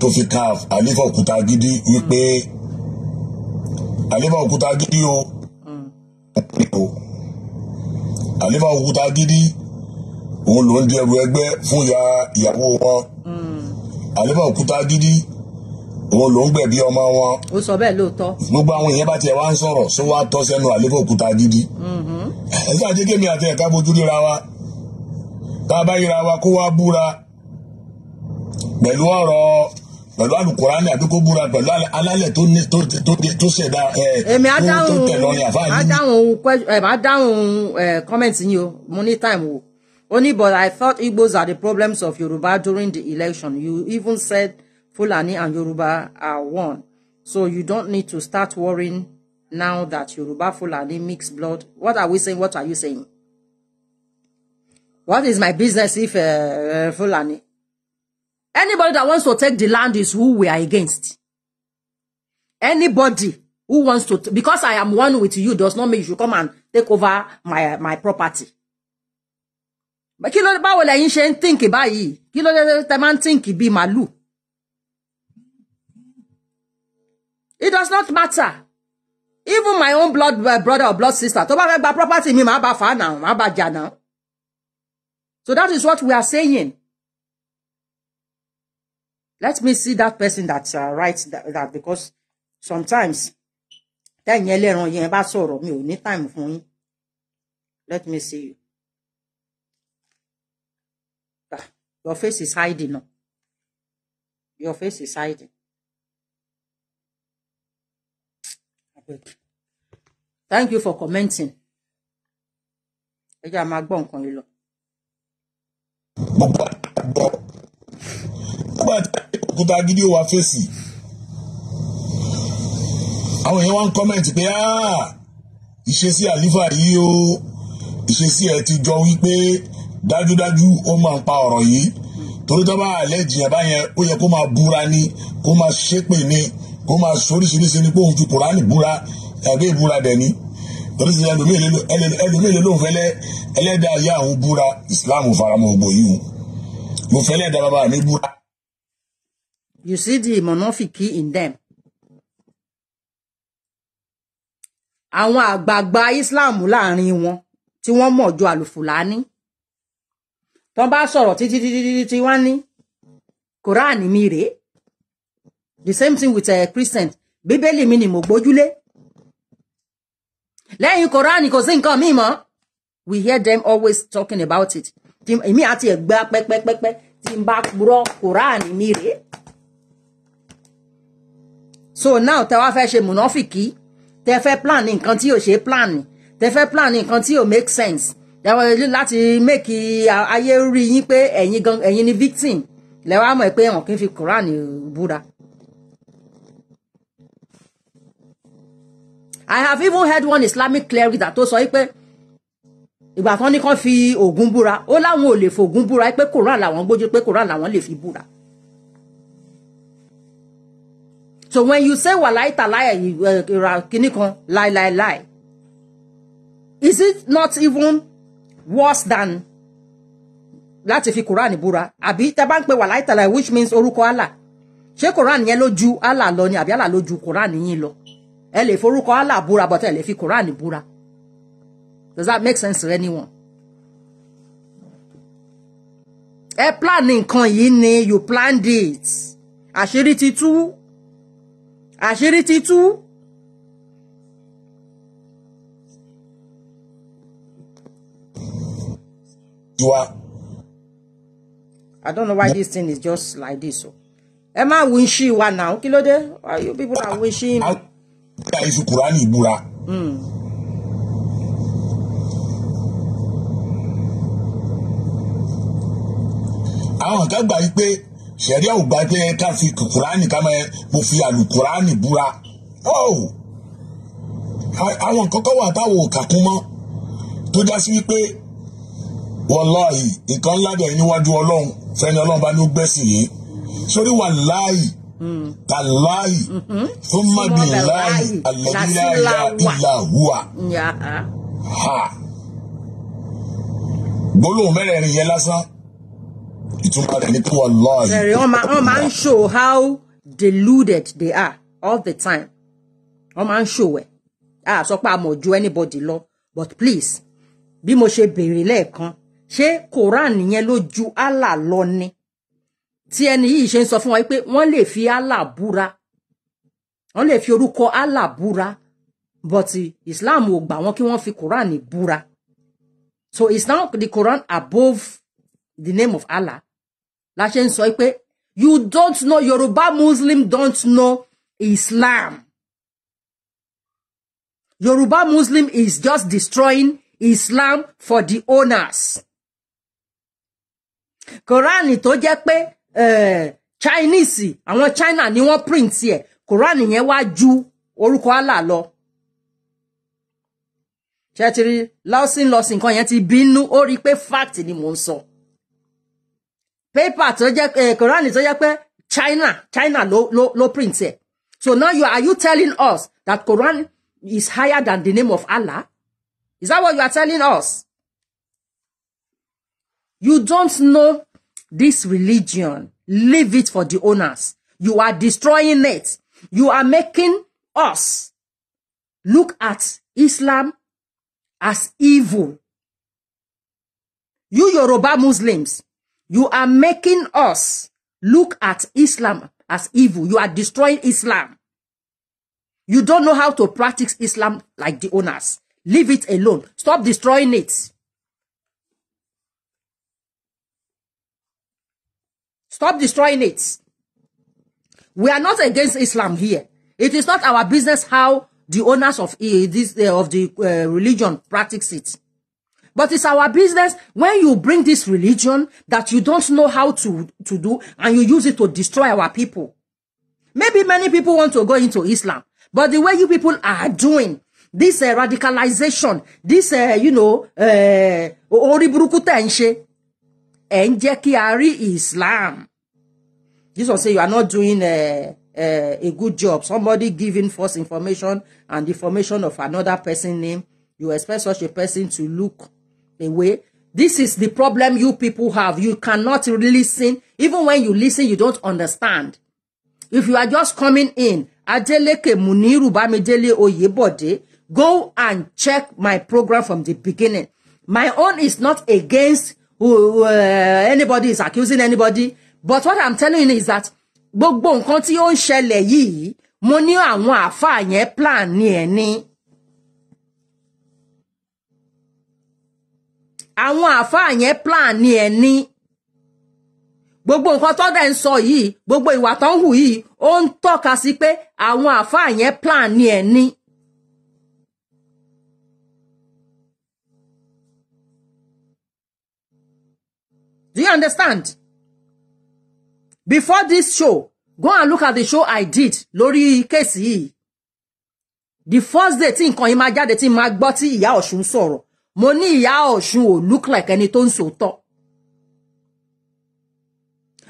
tó fi ka àlífọ̀ òkúta gidi wípé. Mm àlébà òkúta gidi o àlébà òkúta gidi òun ló ń di ẹrù fún ya ìyàwó wọn àlébà òkúta gidi òun ló ń gbẹ̀bí ọmọ wọn. ó sọ bẹ́ẹ̀ lóòótọ́. gbogbo àwọn èèyàn bá tiẹ̀ wá ń sọ̀rọ̀ só wá tọ́ sẹ́nu àlébà òkúta gidi. ẹ sáà àti ẹ̀ka bójú ríra wa tá a bá yíra wa kó wá búra pẹ̀lú ọ̀rọ̀. pẹ̀lú alukurani àbí pẹ̀lú alálẹ̀ tó ní tó ṣẹ̀dá èmi adáhùn adáhùn adáhùn comment yín o mo ní time o ó ní but I thought Igbos are the problems of Yoruba during the election you even said Fulani and Yoruba are one so you don't need to start worrying now that Yoruba Fulani mix blood what are we saying what are you saying what is my business if uh, Fulani. Anybody that wants to take the land is who we are against. Anybody who wants to, because I am one with you, does not mean you should come and take over my, my property. But kilo ba lẹ́yìn ṣe ń tíǹkì báyìí? Kí ló tẹ máa ń tíǹkì bíi màálù? It does not matter. Even my own blood brother or blood sister, tó bá gba property mi, ma ba fà now ma ba bá jà So that is what we are saying let me see that person that uh, write that, that because sometimes tẹ́yìn ẹlẹ́ran yẹn bá sọ̀rọ̀ mi ò ní time fún yín let me see you ah, your face is hiding now your face is hiding abeg thank you for commenting ẹ jẹ́ a máa gbọ́ nǹkan nígbà tí òkúta gidi wà fèsì àwọn èèyàn wá ń kọ́mẹ̀ntì pé ìṣesí àlífà yìí o ìṣesí ẹ ti jọ wípé dájúdájú ó máa ń pa ọ̀rọ̀ yìí torí tó bá àlẹ́jì ẹ̀ báyẹn ó yẹ kó máa búra ni kó máa ṣépè ni kó máa sóríṣiríṣi ni kóun fi kùránì búra ẹgbẹ́ ìbúra dẹ̀ ni torí ti ẹlòmíì lélóhùn fẹ́lẹ́ ẹlẹ́dàá ayé àwọn búra ìsìláàmù faramọ́ gbòòyìn o mo fẹ́lẹ́ dá bàbá mi búra. you see the monofiki in them. àwọn àgbààgbà Islam láàrin wọn tí wọ́n mọ̀ ju àlùfùlání tọ́n bá sọ̀rọ̀ títí títí títí tí wọ́n ní Quran mi rèé the same thing with uh, Christian bíbélì mi ni mo gbójúlé lẹ́yìn Quran kò sí nǹkan míì mọ́ we hear them always talking about it èmi àti ẹ̀gbá pẹ́pẹ́pẹ́pẹ́ tí n bá rọ kùránì mi rèé so now tẹ wá fẹ́ ṣe mùnáfìkì tẹ fẹ́ plan nǹkan tí yóò ṣe plan tẹ fẹ́ plan nǹkan tí yóò make sense yàwọn ilé láti make ayé rí yín pé ẹ̀yin gan ẹ̀yin ni victim lẹ́wọ́ àmọ̀ pé wọn kì í fi kùránì búra. I have even heard one Islamic cleric that tó sọ yìí pé ìgbà kan ní kán fi ògùn búra ó láwọn ò lè fògùn búra pé koran làwọn gbójú pé koran làwọn lè fi búra. so when you say wàláìta láyà uh, ìra kínní kan láìláìláì is it not even worse than láti fi koran búra àbí tẹ bá ń pe wàláìta láì which means orúkọ Allah ṣé koran yẹn ló ju Allah lọ ni àbí Allah ló ju koran yín lọ ẹ lè forúkọ Allah búra bọ́tẹ́ ẹ lè fi koran búra. Does that make sense to anyone? ẹ plan nǹkan yìí ni you planned it àṣírí ti tú àṣírí ti tú. I don't know why this thing is just like this. Ẹ máa wí sí wa náà, kí ló dé? Why you people are wishing. Àìsùn Kùránì ìbúra. Hmm. àwọn kan gbà wípé sẹ̀ríà ò gbà pé ká fi kùránì ká máa mo fi àlùkùránì búra àwọn kọ́kọ́ wà táwọn ò kàkún mọ́ tó já sí wípé wọláhì nǹkan ńlá bẹ̀rẹ̀ níwájú ọlọ́run fẹ́ni ọlọ́run bá ní ó gbẹ̀sìn yìí sórí wàláhì tàláhì fún mábìláhì àlẹ́bíláhì ìlàhùwà gbólóhùn mẹ́rẹ̀ẹ̀rin yẹn lásán ìtumọ̀ rẹ̀ ni pé wọ́n lọ yìí. bẹ̀rẹ̀ wọ́n máa wọ́n máa ń show how deluded they are all the time wọ́n máa ń show ẹ̀ a sọ pé a mọ̀ ju anybody lọ but please bí mo ṣe béèrè lẹ́ẹ̀kan ṣé Quran yẹn ló ju Allah lọ ni tí ẹni yìí ṣe ń sọ fún wa pé wọ́n lè fi Allah búra wọ́n lè fi orúkọ Allah búra but Islam ò gbà wọ́n kí wọ́n fi Quran búra so it's now the Quran above the name of Allah la ń sọ pé you don't know Yoruba Muslim don't know Islam Yoruba Muslim is just destroying Islam for the owners Quran tó jẹ́ pé eh, Chinese àwọn China ni wọ́n print ẹ̀ Quran yẹn wá ju orúkọ Allah lọ ṣe ti rí lọ́sìn lọ́sìn kan yẹn ti bínú ó rí i pé fact ni mò ń sọ. So paper tó jẹ́ eh, Quran tó jẹ́ pé China China ló ló ló print ẹ̀ so now you are you telling us that Koran is higher than the name of Allah is that what you are telling us you don't know this religion leave it for the owners you are destroying it you are making us look at Islam as evil you Yoruba Muslims You are making us look at Islam as evil. You are destroying Islam. You don't know how to practice Islam like the owners. Leave it alone. Stop destroying it. Stop destroying it. We are not against Islam here. It is not our business how the owners of eh, this eh, of the eh, religion practice it. But it's our business when you bring this religion that you don't know how to, to do and you use it to destroy our people. Maybe many people want to go into Islam, but the way you people are doing this uh, radicalization, this, uh, you know, oriburuku uh, tense, enjekiari Islam. Jesus say you are not doing a, uh, a, uh, a good job. Somebody giving false information and the information of another person name you expect such a person to look away. This is the problem you people have. You cannot listen. Even when you listen, you don't understand. If you are just coming in, Adeleke Muniru Bamidele Oyebode, go and check my program from the beginning. My own is not against who, uh, uh, anybody is accusing anybody. But what I'm telling you is that gbogbo nǹkan tí ó ń ṣẹlẹ̀ yìí, mo ní àwọn plan ní àwọn àáfàá yẹn plan ni ẹ ní gbogbo nǹkan tó dẹ̀ ń sọ yìí gbogbo ìwà tó ń hù yìí ó ń tọ́ka sí pé àwọn àáfàá yẹn plan ni ẹ ní. Do you understand? Before this show, go and look at the show I did lórí kéèsì yìí. The first day tí nǹkan yìí máa jáde tí máa gbọ́ tí ìyá Ọ̀ṣun sọ̀rọ̀ mo ní ìyá ọ̀ṣun ò look like ẹni tó ń sòótọ́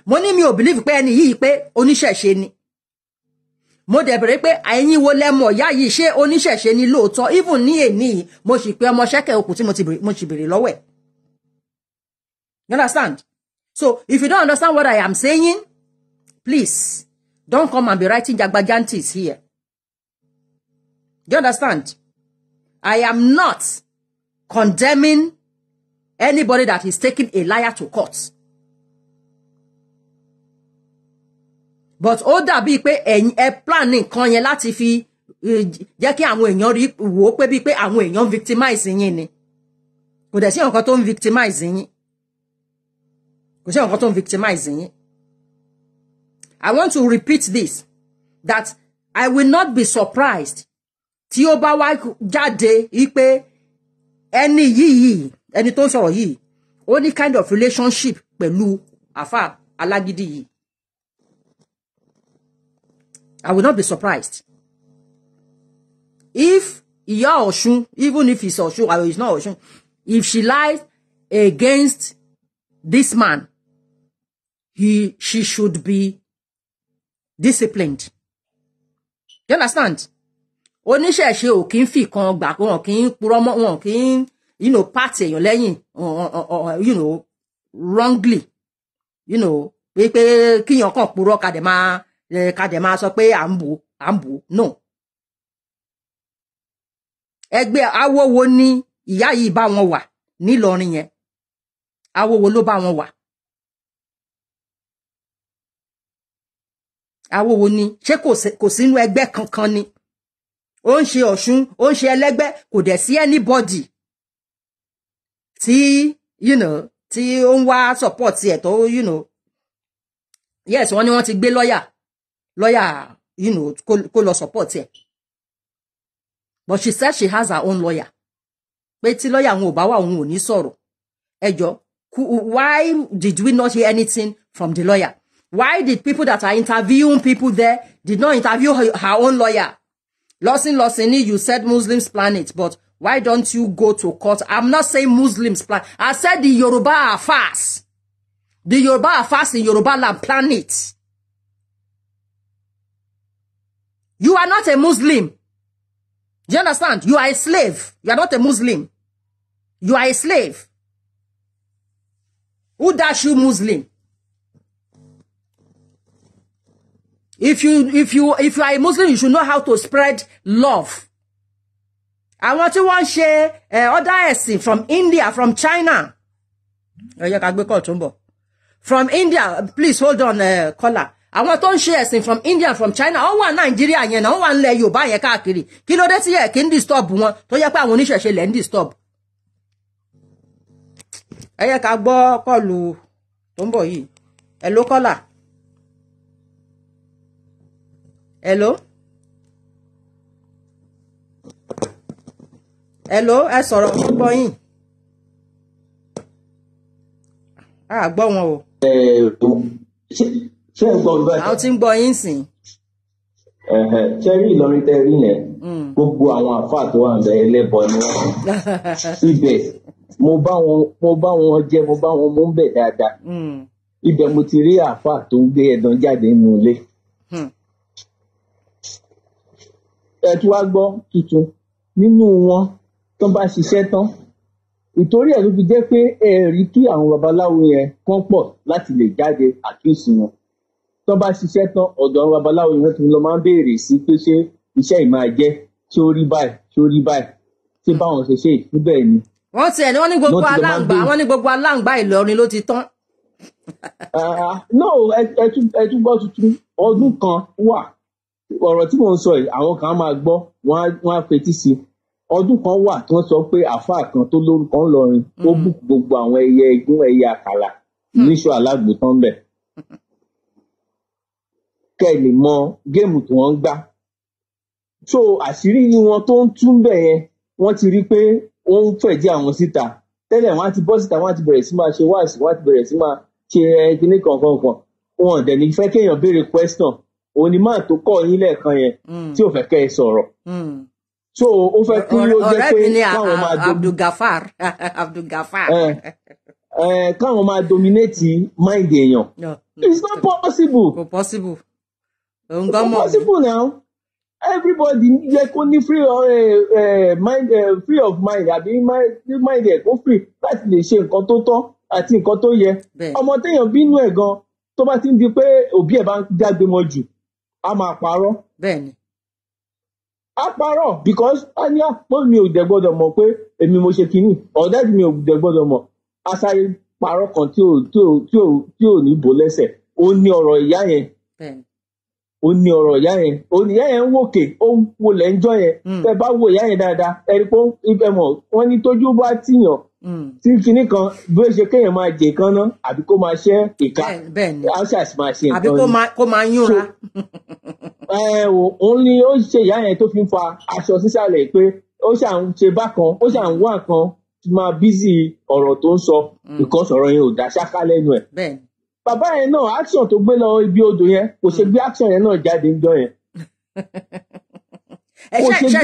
mo ní mi ò believe pé ẹni yìí pé oníṣẹ̀ṣe ni mo dẹ̀ bẹ̀rẹ̀ pé ẹ̀yin wo lẹ́mọ̀ ìyá yìí ṣé oníṣẹ̀ṣe ni lóòótọ́ even ní èní yìí mo sì pé ọmọ ṣẹ́kẹ̀ okùn tí mo ti bèrè lọ́wọ́ ẹ̀ you understand so if you don't understand what I am saying please don't come and be writing jagbajantis here you understand I am not condemning anybody that is taking a liar to court. but ó dàbíi pé ẹ̀yin ẹ plan nǹkan yẹn láti fi eh, jẹ́ kí àwọn èèyàn rí wò ó pé bíi pé àwọn èèyàn victimize yín ni kò dẹ̀ sí nǹkan tó ń victimize yín kò sí nǹkan tó ń victimize yín. I want to repeat this that I will not be surprised tí ó bá wá jáde wípé ẹni yìí yìí ẹni tó ń sọ̀rọ̀ yìí ó ní kind of relationship pẹ̀lú àfa alágídí yìí I will not be surprised if ìyá ọ̀ṣun even if he's ọ̀ṣun or he's not ọ̀ṣun if she lies against this man he she should be disciplined you understand oníṣẹ̀ṣe ò kí ń fi kan gbà wọn kì í purọ́ mọ́ wọn kì í you know pàtì èèyàn lẹ́yìn uh, uh, uh, you know wrongly you know pé pé kíyàn kàn purọ́ ká dẹ̀ máa ká dẹ̀ máa sọ pé à ń bò à ń bò no. ẹgbẹ́ awowo ni ìyá yìí bá wọn wà nílọrin yẹn awowo ló bá wọn wà. awowo ni ṣé kò sínú ẹgbẹ́ kankan ni ó ń ṣe ọ̀ṣun ó ń ṣe ẹlẹ́gbẹ́ kò dẹ̀ sí anybody tí you know tí ó ń wá support ẹ̀ tó you know yes wọ́n ní wọ́n ti gbé lọ́yà lọ́yà you know kó lọ support ẹ̀ but she said she has her own lawyer pé tí lọ́yà òun ò bá wà òun ò ní sọ̀rọ̀ ẹ why did we not hear anything from the lawyer why did people that are interviewing people there did not interview her own lawyer Lawson Lawsony, you said Muslims plan it, but why don't you go to court? I'm not saying Muslims plan. I said the Yoruba are fast. The Yoruba are fast in Yoruba land plan it. You are not a Muslim. Do you understand? You are a slave. You are not a Muslim. You are a slave. Who dash you Muslim? if you if you if you are a muslim you should know how to spread love àwọn tí wọ́n ń ṣe ọ̀dà eh, ẹ̀sìn from india from china ẹ ká gbé kọ́ ń bọ̀ from india please hold on uh, caller àwọn tó ń ṣe ẹ̀sìn from india from china wọ́n wà nàìjíríà yẹn náà wọ́n wà nílẹ̀ yorùbá yẹn káàkiri kí ló dé tí yẹ kí ń disturb wọn tó yẹ pé àwọn oníṣẹ̀ṣe lẹ̀ ń disturb ẹ yẹ ká gbọ́ kọ́ọ̀lù tó ń bọ̀ yìí ẹ ló caller. hello hello ẹ sọ̀rọ̀ mo gbọ́ yín a gbọ́ wọn o. ṣé ń gbọ́ nígbà tí. àwọn tí ń gbọ́ yín sìn. cherry Ìlọrin tẹ rí yẹn mm. gbogbo àwọn àfáà tó wà ń bẹ ẹlẹ́bọ ni wọ́n ibẹ̀ mo bá wọn mo bá jẹ mo bá wọn mú bẹ̀ dáadáa mm. ibẹ̀ mo ti rí àfáà tó ń gbé ẹ̀dán jáde nínú ilé. ẹ tí wàá gbọ́ tuntun nínú wọn tó bá ṣiṣẹ́ tán ìtorí ẹ̀ ló fi jẹ́ pé ẹ rí kí àwọn babaláwo yẹn kán pọ̀ láti lè jáde àkíyèsí wọn tó bá ṣiṣẹ́ tán ọ̀dọ̀ àwọn babaláwo yẹn tó lọ máa ń béèrè sí pé ṣé iṣẹ́ yìí máa jẹ́ ṣé ó rí báyìí ṣé ó rí báyìí ṣé báwọn ṣe ṣe níbẹ̀ ni. wọ́n tiẹ̀ ni wọ́n ní gbogbo aláǹgbá wọ́n ní gbogbo aláǹgbá Ìlọrin ló ti tán. Ah, ah, no ẹ tuntun ọdún kan wà ọ̀rọ̀ tí mò ń sọ yìí àwọn kan máa gbọ́ wọ́n á fetí sí ọdún kan wà tí wọ́n sọ pé àáfàá kan tó lórúkọ ńlọrin ó mm. bù gbogbo àwọn ẹyẹ igun ẹyẹ àkàlà mm. níṣọ alágbèétán bẹ̀ kẹ́ mọ géèmù tí wọ́n ń gbá so àṣírí ni wọn tó ń tún bẹ̀ yẹn wọ́n ti rí i pé ó ń fẹ̀jẹ̀ àwọn síta tẹ́lẹ̀ wọ́n á ti bọ́ síta wọ́n á ti bẹ̀rẹ̀ sí máa ṣe wáàsí wọ́n á ti bẹ̀rẹ̀ sí máa ṣe ẹgbẹ́ kankan kan wọn ò dẹ̀ ní fẹ́ kéèyàn béèrè question òun ni máa tó kọ́ yín lẹ́ẹ̀kan yẹn hmm. tí ò fẹ́ kẹ́ ẹ sọ̀rọ̀ hmm. so ó fẹ́ kí ló jẹ́ pé káwọn máa dominate Abdulgafar Abdulgafar eh, eh, káwọn máa dominate mind èèyàn it's not possible kò possible òun possible now everybody yẹ kó ní free of eh, mind free of mind àbí mind ẹ̀ kó free láti lè ṣe nǹkan tó tọ́ àti nǹkan tó yẹ ọmọ téèyàn bínú ẹ̀ gan tó bá ti ń di pé òbí ẹ̀ bá ń dágbé mọ́ jù a máa parọ́. bẹ́ẹ̀ni. a parọ́ because a ní àpò mi ò dẹ̀ gbọ́dọ̀ mọ̀ pé èmi mo ṣe kínní ọ̀dẹ́ mi ò dẹ̀ gbọ́dọ̀ mọ̀ asáré parọ́ kan tí ò tí ò tí ò tí ò ní bò lẹ́sẹ̀ ó ní ọ̀rọ̀ ìyá yẹn. bẹ́ẹ̀ni ó ní ọ̀rọ̀ ìyá yẹn ó ní ìyá yẹn ń wòkè ó ń wọlé ń yẹn hmm. tẹ bá wo ìyá yẹn dáadáa ẹni pé ibẹ̀ mọ̀ wọ́n ní tójú bá tìyàn Mm. tí kinní kan bó ṣe kéèyàn máa jẹ kan ná àbí kó máa ṣẹ́ ìka ansas máa ṣe nǹkan àbí kó máa yúnra. òun ni ó ṣe ìyá yẹn tó fi ń fa aṣọ sísàlẹ̀ pé ó ṣà ń ṣe bákan ó ṣà ń wá kan máa bízì ọ̀rọ̀ tó ń sọ mm. because ọ̀rọ̀ yẹn ò dá ṣáká lẹ́nu ẹ̀. bàbá yẹn náà action tó gbé lọ ibi odò yẹn kò ṣe gbé mm. action yẹn náà jáde ń yẹn ẹ ṣe ṣe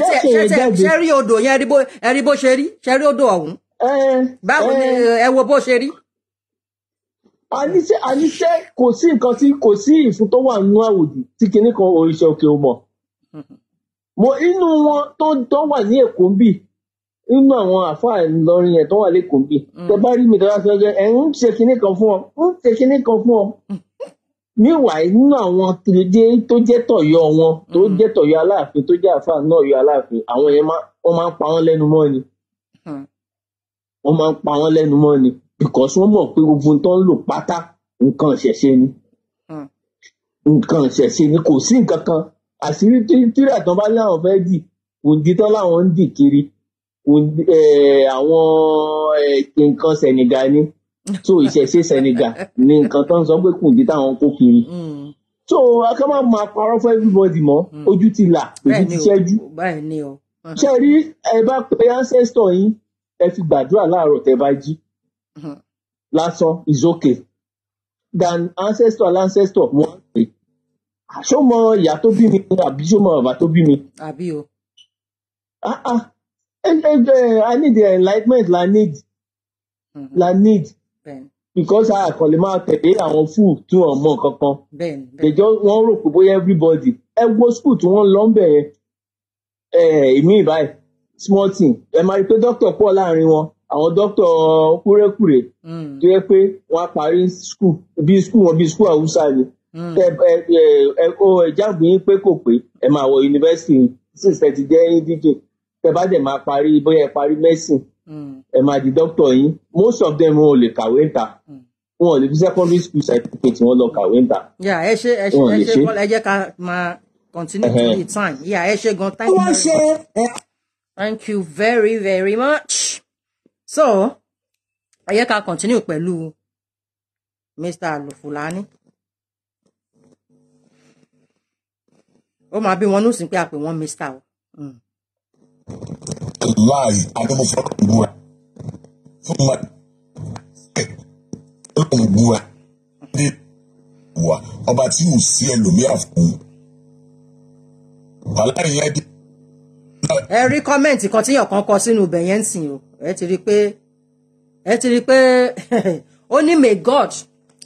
ṣe ṣe rí odò yẹn ẹ bó ṣe rí ṣe odò ọ̀hún. Eh, báwo ni eh. ẹ wo bó ṣe rí. àníṣe àníṣe kò sí nǹkan tí kò sí ìfun tó wà nínú àwòdì tí kinní kan òrìṣà òkè ò Mọ mo inú wọn tó tó wà ní èkó ń bì nínú àwọn àfa Ìlọrin yẹn tó wà lẹkọọ bì hmm. tẹ bá rí mi tó bá sọ jẹ ẹ ń ṣe kinní kan fún ọ ń ṣe kinní kan fún ọ meanwhile nínú àwọn kìrìdé tó jẹ́ tọ̀yọ́ wọn tó hmm. jẹ́ tọ̀yọ́ aláàfin tó náà yọ aláàfin àwọn yẹn máa ń pa ni hmm. wọ́n máa ń pa wọ́n lẹ́nu mọ́ ni because wọ́n mọ̀ pé gbogbo tó ń lò pátá nǹkan ìṣẹ̀ṣe ni hmm. nǹkan ìṣẹ̀ṣe ni kò sí nǹkan kan àṣírí tíra tán bá láwọn fẹ́ dì òǹdí tán láwọn ń dì kiri àwọn nǹkan Senegal ni so ìṣẹ̀ṣe Senegal ni nǹkan tán sọ pé kùndí táwọn kó kiri hmm. so aká má máa parọ́ fún everybody mọ́ hmm. ojú ti là ojú ti ṣẹ́jú ṣe rí ẹ bá pe ancestor yín ẹ ti gbàdúrà láàárọ̀ tẹ́ bá jí mm-hmm. lásán is okay than ancestor ancestor wọ́n pè ṣó mọ ìyá tó bí mi àbí ṣó mọ bàbá tó bí mi. àbí o. ah ah ẹ ẹ I need the enlightenment la need mm-hmm. la need because a kàn lè máa tẹ̀lé àwọn fúù tí wọ́n mọ kankan ìjọ wọ́n rò pé bóyá everybody ẹ wo school tí wọ́n lọ ń bẹ̀rẹ̀ ẹ̀ẹ́mí báyìí small thing ẹ máa rí pé doctor pọ̀ láàrin wọn àwọn doctor kúrẹ́kúrẹ́ hmm. tó yẹ pé wọ́n á parí school bí school wọn bí school Haúsá ni hmm. ẹ ẹ ẹ jáàbù yín pé kò pé ẹ máa wọ yunifásitì sísẹ ti jẹ́ indigene tẹ bá dẹ̀ máa parí bóyá ẹ parí medicine hmm. ẹ máa di doctor yín most of them wọn ò lè kàwé ń ta wọn ò lè fi secondary school certificate wọn lọ kàwé ń ta. ẹ ṣe ẹ ṣe ẹ ṣe kọ́lá ẹ jẹ́ ká máa continue to the time ẹ ṣe gan time thank you very very much so ẹ yẹ ká continue pẹ̀lú Mr. Lufulani. ó máa bí wọn ní òsín pé a wọn Mr. o. láàyè adébófó ìbúra fún ma ọlọ́run ìbúra ní ìwà ọba tí ò sí ẹlòmíà fún un wàhálà yẹn dé ẹ rí kọ́mẹ̀ǹtì kan tíyàn kan kọ sínú ibẹ̀ yẹn ń sìn o ẹ ti rí i pé ẹ ti rí i pé ó ní may God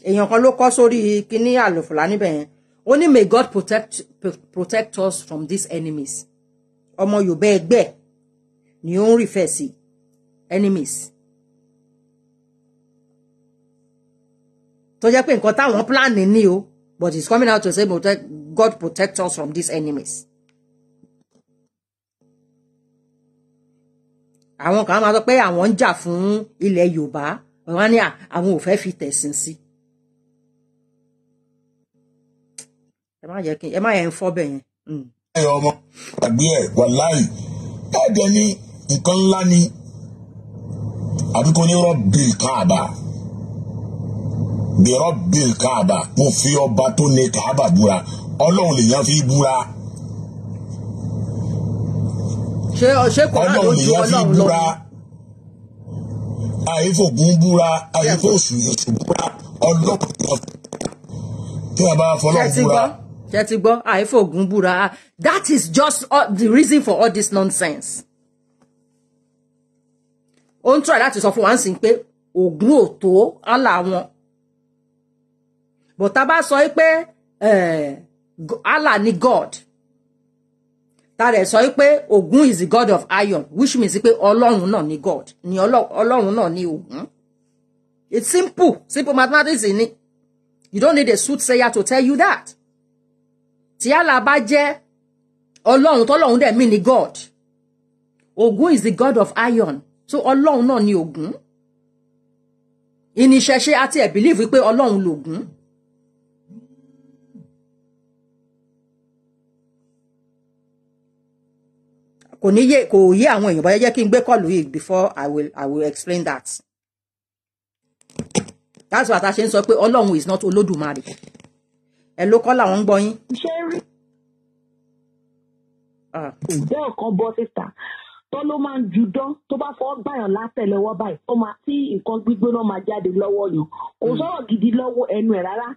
èèyàn kan ló kọ sórí kíní àlòfòlá níbẹ̀ yẹn ó ní may God protect protect us from these enemies ọmọ Yorùbá ẹgbẹ́ ni ó ń rìfẹ́ sí enemies tó jẹ́ pé nǹkan táwọn plan ní o but it's coming out to say God protect us from these enemies. àwọn kan máa sọ pé àwọn ń jà fún ilẹ̀ yorùbá wọn ní àwọn ò fẹ́ fi tẹ̀sìn sí. ẹ má yẹ kí ẹ má yẹ ń fọ́ bẹ̀ yẹn. Hmm. ẹ ọmọ àgbẹ̀ ẹ̀ wàláì ẹ̀ẹ́dẹ̀ ní nǹkan ńlá ni àbí kò ní rọ́bì káàbà bí rọ́bì káàbà mo fi ọba tó ní káàbà búra ọlọ́run lèèyàn fi búra ṣé ṣé kò náà lójú ọlọ́run lọ. àìfògùn búra àìfòsù èṣù búra ọlọ́run lọ tí a bá fọlọ́run búra. ṣe gbọ́ àìfògùn búra ah, that is just all, the reason for all this nonsense. ó ń tọ́ láti sọ fún wa ń pé ògùn ò Allah wọn bọ̀tá bá sọ pé eh, Allah ni God tààrẹ sọ pé Ogun is the god of iron which means pé ọlọ́run náà ni god ni ọlọ́run náà ni Ògún it's simple simple mathematics ni you don't need a soothsayer to tell you that tí àlà bá jẹ́ ọlọ́run tọ́lọ́run dẹ̀ mí ni god Ogun is the god of iron so ọlọ́run náà ni Ògún ìníṣẹ̀ṣe àti ẹ̀ believe wípé ọlọ́run lògún kò ní yé kò yé àwọn èèyàn bóyá jẹ́ kí n gbé kọ́ọ̀lù yìí before I will I will explain that. that's what a ṣe ń sọ pé ọlọ́run is not olódùmarè ẹ ló kọ́ làwọn ń gbọ́ yín. ṣé rí ǹjẹ́ ọ̀kan bọ́ síta tó ló máa ń judán tó bá fọ́ gbàyàn látẹ̀lẹ́wọ́ báyìí tó máa tí nǹkan gbígbóná máa jáde lọ́wọ́ yàn kò hmm. sọ̀rọ̀ gidi lọ́wọ́ ẹnu ẹ̀ rárá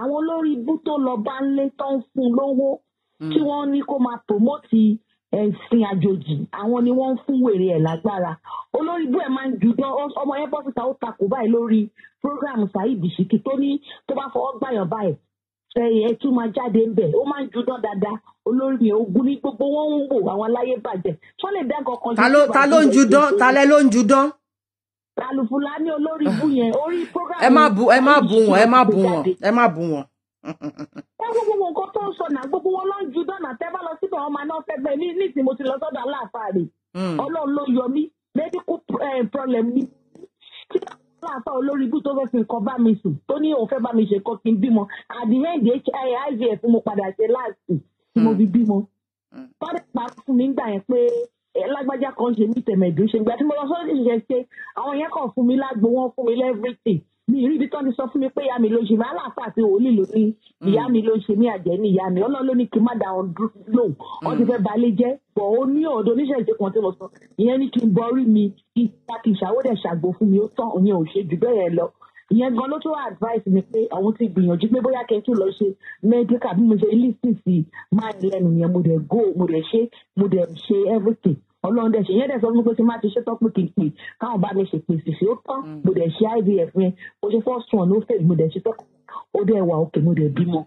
àwọn olórí ibú tó lọ bá ń lé tó ń fún lówó hmm. tí wọ́n ní kó máa promote ẹ̀sìn àjòjì àwọn ni wọ́n ń fún wèrè ẹ̀ lágbára olórí ibú ẹ̀ máa ń jùdán ọmọ yẹn bọ́ síta ó takò báyìí lórí program Saheed Shitty tó ní tó bá fọwọ́ gbàyàn báyìí ẹyẹ tún máa jáde ń bẹ̀ ó máa ń jùdán dáadáa olórí yẹn ogun ní gbogbo wọn ń wò àwọn aláyé bàjẹ́ tó lè dá nǹkan kan. ta ló ń jùdán ta lẹ ló ń jùdán. alùpùpù lá ní olórí ibú yẹn orí program. ẹ má bú wọn ẹ má bú wọn ẹ má bú wọn ẹ gbogbo nǹkan tó ń sọ náà gbogbo wọn ló ju dọ́nà tẹ́ lọ síbẹ̀ ọmọ náà fẹ́gbẹ́ mi nísìnyí mo ti lọ sọ́dọ̀ aláàfáàrí hmm. ọlọ́run ló yọ mí medical eh, problem mi tí aláàfá olórí ibú tó fẹ́ fi nǹkan bá mi sùn tó ní òun fẹ́ bá mi ṣe nǹkan kí n bímọ àdìhẹ́ǹdì ivf mo padà ṣe láàsì tí mo fi hmm. bímọ. fọ́dà hmm. pa fún mi gbà yẹn pé eh, lágbájá kan ṣe mí tẹ̀mẹ̀dún ṣe gbà tí mo lọ sọ́dọ̀ ìṣẹ̀ṣe àwọn yẹn kàn fún mi lágbo wọn fún mi lẹ́fírísìn mi rí ibi tó ti sọ fún mi pé ìyá mi ló ṣe mí aláàfà àti òòlì ló ní hmm. ìyá mi ló ṣe mí àjẹ́ ní ìyá mi ọlọ́run ló kí n má da wọn lóhùn wọn ti hmm. fẹ́ balẹ̀ jẹ́ bọ̀ ó ní ọ̀dọ̀ oníṣẹ́ kan tí mo sọ ìyẹn ní kí n bọ́rí mi kí kí ìṣàwọ́dẹ̀ ṣàgbó fún mi ó tán ìyẹn ò ṣe jù bẹ́ẹ̀ yẹn lọ ìyẹn gan ló tún wá advice mi pé àwọn ti gbìyànjú pé bóyá kẹ́ lọ ṣe medical bí mo ṣe lísìsì ọlọ́run dẹ̀ ṣe yẹn dẹ̀ sọ fún mi pé tí má ti ṣe tán pé kì í pè káwọn bá mi ṣe pè sì sí ó tán mm. mo dẹ̀ ṣe ivf yẹn mo ṣe first one ló fẹ́ mo dẹ̀ ṣe tán ó dẹ̀ wà òkè mo dẹ̀ bímọ.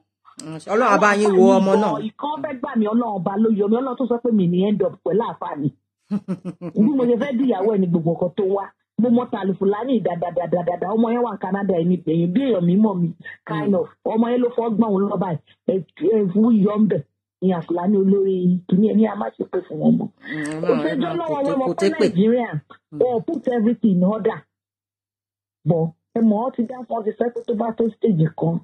Mm, ọlọ́run àbá yín wo ọmọ náà. ìkan fẹ́ gbà mí ọlọ́run ọba ló yọ mí ọlọ́run tó sọ pé mi ní end up pẹ̀lú àfààní. bí mo ṣe fẹ́ dìyàwó ẹ̀ ní gbogbo nǹkan tó wá mo mọ tàlùfùlání ìdàdàdàdàdà ọmọ yẹn wà ní Canada ẹni èyí bí èèyàn mímọ mi kind mm. of ọmọ yẹn ló fọ́ gbọ́n òun lọ́ba ẹ̀ ẹ̀ fún yọ̀ ń bẹ̀ ní àfúlàní olórí kìíní ẹni a pé fún wọn mọ́. òṣèjọ́ lọ́wọ́ wọn mọ̀ mm, mm, fún nàìjíríà mm. ọ̀ put everything in order bọ̀ ẹ mọ̀ ọ́ ti dá fún ọtí sẹ́kù tó bá tó stage kan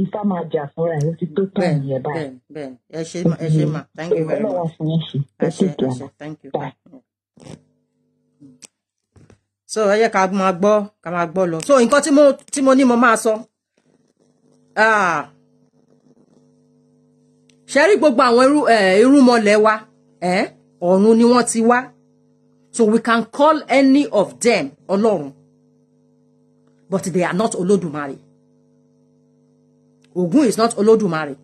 ifá máa jà fúnra ẹ̀ ó ti tó tán ìyẹn báyìí. bẹ́ẹ̀ ẹ ṣe mà ẹ ṣe mà thank you very much. thank you. so ẹ yẹ ká máa gbọ́ ká máa gbọ́ lọ so nǹkan tí mo ní mo máa sọ. Ah ṣe rí gbogbo àwọn irúnmọlẹ̀ wa ọ̀run ni wọ́n ti wá so we can call any of them ọlọ́run but they are not olódùmarè Ogun is not olódùmarè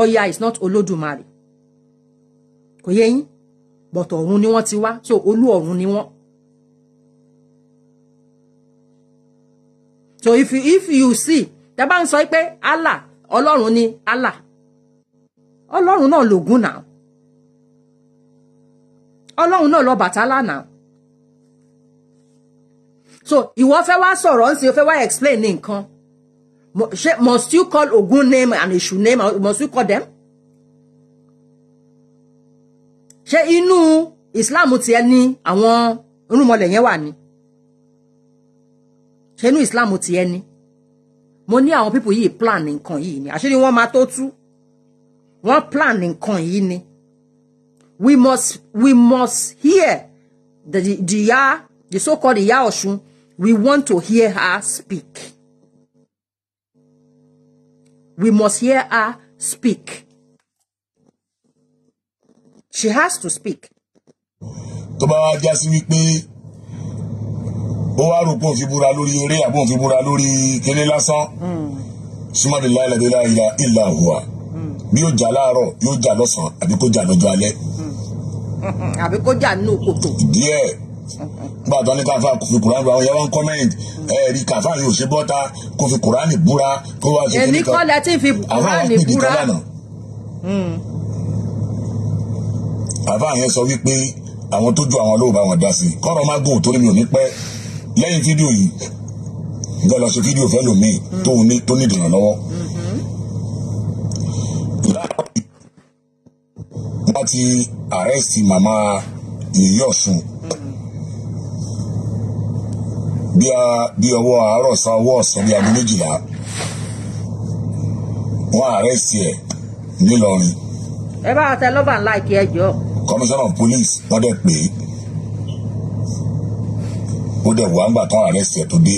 Ọya is not olódùmarè kò yé yín but ọ̀run ni wọ́n ti wá so olú ọ̀run ni wọ́n. so if you, if you see tẹ́ bá ń sọ pé Allah ọlọ́run ni Allah ọlọ́run náà lògún náà ọlọ́run náà lọ bàtálá náà so ìwọ fẹ́ wá sọ̀rọ̀ ń ṣe o fẹ́ wá explain ní nǹkan ṣe must you call Ogun name and Èṣù name must you call them ṣe inú Islam tiẹ̀ ní àwọn irúnmọlẹ̀ yẹn wà ní ṣe inú Islam tiẹ̀ ní mo ní àwọn people yìí plan nǹkan yìí ni àṣírí wọn máa tó tú wọ́n plan nǹkan yìí ni we must we must hear the the, ya the so called ìyá ọ̀ṣun we want to hear her speak we must hear her speak she has to speak. tó bá wá já sí wípé ó wá rò pé òun fi búra lórí eré àbóun fi búra lórí kéré lásán súnmọ́ bí ìlà ìlà bí yóò jà láàárọ̀ yóò jà lọ́sàn-án àbí kó jà lọ́jọ́ alẹ́. àbí kó jà nínú kòtò. díẹ̀ nígbà tó ní káfa kò fi kùránì búra àwọn yàrá ń kọ́mẹ́ǹtì ẹ rí káfa yóò ṣe bọ́ta kò fi kùránì búra kó wá ṣe kíníkan. èmi kọ́ lẹ ti fi kùránì búra. Hmm. àfa yẹn sọ wípé àwọn tó ju àwọn lóò wọn dá sí kọ́rọ̀ má gùn torí mi ò ní pẹ́ lẹ́yìn fídíò yìí ń bẹ́ẹ̀ fídíò fẹ́ lòmíì tó ní ìdènà lọ́wọ́. Hmm. ti àrẹ́sì màmá yèyí ọ̀sùn bí ọwọ́ àárọ̀ sa ọwọ́ ọ̀sán bí aago méjìlá wọ́n àrẹ́sì ẹ̀ nílọrin. ẹ bá tẹ lọ́bà ńlá ìkí ẹjọ́. commissioner of police wọ́n dẹ̀ pé ó dẹ̀ wá ń tán ẹ̀ tó dé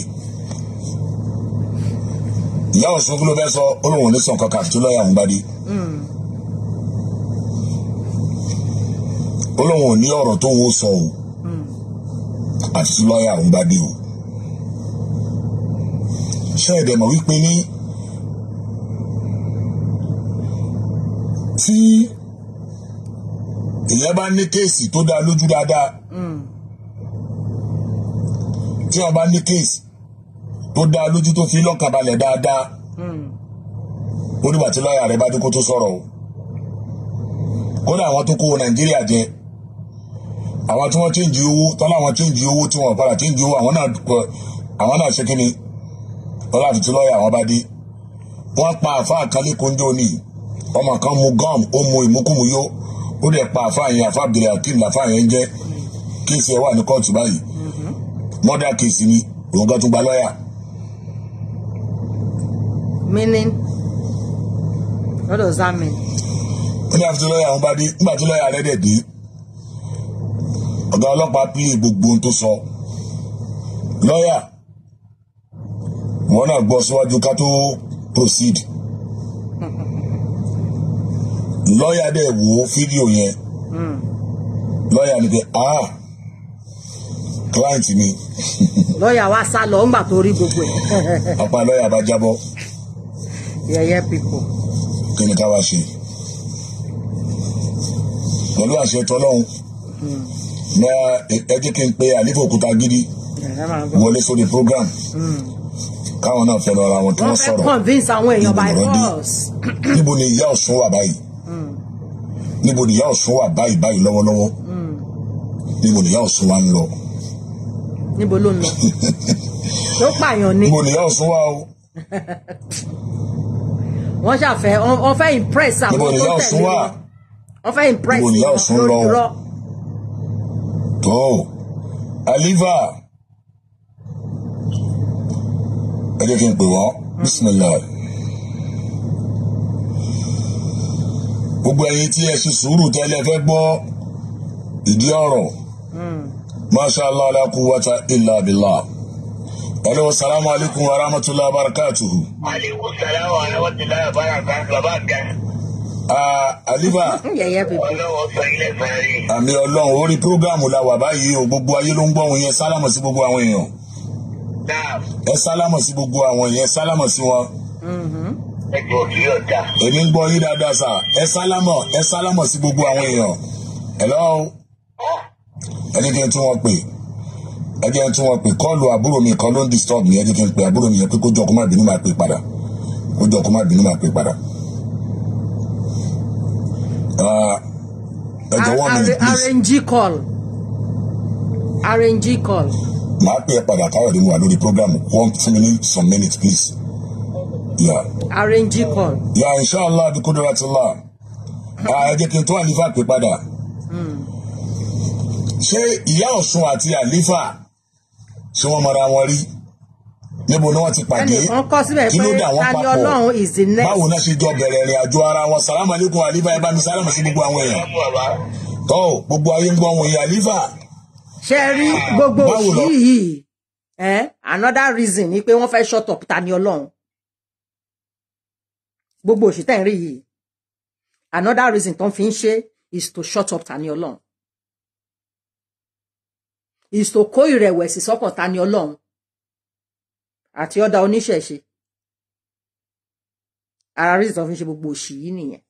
ìyá ọ̀sùn sọ ó lóun ò ní sọ nǹkan ó ní ọ̀rọ̀ tó ń sọ o àti tí lọ́ọ̀yà òun bá dé o ṣé ẹ̀dẹ̀ mọ̀ wípé ní tí èèyàn bá ní kéèsì tó dá lójú dáadáa tí wọ́n bá ní kéèsì tó dá lójú tó fi lọ́kàbalẹ̀ dáadáa ó nígbà tí lọ́ọ̀yà rẹ̀ bá dé tó sọ̀rọ̀ o kódà àwọn tó kó Nàìjíríà jẹ àwọn tí wọ́n change owó tọ́lá àwọn change owó tí wọ́n padà change owó àwọn náà àwọn náà ṣe kíni tọ́lá àtúntò lọ́ọ̀yà àwọn bá dé wọ́n pa àfáà kan lẹ́kọ̀ọ́ ńjọ́ ọmọ kan mu gum ó mu ìmúkùmù yó ó dẹ̀ pa àfáà yẹn àfáà bìrẹ̀ akeem làfáà yẹn jẹ́ kéèsì ẹ̀ wà ní kóòtù báyìí mọ́dà mhm. kéèsì ni òun kan tún gba lọ́ọ̀yà. meaning what does that mean. ó ní àfitì lọ́ọ̀yà àwọn bá dé nígbà tí lọ́ọ̀yà rẹ̀ dẹ̀ dé. ọ̀gá ọlọ́pàá pílì gbogbo ohun tó sọ lọ́yà wọn náà gbọ́ síwájú ká tó proceed lọ́yà dẹ̀ wò ó fídíò yẹn lọ́ọ̀yà ni pé ah client mi. lọ́yà wa sá lọ ńgbà tó rí gbogbo ẹ̀. bá jábọ́. yẹyẹ pipo. kí ni ká wá ṣe pẹ̀lú àṣẹ tọ́lọ́hún. Hmm. na ẹ jẹ́ kí n pe àlífò òkúta gidi wọlé sórí program káwọn náà fẹ́ lọ ra wọn tí wọ́n sọ̀rọ̀ níbo ni ìyá ọ̀sùn wà báyìí níbo ni ìyá ọ̀sùn wà báyìí báyìí lọ́wọ́lọ́wọ́ níbo ni ìyá ọ̀sùn wà ń lọ. níbo ló ń lọ tó pààyàn ni. níbo ni ìyá ọ̀sùn wà o. wọ́n ṣàfẹ́ wọ́n impress àwọn tó tẹ̀lé wọn impress wọn tó aliva ẹ jẹ́ kí n pè wọ́n bisimilayi gbogbo ẹ̀yin tí ẹ ṣe sùúrù tẹ́lẹ̀ fẹ́ gbọ́ ìdí ọ̀rọ̀ hmm. masha allah la quwwata illa billah ẹlẹ́ wa salamu alaykum wa rahmatullahi wa barakatuhu. aleykum salaam wa rahmatullahi barakatuhu àlífà ah, àmì ọlọ́run orí prógámù la wà báyìí o gbogbo ayé ló ń gbọ́ òun yẹn sálámọ̀ sí gbogbo àwọn èèyàn ẹ sálámọ̀ sí gbogbo àwọn èèyàn ẹ sálámọ̀ sí wọn. Mm-hmm. èmi ń gbọ́ yín dáadáa sà ẹ sálámọ̀ ẹ sálámọ̀ sí gbogbo àwọn èèyàn hello ẹ kí n tún wọn pè ẹ n tún wọn pè kọ́ọ̀lù àbúrò mi kan ló ń disturb mi ẹ kí n pè àbúrò mi yẹn pé kó jọ kó má bínú máa pè padà kó jọ kó má bínú máa pè padà ẹ jọ one minute please. RNG call RNG call. màá pè é padà káyọ̀dé mu wà lórí program one fún mi ní some minutes please. Yeah. RNG call. Yeah, inshallah bí kúndùrà ti là hmm. ah, ẹ jẹ́ kí n tó àlífà pè padà. Hmm. ṣé ìyá Ọ̀ṣun àti àlífà ṣé wọ́n mọra wọn rí níbo ni wọ́n ti pàdé kí ló dà wọ́n papọ̀ báwo náà ṣe jọ bẹ̀rẹ̀ ìrìn àjò ara wọn sàlámù aleykum àlífà ẹ bá mi sàlámù sí gbogbo àwọn èèyàn tọ́ gbogbo ayé ń gbọ́ wọn yìí àlífà. ṣe rí gbogbo òṣì yìí another reason ni pé wọ́n fẹ́ shut up Tani Olohun gbogbo òṣì tẹ̀ ń rí yìí another reason tó ń fi ń ṣe is to shut up Tani Olohun is to kó ìrẹ̀wẹ̀sì sọ́kàn Tani Olohun àti ọ̀dà oníṣẹ̀ṣe ara rí ìtọ́ fi ṣe gbogbo òṣì yìí nìyẹn.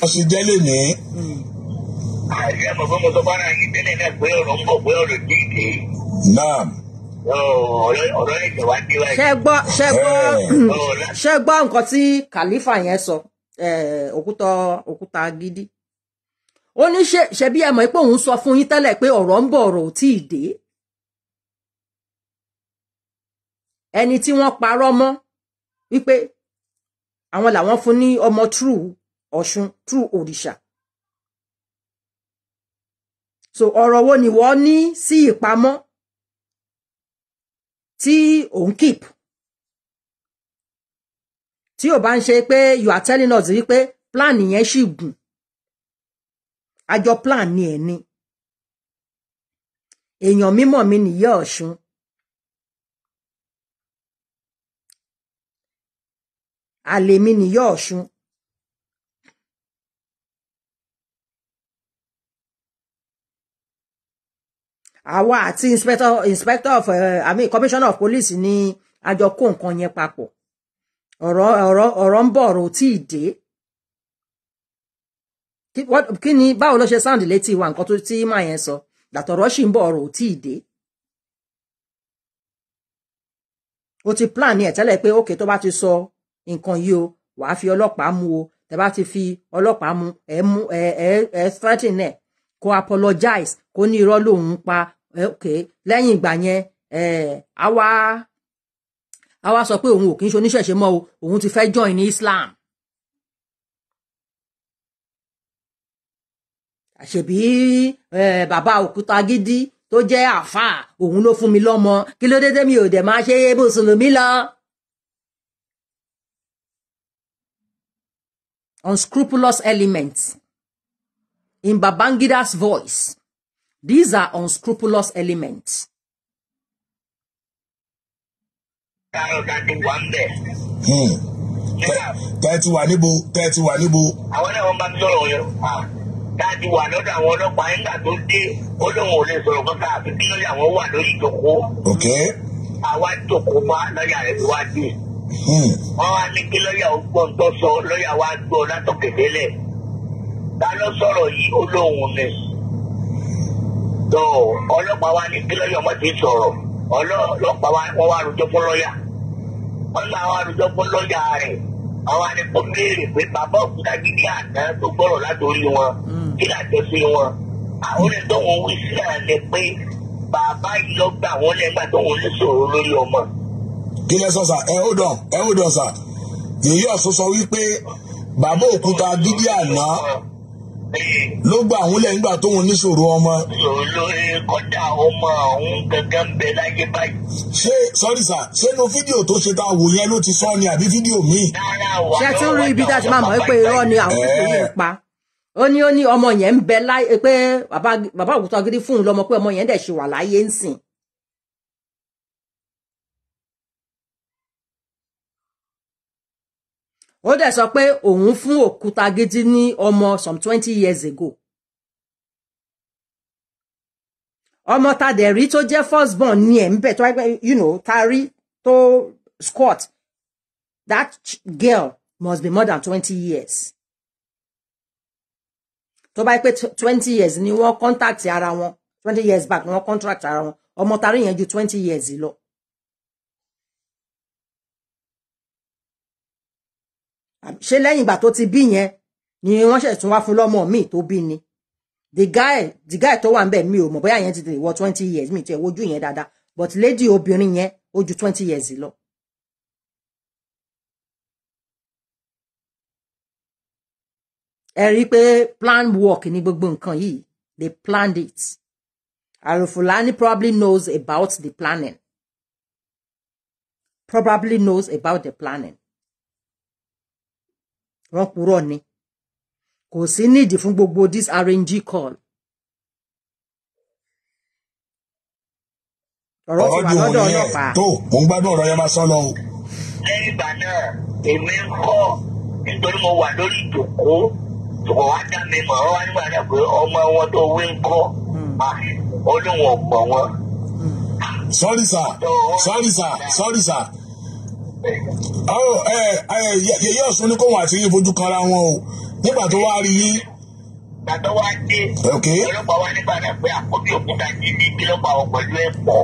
wọ́n ti jẹ́ lónìí. Hmm. àìsí àmọ̀ pé mo sọ fún ara mi tẹ́lẹ̀ náà pé ọ̀rọ̀ ń bọ̀ pé ọ̀rọ̀ dídì. náà. ọ̀rọ̀ ẹ̀jẹ̀ wá dé wáyé. ṣé gbọ́ ṣé gbọ́ nǹkan tí Khalifa yẹn sọ òkúta òkúta gidi ó ní ṣe bí ẹ mọ̀ pé òun sọ fún yín tẹ́lẹ̀ pé ọ̀rọ̀ ń bọ̀ ọ̀rọ̀ ò tíì dé ẹni tí wọ́n parọ́ mọ́ wípé àwọn làwọn fún ní ọmọ true Ọ̀ṣun true òrìṣà so ọ̀rọ̀ wo ni wọ́n ní sí ìpamọ́ tí òun keep tí ò bá ń ṣe pé you are telling us wípé plan yẹn ṣì gùn àjọ plan ni ẹ̀ ni èèyàn mímọ̀ mi nìyẹ́ Ọ̀ṣun àlè mi nìyá ọ̀ṣun àwa àti inspector inspector of uh, I mean commissioner of police ni àjọ kó nǹkan yẹn papọ̀ ọ̀rọ̀ ọ̀rọ̀ ọ̀rọ̀ ń bọ̀ ọ̀rọ̀ tí ì dé kí ni báwo ló ṣe sound létí wa nǹkan tó tí màá yẹn sọ dàtọ̀rọ̀ sì ń bọ̀ ọ̀rọ̀ tí ì dé o ti plan ni ẹ̀ tẹ́lẹ̀ pé ókè tó bá ti sọ nǹkan yìí o wàá fi ọlọ́pàá mú o tẹ bá ti fi ọlọ́pàá mú ẹ mú ẹ ẹ ẹ straighten ẹ kó apologize kó ní irọ́ lòun pa ok lẹ́yìn ìgbà yẹn ẹ àwa àwa sọ pé òun ò kí ń ṣe mọ́ o òun ti fẹ́ join ní Islam àṣebí bàbá òkúta gidi tó jẹ́ àáfàá òun ló fún mi lọ́mọ kí ló dé dé mi ò dẹ̀ máa ṣe é bùsùlùmí lọ. unscrupulous elements in Babangida's voice. These are unscrupulous elements. Hmm. tẹ́ẹ̀tì wà níbo tẹ́ẹ̀tì wà níbo. àwọn náà wọn bá mi sọ̀rọ̀ yẹn dáàdi wà lọ́dọ̀ àwọn ọlọ́pàá nígbà tó dé ó lóun ò lè sọ̀rọ̀ kankan àfi kí lóye àwọn wà lórí ìjókòó. àwa jókòó máa lọ́yà rẹ̀ fi wá dé. Hmm. wọ́n wá ní kí lọ́ọ̀yà ó gbọ́ tó sọ lọ́ọ̀yà wá gbọ́ látọ̀kẹ̀dẹ́lẹ̀ ta ló sọ̀rọ̀ yìí ó lóun ni tó ọlọ́pàá wa ní kí lọ́ọ̀yà ọmọ ti sọ̀rọ̀ ọlọ́pàá wa wọ́n wá rújọ́ fún lọ́ọ̀yà wọ́n náà wá rújọ́ fún lọ́ọ̀yà rẹ̀ àwọn àdìpọ̀ béèrè pé bàbá òkúta gidi àná tó gbọ́rọ̀ látòrí wọn hmm. kí làjọ sí wọn àwọn ẹ̀dọ́ wí sí àná pé bàbá yìí lọ wọn lẹ́gbàá tó wọn ní sọ̀rọ̀ lórí ọmọ. gịnị lẹ ẹ hold on ẹ hold on sà yèyí ọ̀sùn sọ wípé bàbá òkúta dídí àná ló gba àwọn lẹ́yìn ìgbà tóun níṣòro ọmọ. olórí kọjá ọmọ ọ̀hún gangan bẹ láyé báyìí. ṣé sọ́rí sà ṣé inú fídíò tó ṣe ta wò yẹn ló ti sọ àbí fídíò míì. ṣé ń rí ibi tá a ti máa mọ̀ pé irọ́ ni àwọn eh. ó ní ó ní ọmọ yẹn ń pé bàbá òkúta ó dẹ̀ sọ pé òun fún Òkútagídí ní ọmọ some twenty years ago ọmọ ta dẹ̀ rí tó jẹ́ first born ní ẹ̀ ń bẹ̀ tó you know ta rí tó squat that girl must be more than twenty years tó bá pé twenty years ni wọ́n contact ara wọn twenty years back ni wọ́n contract ara wọn ọmọ ta rí yẹn ju twenty years lọ. ṣé lẹ́yìn ìgbà tó ti bí yẹn ni wọ́n ṣẹ̀ tún wá fún lọ́mọ míì tó bí ni the guy the guy tó wà ń bẹ̀ mi ò mọ̀ bóyá yẹn ti wọ twenty years mi ti ẹ̀ wojú yẹn dáadáa but lady obìnrin yẹn ó ju twenty years lọ. ẹ rí i pé plan work ni gbogbo nǹkan yìí they planned it Arufulani probably knows about the planning probably knows about the planning wọ́n ni kò sí nídìí fún gbogbo dis rng call. ọ̀rọ̀ ti wà lọ́dọ̀ ọlọ́pàá. tó mò ń gbádùn ọ̀rọ̀ yẹn máa sọ lọ. lẹ́yìn ìgbà náà èmi ń kọ́ nítorí mo wà lórí ìjòkó ìwọ wá dá mi mọ̀ ọ́ wá nígbà náà pé ọmọ wọn tó wí ń kọ́ hmm. ó wọn. yẹyẹ ọ̀sùn ní kóhun àti yín fojú kanra wọn o nígbà tó wá rí yín. ìgbà tó wá dé ọlọ́pàá wá nígbà náà pé àkọ́bí òkúta jì ní kílọ́pàá wọn pẹ̀lú ẹ̀pọ̀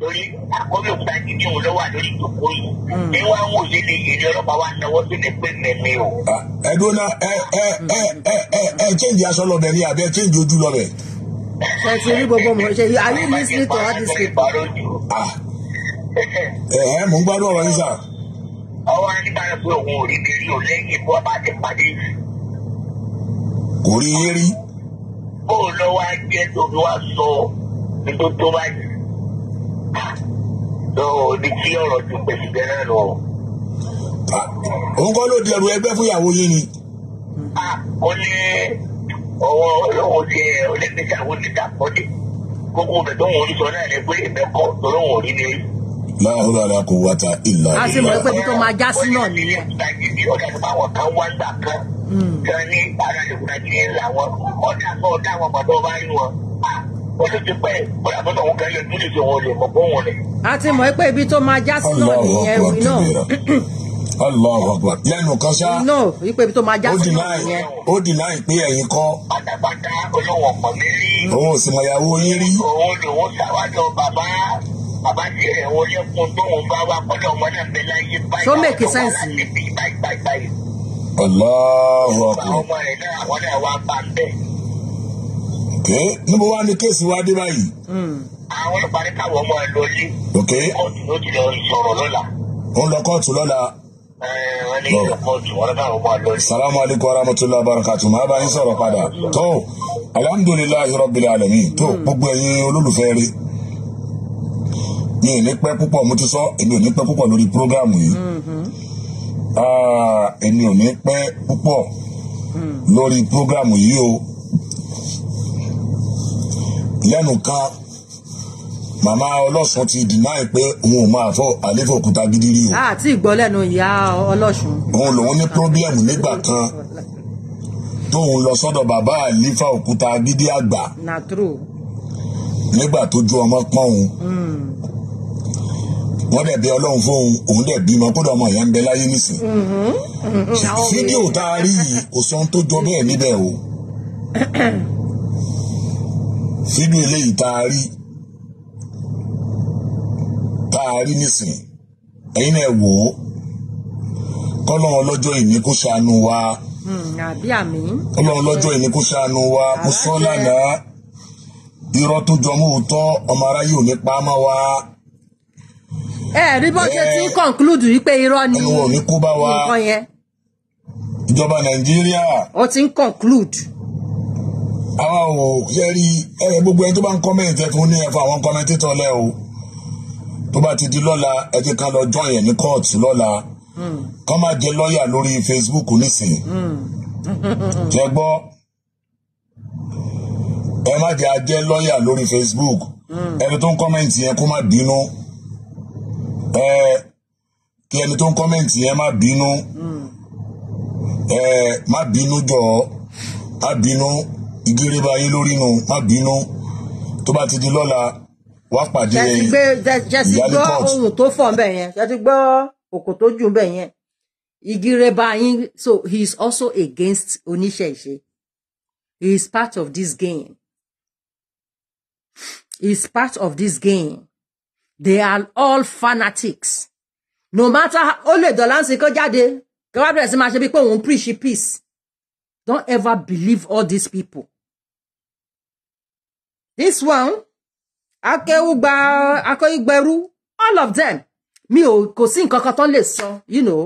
lórí àkọ́bí òkúta jì ní òun lọ́wọ́ lórí ìjókòó yìí hmm. bí wọ́n ń wòye lè yé ní ọlọ́pàá wá náwó tó lè pè mẹ́mí o. Ah, ẹ dúná ẹ ẹ ẹ ẹ ẹ ẹ change aṣọ lọbẹ ni àbẹ change ojú lọbẹ. ṣe ti ẹ mò ń gbádùn ọ̀rọ̀ yín sà. ọwọ́ anibara pé òun ò rí mi lò lẹ́yìn bó bá ti pàdé. kò rí yé rí. bó o lọ wá jẹ́ tóbi wá sọ nígbó tó bá yìí. lọ ní kí ọ̀rọ̀ ti pèsè bẹ́ẹ̀ lọ. òun kọ́ ló di ẹrù ẹgbẹ́ fún ìyàwó yín ni. ó ní ọwọ́ olówó ti ẹ̀ olẹ́gbẹ̀ta ó ti dà pọ́dé gbogbo bẹ̀ tó ń wọlé sọ náà lẹ́gbẹ̀ẹ́ mẹ́kọ̀ọ́ tó ló ń wọlé ní láàárọ̀ hmm. ara kò wá ta ìlà a sì mọ̀ pé ibi tó máa já sí náà nìyẹn. a ti mọ̀ pé ibi tó máa já sí náà nìyẹn ẹ̀rù náà. Allahu Akbar lẹ́nu kan No, ipò ibi tó máa já sí náà nìyẹn. Ó dì náà ìpín ẹ̀yìn Pátápátá olówó ọ̀pọ̀ mi rí. Òun ò sì yín rí. Òun lòun ṣàwájọ bàbá bàbá tí rẹ̀ wọlé fún tóun bá wá kọ́lé ọmọ náà bẹ láyé báyìí. tó mèkì sẹ́ǹsì. aláwọ̀ ọkọ̀. ọmọ rẹ̀ náà àwọn náà wá bá ń bẹ̀. ké níbo wá ní kéèsì wa dé báyìí. Hmm. àwọn ìparí káwọ ọmọ ẹ lọlé. ok kóòtù ló ti lọ sọ̀rọ̀ lọ́la. ó ń lọ kóòtù lọ́la. Salamu alaikum warahmatullahi wabarakatuh maa bá yín sọ̀rọ̀ padà tó alhamdulilayi rabbil alamin tó gbogbo ẹ̀yin olólùfẹ́ rí mi ò ní pẹ́ púpọ̀ mo ti sọ èmi ò ní pẹ́ púpọ̀ lórí programu yìí mm-hmm. ah, èmi ò ní pẹ́ púpọ̀ mm. lórí programu yìí o lẹ́nu kan màmá ọlọ́sùn ti dìnáì pé òun ò máa fọ àléfò òkúta gidi rí o. àti ìgbọ́ lẹ́nu ìyá ọlọ́sùn. òun lòun ní pírọ́bíẹ̀mù nígbà kan tóun lọ sọ́dọ̀ bàbá àlífà òkúta gidi àgbà. true. nígbà tó ju ọmọ pọ́n òun. Mm wọ́n dẹ̀ bẹ ọlọ́run fóun òun dẹ̀ bímọ kódà ọmọ ìyá ń bẹ láyé nísìn. Mm-hmm. Mm-hmm. fídíò tá a rí yìí kò sọ ohun tó jọ bẹ́ẹ̀ níbẹ̀ o. fídíò eléyìí tá a rí tá a rí nísìn ẹ̀yin náà wò ó kọ́lọ́run ọlọ́jọ́ ìní kó ṣàánú wa. Mm, kọ́lọ́run ọlọ́jọ́ ìní kó ṣàánú wa kó sọ́ lánàá irọ́ tó jọmọ́ òótọ́ ọmọ aráyé ò ní pa á mọ́ wa ẹ rí bó ṣe ti conclude yìí pé irọ́ ni ẹ̀wọ̀n mi kó bá wa nǹkan yẹn. ìjọba nàìjíríà. wọ́n ti ń conclude. àwa ò ṣe rí ẹ gbogbo ẹni tó bá ń comment ẹ fún ní ẹ fún àwọn commentator lẹ o tó bá ti di lọ́la ẹ ti kan lọ join yẹn ní court lọ́la hmm. kọ́ máa jẹ lọ́ọ̀yà lórí Facebook nísìnyí jẹ hmm. gbọ́ ẹ má jẹ ajẹ́ lọ́ọ̀yà lórí Facebook hmm. ẹni tó ń comment yẹn kó má bínú. Mm ẹ kí ẹni tó ń kọ́mẹ̀ntì yẹn má bínú ẹ má bínú jọ má bínú ìgérébá yín lórí nu má bínú tó bá ti di lọ́la wá pàdé ìyálé court. jẹ́sí gbọ́ ohun tó fọ̀ bẹ̀ yẹn jẹ́sí gbọ́ òkò tó jù bẹ̀ yẹn ìgírẹ́bà yín so he is also against oníṣẹ̀ṣe he is part of this game he is part of this game they are all fanatics no matter ó lè dọ̀là ń sin kó jáde kí wọ́n bẹ̀rẹ̀ sí máa ṣe bí pé preach peace don't ever believe all these people this one akéwúgba akóyígbẹrú all of them mi O kò sí nǹkan kan tó lè you know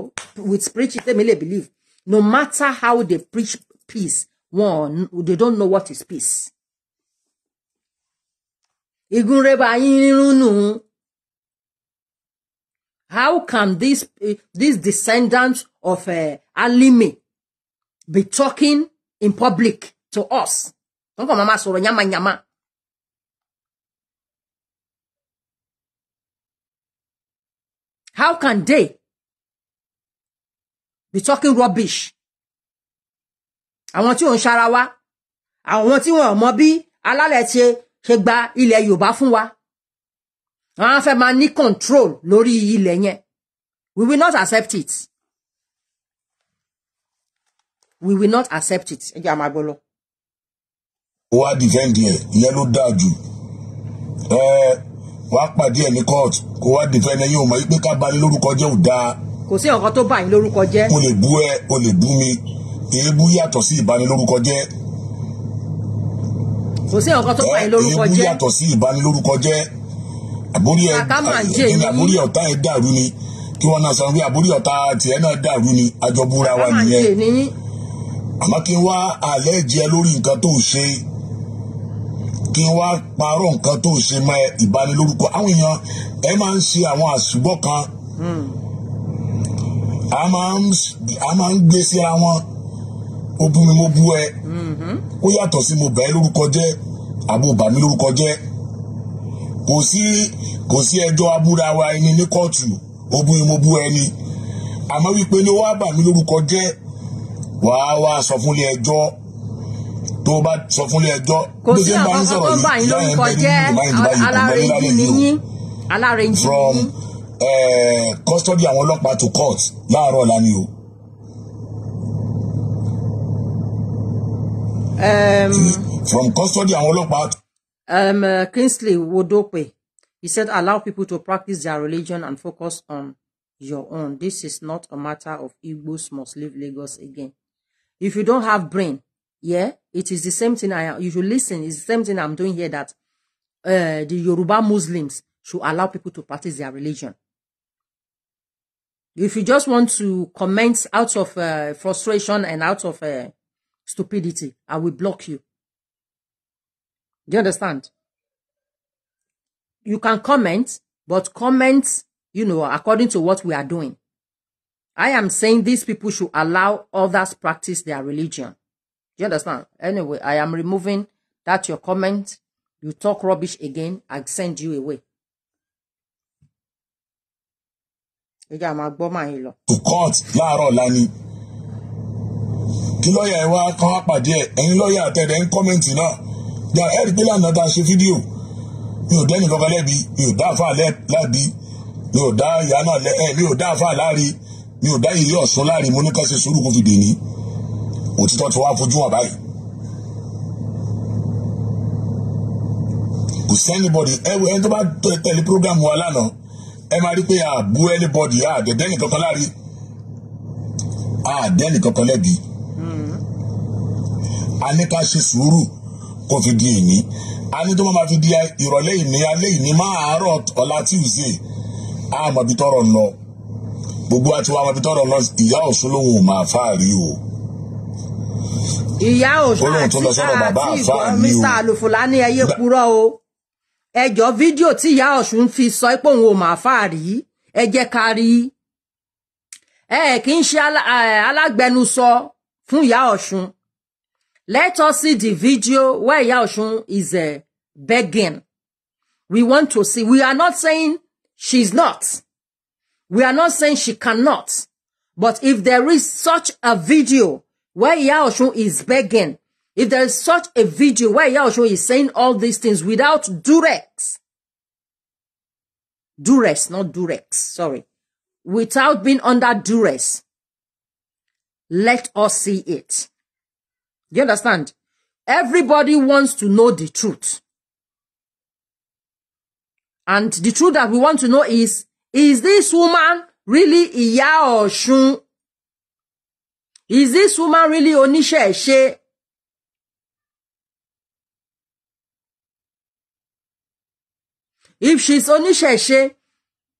with it. tèmi lè believe no matter how they preach peace one, they don't know what is peace. igun reba yín rírun nù How can these eh, these descendants of uh, Alimi be talking in public to us? Don't come, mama, sọ̀rọ̀ nyama nyama. How can they be talking rubbish? Àwọn tí ò ń ṣara wa, àwọn tí wọn ò mọ bí alálẹ̀ ṣe ṣe gba ilẹ̀ Yorùbá fún wa àwọn á fẹ́ máa ní control lórí ilẹ̀ yẹn we will not accept it we will not accept it ẹ jẹ́ àmà gbọ́ lọ. wá dìfẹ́ǹdì ẹ̀ ìyẹn ló dáa jù wá pàdé ẹ̀ ní court kó wá dìfẹ́ǹdì ẹ̀yìn òmò yìí pé ká bá ní lórúkọ jẹ́ ò dáa. kò sí nǹkan tó bá yín lórúkọ jẹ́. o lè bú ẹ o lè bú mi èébú yàtọ̀ sí ìbanilórúkọ jẹ́ kò sí nǹkan tó bá yín lórúkọ jẹ́ èébú yàtọ̀ sí ìbanilórúkọ jẹ́ àbórí ẹ àbórí ọ̀tá ẹ dàrú ni kí wọ́n náà sọ pé àbórí ọ̀tá tiẹ̀ náà dàrú ni àjọbúra wa nìyẹn àmọ́ kí n wá àlẹ́ jẹ lórí nǹkan tó ṣe kí n wá parọ́ nǹkan tó ṣe mọ́ ìbanilórúkọ àwọn èèyàn ẹ máa ń ṣe àwọn àṣùbọ̀ kan hmm. a máa ń gbé síra wọn ó mi mo bú ẹ hmm. ó yàtọ̀ sí mo bẹ̀ lórúkọ jẹ́ àbò bà lórúkọ jẹ́ kò sí kò sí ẹjọ́ abúra wa ẹni ní kóòtù obìnrin mo bú ẹni àmọ́ wípé ní wàá bà mí lórúkọ jẹ́ wàá wá sọ fúnlé ẹjọ́ tó bá sọ fúnlé ẹjọ́ kò sí àwọn kan tó yín lórúkọ jẹ́ alárèéjì nìyí alárèéjì nìyí. Uh, custody àwọn ọlọ́pàá to court láàárọ̀ ọ̀la ni o. from custody àwọn ọlọ́pàá. Um, uh, Kingsley Wodope, he said, allow people to practice their religion and focus on your own. This is not a matter of Igbos must leave Lagos again. If you don't have brain, yeah, it is the same thing I, you should listen, it's the same thing I'm doing here that uh, the Yoruba Muslims should allow people to practice their religion. If you just want to comment out of uh, frustration and out of uh, stupidity, I will block you. Do you understand? You can comment, but comment, you know, according to what we are doing. I am saying these people should allow others practice their religion. Do you understand? Anyway, I am removing that your comment. You talk rubbish again, I send you away. ìjà máa gbọ́ máa yín to court laro lani kí lọ́ọ̀yà ẹ wá kàn á pàdé ẹ̀ ẹ̀yin lọ́ọ̀yà àtẹ̀dẹ̀ ń kọ́mẹ̀ntì ẹ̀rí pé lánàá tá a ṣe fídíò mi ò dẹ́nu kankan lẹ́bi mi ò dá àfa lábi mi ò dá ìyá náà lẹ́ ẹ̀ eh, mi ò dá àfa láàrí mi ò dá ìyé ọ̀sán láàrin mo ní ká ṣe sùúrù kó fi dèní òtítọ́ ti wá fojú hàn báyìí. kò sí anybody ẹ wo ẹni tó bá tẹ̀lé program wa lánàá ẹ máa rí pé a bú anybody a dẹ̀dẹ́ nìkankan láàrí a dẹ́ nìkankan lẹ́bi hmm. a ní ká ṣe sùúrù kó fi di ìní a ní tó bá máa fi di ìrọ̀lẹ́ ìní alẹ́ ìní máa àárọ̀ ọ̀la tuesday a tọrọ lọ gbogbo àti wa mọ̀ tọrọ lọ ìyá ọ̀sùn lòun ò máa fà rí o. ìyá ọ̀sùn àti àti mr alufulani ẹyẹ purọ́ o ẹjọ́ fídíò tí ìyá ọ̀sùn fi sọ pé òun ò máa fà rí ẹ jẹ́ ká rí ẹ kì í ṣe alágbẹnusọ fún ìyá ọ̀sùn Let us see the video where Yao Shun is uh, begging. We want to see. We are not saying she's not. We are not saying she cannot. But if there is such a video where Yao Shun is begging, if there is such a video where Yao Shun is saying all these things without durex, durex not durex, sorry, without being under durex, let us see it. You understand? Everybody wants to know the truth. And the truth that we want to know is, is this woman really Iya or shun? Is this woman really Onisha If she's Onisha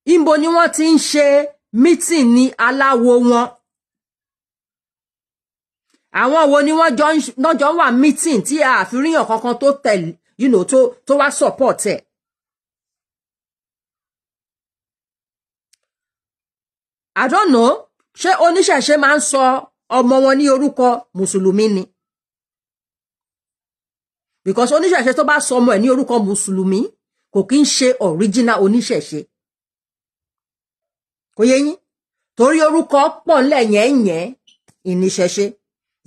Imbo ni wọ́n ti ń ṣe mítìn ní aláwo wọn àwọn wo ni wọ́n jọ ń wà meeting tí a àfihàn kankan tó tẹ̀lé you know, tó tó wá support ẹ̀. I don't know ṣé oníṣẹ̀ṣe máa ń sọ ọmọ wọn ní orúkọ mùsùlùmí ni because oníṣẹ̀ṣe tó bá sọ ọmọ ẹ̀ ní orúkọ mùsùlùmí kò kí ń ṣe original oníṣẹ̀ṣe kò yẹ yín torí orúkọ pọ̀ ńlẹ̀ yẹn yẹn ìníṣẹ̀ṣe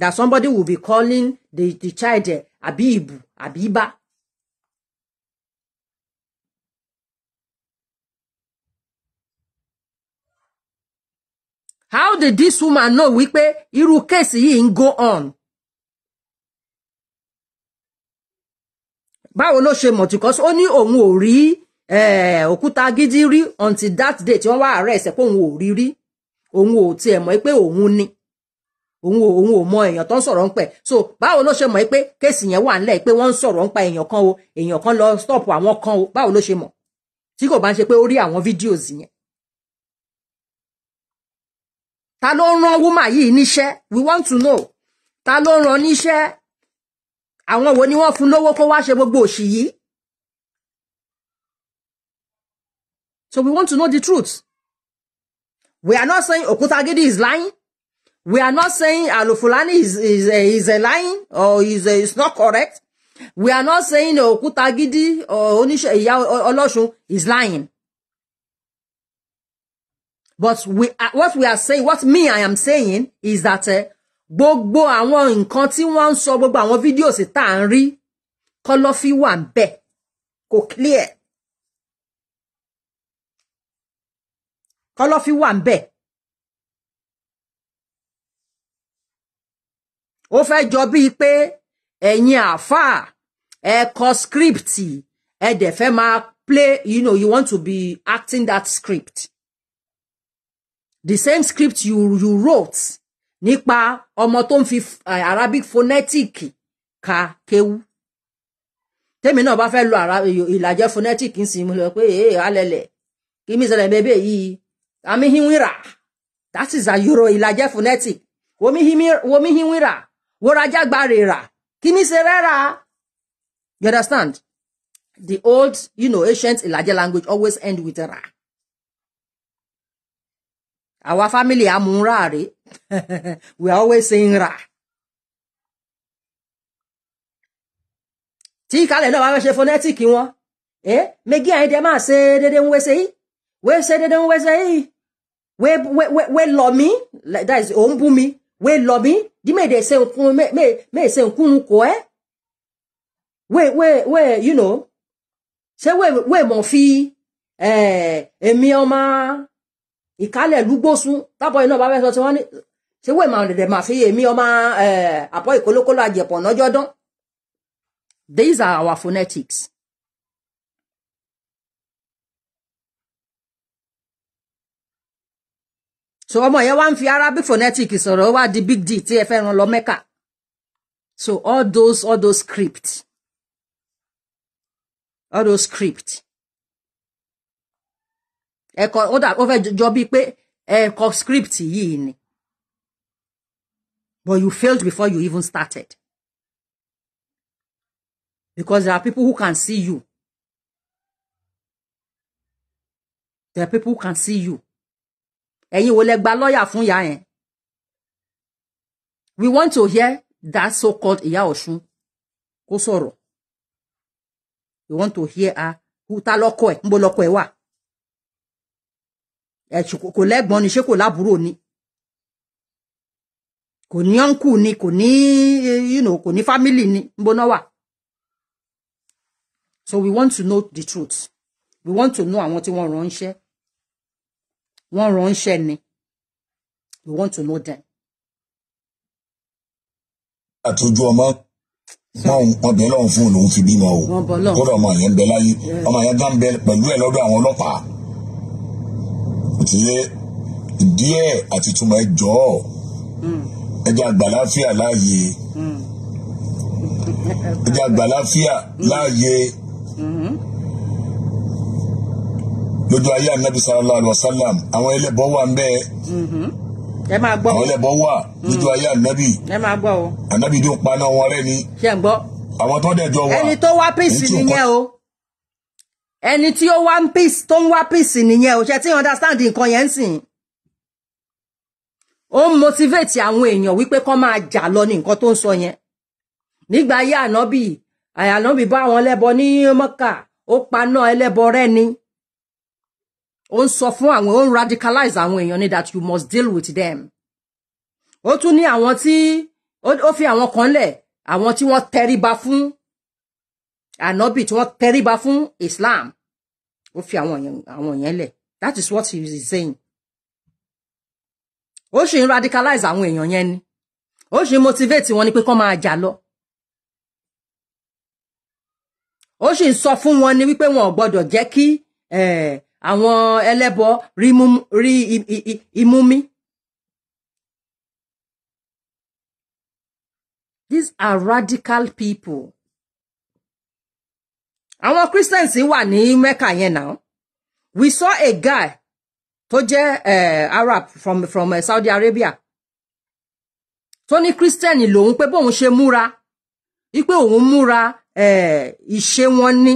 that somebody will be calling the, the child eh, Abibu Abiba. how did this woman know wípé irú kéèsì yìí ń go on. báwo ló ṣe mọ̀ tí kọ́sí ó ní òun ò rí eh, òkúta gidi rí until that day tí wọ́n wá arrest pé òun ò rí rí òun ò tiẹ̀ mọ̀ pé òun ni òun ò òun ò mọ èèyàn tó ń sọ̀rọ̀ ń pẹ̀ so báwo ló ṣe mọ̀ pé kéèsì yẹn wà nílẹ̀ pé wọ́n ń sọ̀rọ̀ ń pa èèyàn kan o èèyàn kan lọ stop àwọn kan o báwo ló ṣe mọ̀ tí kò bá ń ṣe pé ó rí àwọn fídíòs yẹn. ta ló ń rán wúmà yìí níṣẹ́ we want to know ta ló ń rán níṣẹ́ àwọn wo ni wọ́n fún lówó kó wá ṣe gbogbo òṣì yìí. so we want to know the truth we are not saying Okutagidi is lying We are not saying Alufulani is, is, a, is a lying or is, a, is not correct. We are not saying Okutagidi or Onisha Oloshun is lying. But we are, what we are saying, what me I am saying is that uh, gbogbo àwọn nǹkan tí wọ́n ń sọ gbogbo àwọn videos tá à ń rí kọ́lọ́fí wà ń bẹ̀ clear kọ́lọ́fí wà ń bẹ̀ ó fẹ́ jọ bíi pé ẹ̀yin àáfàá ẹ kọ script ẹ dẹ̀ fẹ́ máa play you know you want to be acting that script the same script you you wrote nípa ọmọ tó ń fi Arabic phonetic ka kéwú tèmi náà bá fẹ́ lo ìlàjẹ phonetic ń sin mo lọ pé ee alẹ́lẹ̀ kí mi sẹlẹ̀ bẹ́ẹ̀ yìí àmì hìwìrà that is ayoro ìlàjẹ phonetic wọ́n mi hìwìrà. Worajagbare Kini serera. You understand? The old, you know, ancient Ilaje language always end with ra. Our family amunrari. we are always saying ra. tí ìkàlẹ̀ náà wàá ṣe fonetiki wọn ẹ megi àyíndẹ máa ṣe dédé ń wéṣe yìí wé ṣe dédé ń wéṣe yìí wé wé wé lọ mí that is òun bú mi wé lọ mí di me de say nkun me me may say nkun ko eh we we we you know say we we mo fi eh èmi ọmọ ìkálẹ̀ lugbosun tabo ina ba fẹ́ sọ ti wọ́n ní ṣé we ma de ma fi èmi ọmọ eh apo ikolokolo ajepo nojodan these are our phonetics so ọmọ yẹn wá ń fi arabic phonetic sọ̀rọ̀ ó wá di big d tí ẹ fẹ́ ràn lọ mẹ́kà so all those all those script all those script ẹkọ ó dà ó fẹ́ jọ bíi pé ẹkọ script yìí ni but you failed before you even started because there are people who can see you there are people who can see you ẹ̀yin wo lẹ gba lọ́ọ̀yà fún ìyá yẹn we want to hear that so called ìyá ọ̀ṣun kó sọ̀rọ̀ we want to hear her who ta lọ́kọ ẹ̀ níbo lọ́kọ ẹ̀ wà ẹ̀ kò lẹ́gbọ́n ni ṣé kò lábúrò ni kò ní ọ́nkù ni kò ní you know kò ní family ni níbo náà wà so we want to know the truth we want to know àwọn tí wọ́n ránṣẹ́ wọ́n ránṣẹ́ ni we want to know them. àtújú ọmọ wọn bẹ lọrun fún òun fi bímọ o kódà ọmọ yẹn bẹ láyé ọmọ yẹn gán bẹ pẹ̀lú ẹ lọ́dọ̀ àwọn ọlọ́pàá òtíye díẹ̀ àti túmọ̀ hmm. ẹ jọ ọ ẹjẹ àgbàláfíà láàyè hmm. ẹjẹ àgbàláfíà hmm. láàyè lójú ayé anabi sallallahu alayhi wa sallam àwọn ẹlẹ́bọ wà ń bẹ́ẹ̀ mm-hmm. ẹ máa gbọ́ àwọn ẹlẹ́bọ wà lójú ayé anabi ẹ máa gbọ́ o anabi dùn paná wọn rẹ ni ṣe ń gbọ́ àwọn tó dẹjọ wa ẹni tó wá pèsè nìyẹn o ẹni tí ó wá pèsè tó ń wá pèsè nìyẹn o ṣe tí understand nǹkan yẹn ń sìn ó ń motivate àwọn èèyàn wípé kọ́ máa jà lọ ní nǹkan tó ń sọ yẹn nígbà ayé ànábì àyànábì bá àwọn ẹlẹ́bọ ní mọ́kà ó paná ẹlẹ́bọ rẹ́ ni ó ń sọ fún àwọn ó ń radicalize àwọn èèyàn ni that you must deal with them ó tún ní àwọn tí ó fi àwọn kan lẹ̀ àwọn tí wọ́n tẹríba fún ànábì tí wọ́n tẹríba fún Islam ó fi àwọn yẹn lẹ̀ that is what he is saying ó sì ń radicalize àwọn èèyàn yẹn ni ó sì ń motivate wọn ni pé kán máa jà lọ ó sì ń sọ fún wọn ni wípé wọn ò gbọ́dọ̀ jẹ́ kí eh, àwọn ẹlẹ́bọ rí imú mí. These are radical people. Àwọn Christians wà ní Mecca yẹn náà. We saw a guy tó jẹ́ uh, Arab from, from uh, Saudi Arabia tó ní Christian lòun pé bóun ṣe múra wípé òun múra eh, ìṣe wọn ní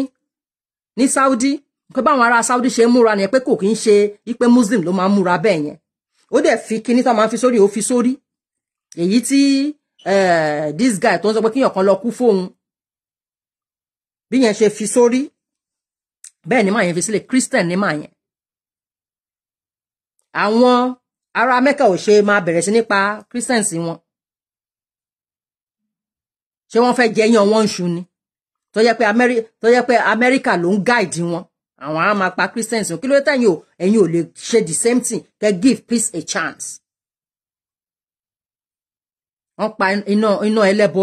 ní Saudi pé báwọn ará Saudi ṣe ń múra nìyẹn pé kò kí ń ṣe ipe muslim ló máa ń múra bẹ́ẹ̀ yẹn ó dẹ̀ fi kinní tó máa fi sórí ó fi sórí èyí tí this guy tó ń sọ pé kíyàn kan lọ kú fóun bí yẹn ṣe fi sórí bẹ́ẹ̀ ni màá yẹn fi sílẹ̀ christian ni màá yẹn àwọn ará Mẹ́kà ò ṣe máa bẹ̀rẹ̀ sí nípa christians wọn ṣé wọ́n fẹ́ jẹ́ yan wọ́n ń ṣu ni tó yẹ pé Amẹ́ríkà ló ń gáìdì wọn àwọn ará máa pa christians o kí ló dé tẹ̀yin o ẹ̀yin ò lè ṣe the same thing kẹ́ give peace a chance. wọ́n pa iná iná ẹlẹ́bọ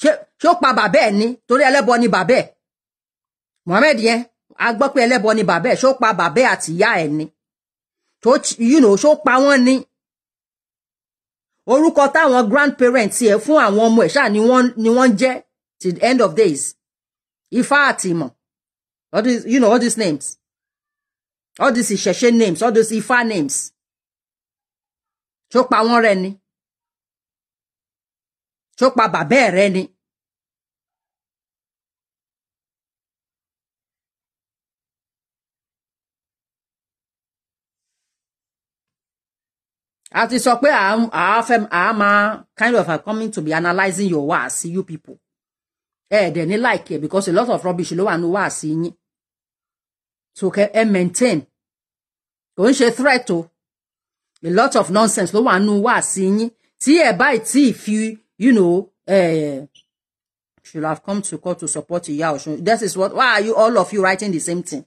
ṣé ṣé ó pa bàbá ẹ̀ ni torí ẹlẹ́bọ ni bàbá ẹ̀ Mohammed yẹn a gbọ́ pé ẹlẹ́bọ ni bàbá ẹ̀ ṣé ó pa bàbá ẹ̀ àti ìyá ẹ̀ ni tó you know ṣé ó pa wọ́n ni orúkọ táwọn grandparents ẹ̀ fún àwọn ọmọ ẹ̀ ṣáà ni wọ́n ni wọ́n jẹ́ till the end of days ifá àtìmọ̀ All these, you know, all these names. All these Ìṣẹ̀ṣe names, all those Ifa names. Chokpa pa wọ́n rẹ́ ni? Ṣó pa bàbá ẹ̀ rẹ́ ni? a ti sọ pé àá fẹ́ àá máa kind of are coming to be analysing your wáàsí you people ẹ ẹ̀ dẹ̀ like it because a lot of rubbish ló wà ní wáàsí yín To kẹ ẹ eh, maintain kò ń ṣe threat o a lot of nonsense ló wà nù wá sí yín tí ẹ báyìí tí fi you know uh, should have come to court to support ìyá ọ̀ṣun this is what why are you all of you writing the same thing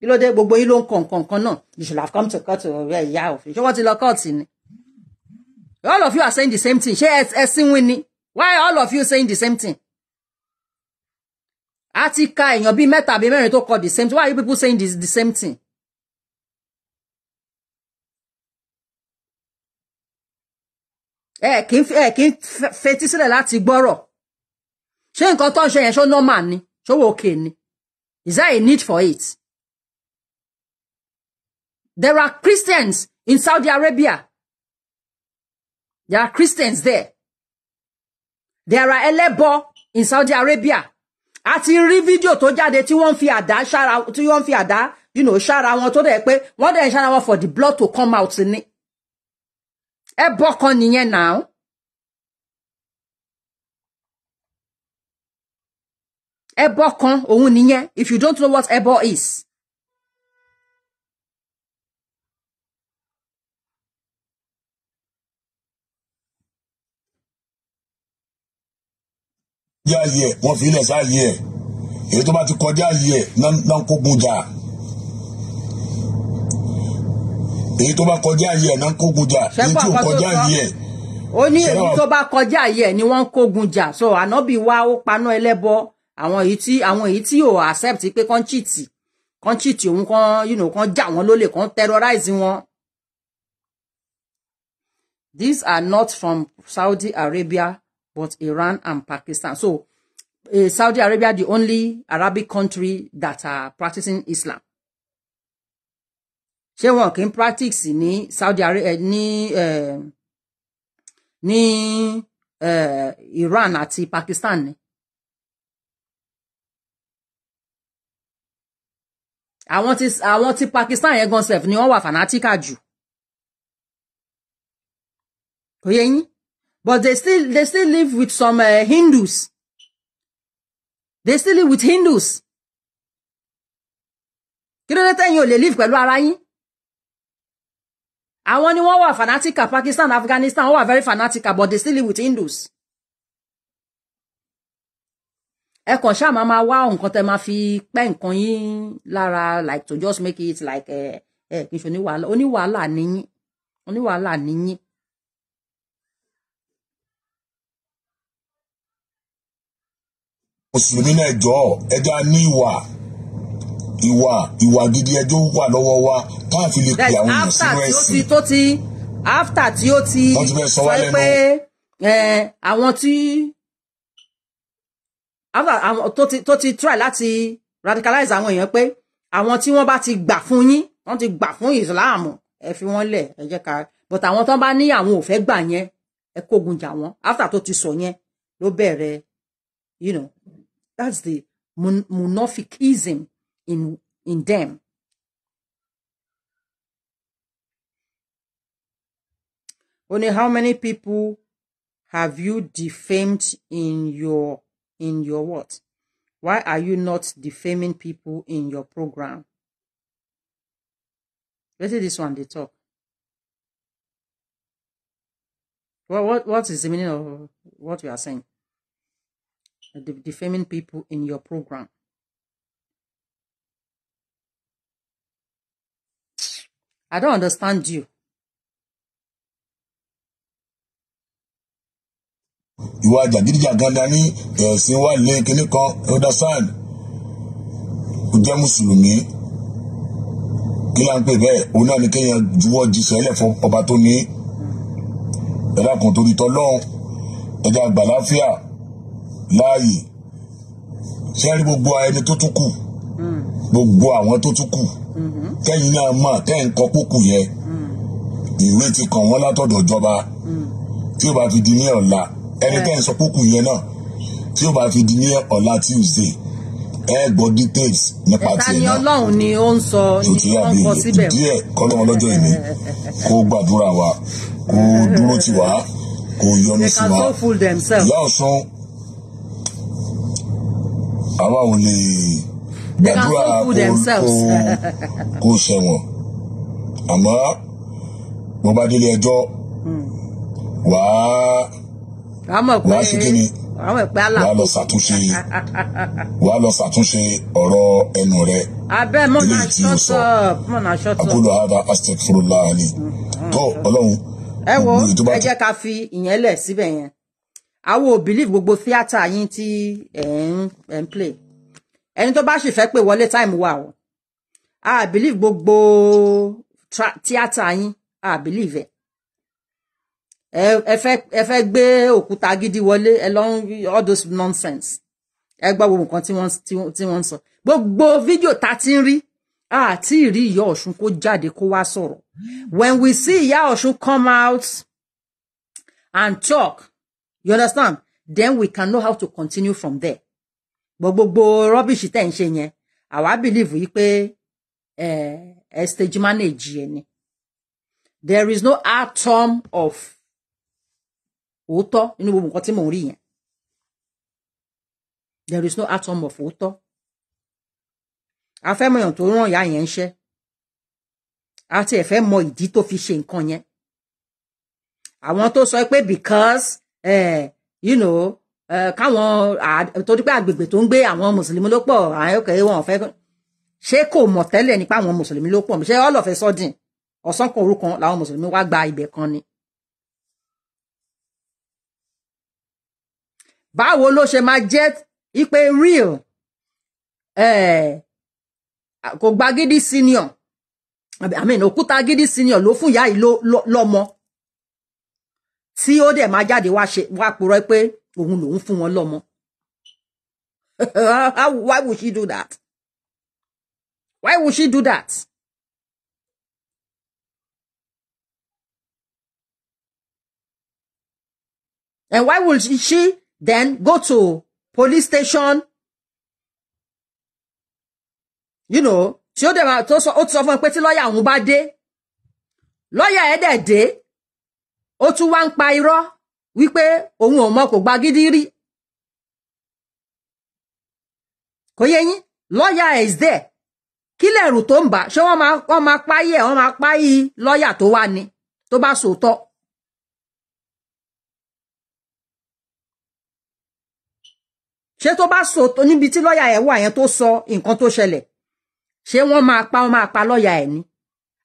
kí ló dé gbogbo yín ló ń kọ nǹkan kan náà you should have come to court to ọ̀rẹ́ eh, ìyá ọ̀ṣun ṣé wọ́n ti lọ kọ́ọ̀tì ni all of you are saying the same thing ṣé ẹ ẹ sínwín ni why all of you saying the same thing a ti ka èèyàn bíi mẹ́ta àbí mẹ́rin tó kọ the same thing why are you people saying this, the same thing. Eh, kì eh ẹ kì í fetí sílẹ̀ láti gbọ́rọ̀ ṣé nǹkan tó ń ṣe yẹn ṣó normal ni ṣó wò ni is there a need for it. there are Christians in Saudi Arabia there are Christians there there are ẹlẹ́bọ in Saudi Arabia a ti rí fídíò tó jáde tí wọ́n fi àdá ṣára tí wọ́n fi àdá you know ṣára wọn tó dẹ̀ pé wọ́n dẹ̀ ń ṣára wọn for the blood to come out ni ẹ bọ́ kan nìyẹn náà. ẹbọ kan òun nìyẹn if you don't know what ẹbọ is jẹ́ àyè ẹ̀ wọ́n fi ilẹ̀ sáàyè ẹ̀ èyí tó bá ti kọjá àyè ẹ̀ náà ń kógun jà èyí tó bá kọjá àyè ẹ̀ náà ń kógun jà èyí tí kọjá àyè ẹ̀ ó ní èyí tó bá kọjá àyè ẹ̀ ni wọ́n ń kógun jà so ànábì wa ó paná ẹlẹ́bọ àwọn èyí tí àwọn èyí tí ò accept pé kán chìtì kán chìtì òun kán you já wọn lólè kán terrorize wọn. These are not from Saudi Arabia but Iran and Pakistan. So uh, Saudi Arabia, the only Arabic country that are practicing Islam. Ṣé wọn kì í practice ní Saudi Arabia eh, ní eh, ní Iran àti Pakistan ni. Àwọn ti àwọn ti Pakistan yẹn gan sef ni wọ́n wà fanatika jù. Ó yín. But they still they still live with some uh, Hindus. They still live with Hindus. Kí ló dé tẹ́yìn ò lè live pẹ̀lú ara yín? Àwọn ni wọ́n wà fanatical Pakistan Afghanistan wọ́n wà very fanatical but they still live with Hindus. Ẹ kàn ṣáà máa máa wá nǹkan tẹ́ máa fi pẹ́ nǹkan yín lára like to just make it like ẹ eh, ẹ eh, kì í ṣe oníwàhálà oníwàhálà níyín oníwàhálà níyín mùsùlùmí náà jọ ẹja ní ìwà ìwà ìwà gidi ẹjọ́ wà lọ́wọ́ wa káàfin lè pè àwọn èèyàn sínú ẹ̀sìn. tó ti after tí ó ti sọ pé eh, àwọn tí tó ti try láti radicalize àwọn èèyàn pé àwọn tí wọ́n bá ti gbà fún yín wọ́n ti gbà fún Islam ẹ fi wọ́n lẹ̀ ẹ jẹ́ ká but àwọn tó bá ní àwọn ò fẹ́ gbà yẹn ẹ kógun jà wọ́n after tó ti sọ yẹn ló bẹ̀rẹ̀ you know That's the monophicism in, in them. Only how many people have you defamed in your in your what? Why are you not defaming people in your program? Let's see this one they talk. Well, what what is the meaning of what we are saying? Uh, defaming people in your program. I don't understand you. ìwà jàgídíjàgádá ní ẹ̀sìn wà lé kínní kan understand kò jẹ́ mùsùlùmí kí là ń pè bẹ́ẹ̀ òun náà ni kéèyàn juwọ́ jíṣẹ́ ẹlẹ́ fún ọba tó ní ẹ̀dá kan torí tọ́lọ́hún ẹ̀dá gbàláfíà láàyè sẹ́rí gbogbo ẹni tó tún kù gbogbo àwọn tó tún kù tẹ́yìn náà mọ̀ tẹ́yìn kọ́ kókù yẹ ìwé ti kàn wọ́n látọ̀dọ̀ ìjọba tí ó bá fi di ní ọ̀la ẹni tẹ́yìn sọ kókù yẹn náà tí ó bá fi di ní ọ̀la Tuesday ẹ gbọ́ details nípa tiẹ̀ náà ẹ̀ka ni ọlọ́run ni ó ń sọ ní wọ́n kọ síbẹ̀ díẹ̀ kọ́lọ́wọ́n lọ́jọ́ ìní kó gbàdúrà wa kó dúró tì kó yọ́nú sí wa ọ̀sán àwa ò lè gbàdúrà kó kó ṣẹ̀wọ̀n àmọ́ bó bá délé ẹjọ́ hmm. wàá wàá ṣe kí ni wàá lọ ṣàtúnṣe wàá lọ ṣàtúnṣe ọ̀rọ̀ ẹnu rẹ eléyìí tí o sọ àbúlọ̀ àdá astagfirullah ni hmm, hmm, tó ọlọ́run gbogbo ìjọba ẹ jẹ́ ká fi ìyẹn lẹ̀ síbẹ̀ yẹn. I will believe gbogbo theater yín tí ẹ̀ ń ẹ̀ ń play ẹni tó bá sì fẹ́ pè wọlé time wa o a believe gbogbo tíátà yín a believe ẹ ẹ fẹ́ gbé òkúta gidi wọlé Along all those nonsense ẹ gbọ́ gbogbo nǹkan tí wọ́n ń sọ gbogbo fídíò tá a ti ń rí a ti rí ìyá ọ̀ṣun kó jáde kó wá sọ̀rọ̀ when we see ìyá ọ̀ṣun come out and talk you understand then we can know how to continue from there but gbogbo rubbish tẹ́ ń ṣe yẹn àwa believe yìí pé ẹ eh, stage manage yẹn ni there is no atom of òótọ́ nínú gbogbo nǹkan tí mò ń rí yẹn there is no atom of òótọ́ afẹ́mọ̀yàn tó ràn ìyá yẹn ń ṣẹ́ àti ẹ̀fẹ́ mọ ìdí tó fi ṣe nǹkan yẹn àwọn tó sọ pé because Eh, you know eh, káwọn torí pé àgbègbè tó ń gbé àwọn mùsùlùmí ló pọ̀ àyọkẹ wọn fẹ́ ṣé kò mọ̀ tẹ́lẹ̀ nípa àwọn mùsùlùmí ló pọ̀ ṣé ọlọfẹ sọdìn ọ̀sán kan orúkan làwọn mùsùlùmí wá gba ibẹ̀ kan ni. báwo ló ṣe máa jẹ́ ipe real eh, kò gba gidi senior I mean òkúta gidi senior ló fún ìyá yìí lọ́mọ tí ó dẹ̀ máa jáde wá ṣe wá purọ́ pé òun lòun fún wọn lọ́mọ why would she do that why would she do that. And why would she then go to police station? You know, tí ó dẹ̀ máa tó sọ ó ti sọ fún ẹ pé tí lọ́ọ̀yà òun bá dé lọ́ọ̀yà ẹ̀ dẹ̀ dé ó tún wá ń pa irọ́ wípé òun ò mọ kò gba gidi rí kò yẹ yín lọ́ọ̀yà is there kí lẹ̀rù tó ń bà ṣé wọ́n máa wọ́n máa páyé ẹ̀ wọ́n máa páyé lọ́ọ̀yà tó wà ní tó bá sòótọ́. ṣé tó bá sòótọ́ níbi tí lọ́ọ̀yà ẹ̀ wà yẹn tó sọ nǹkan tó ṣẹlẹ̀ ṣé wọ́n máa pa wọ́n máa pa lọ́ọ̀yà ẹ̀ ni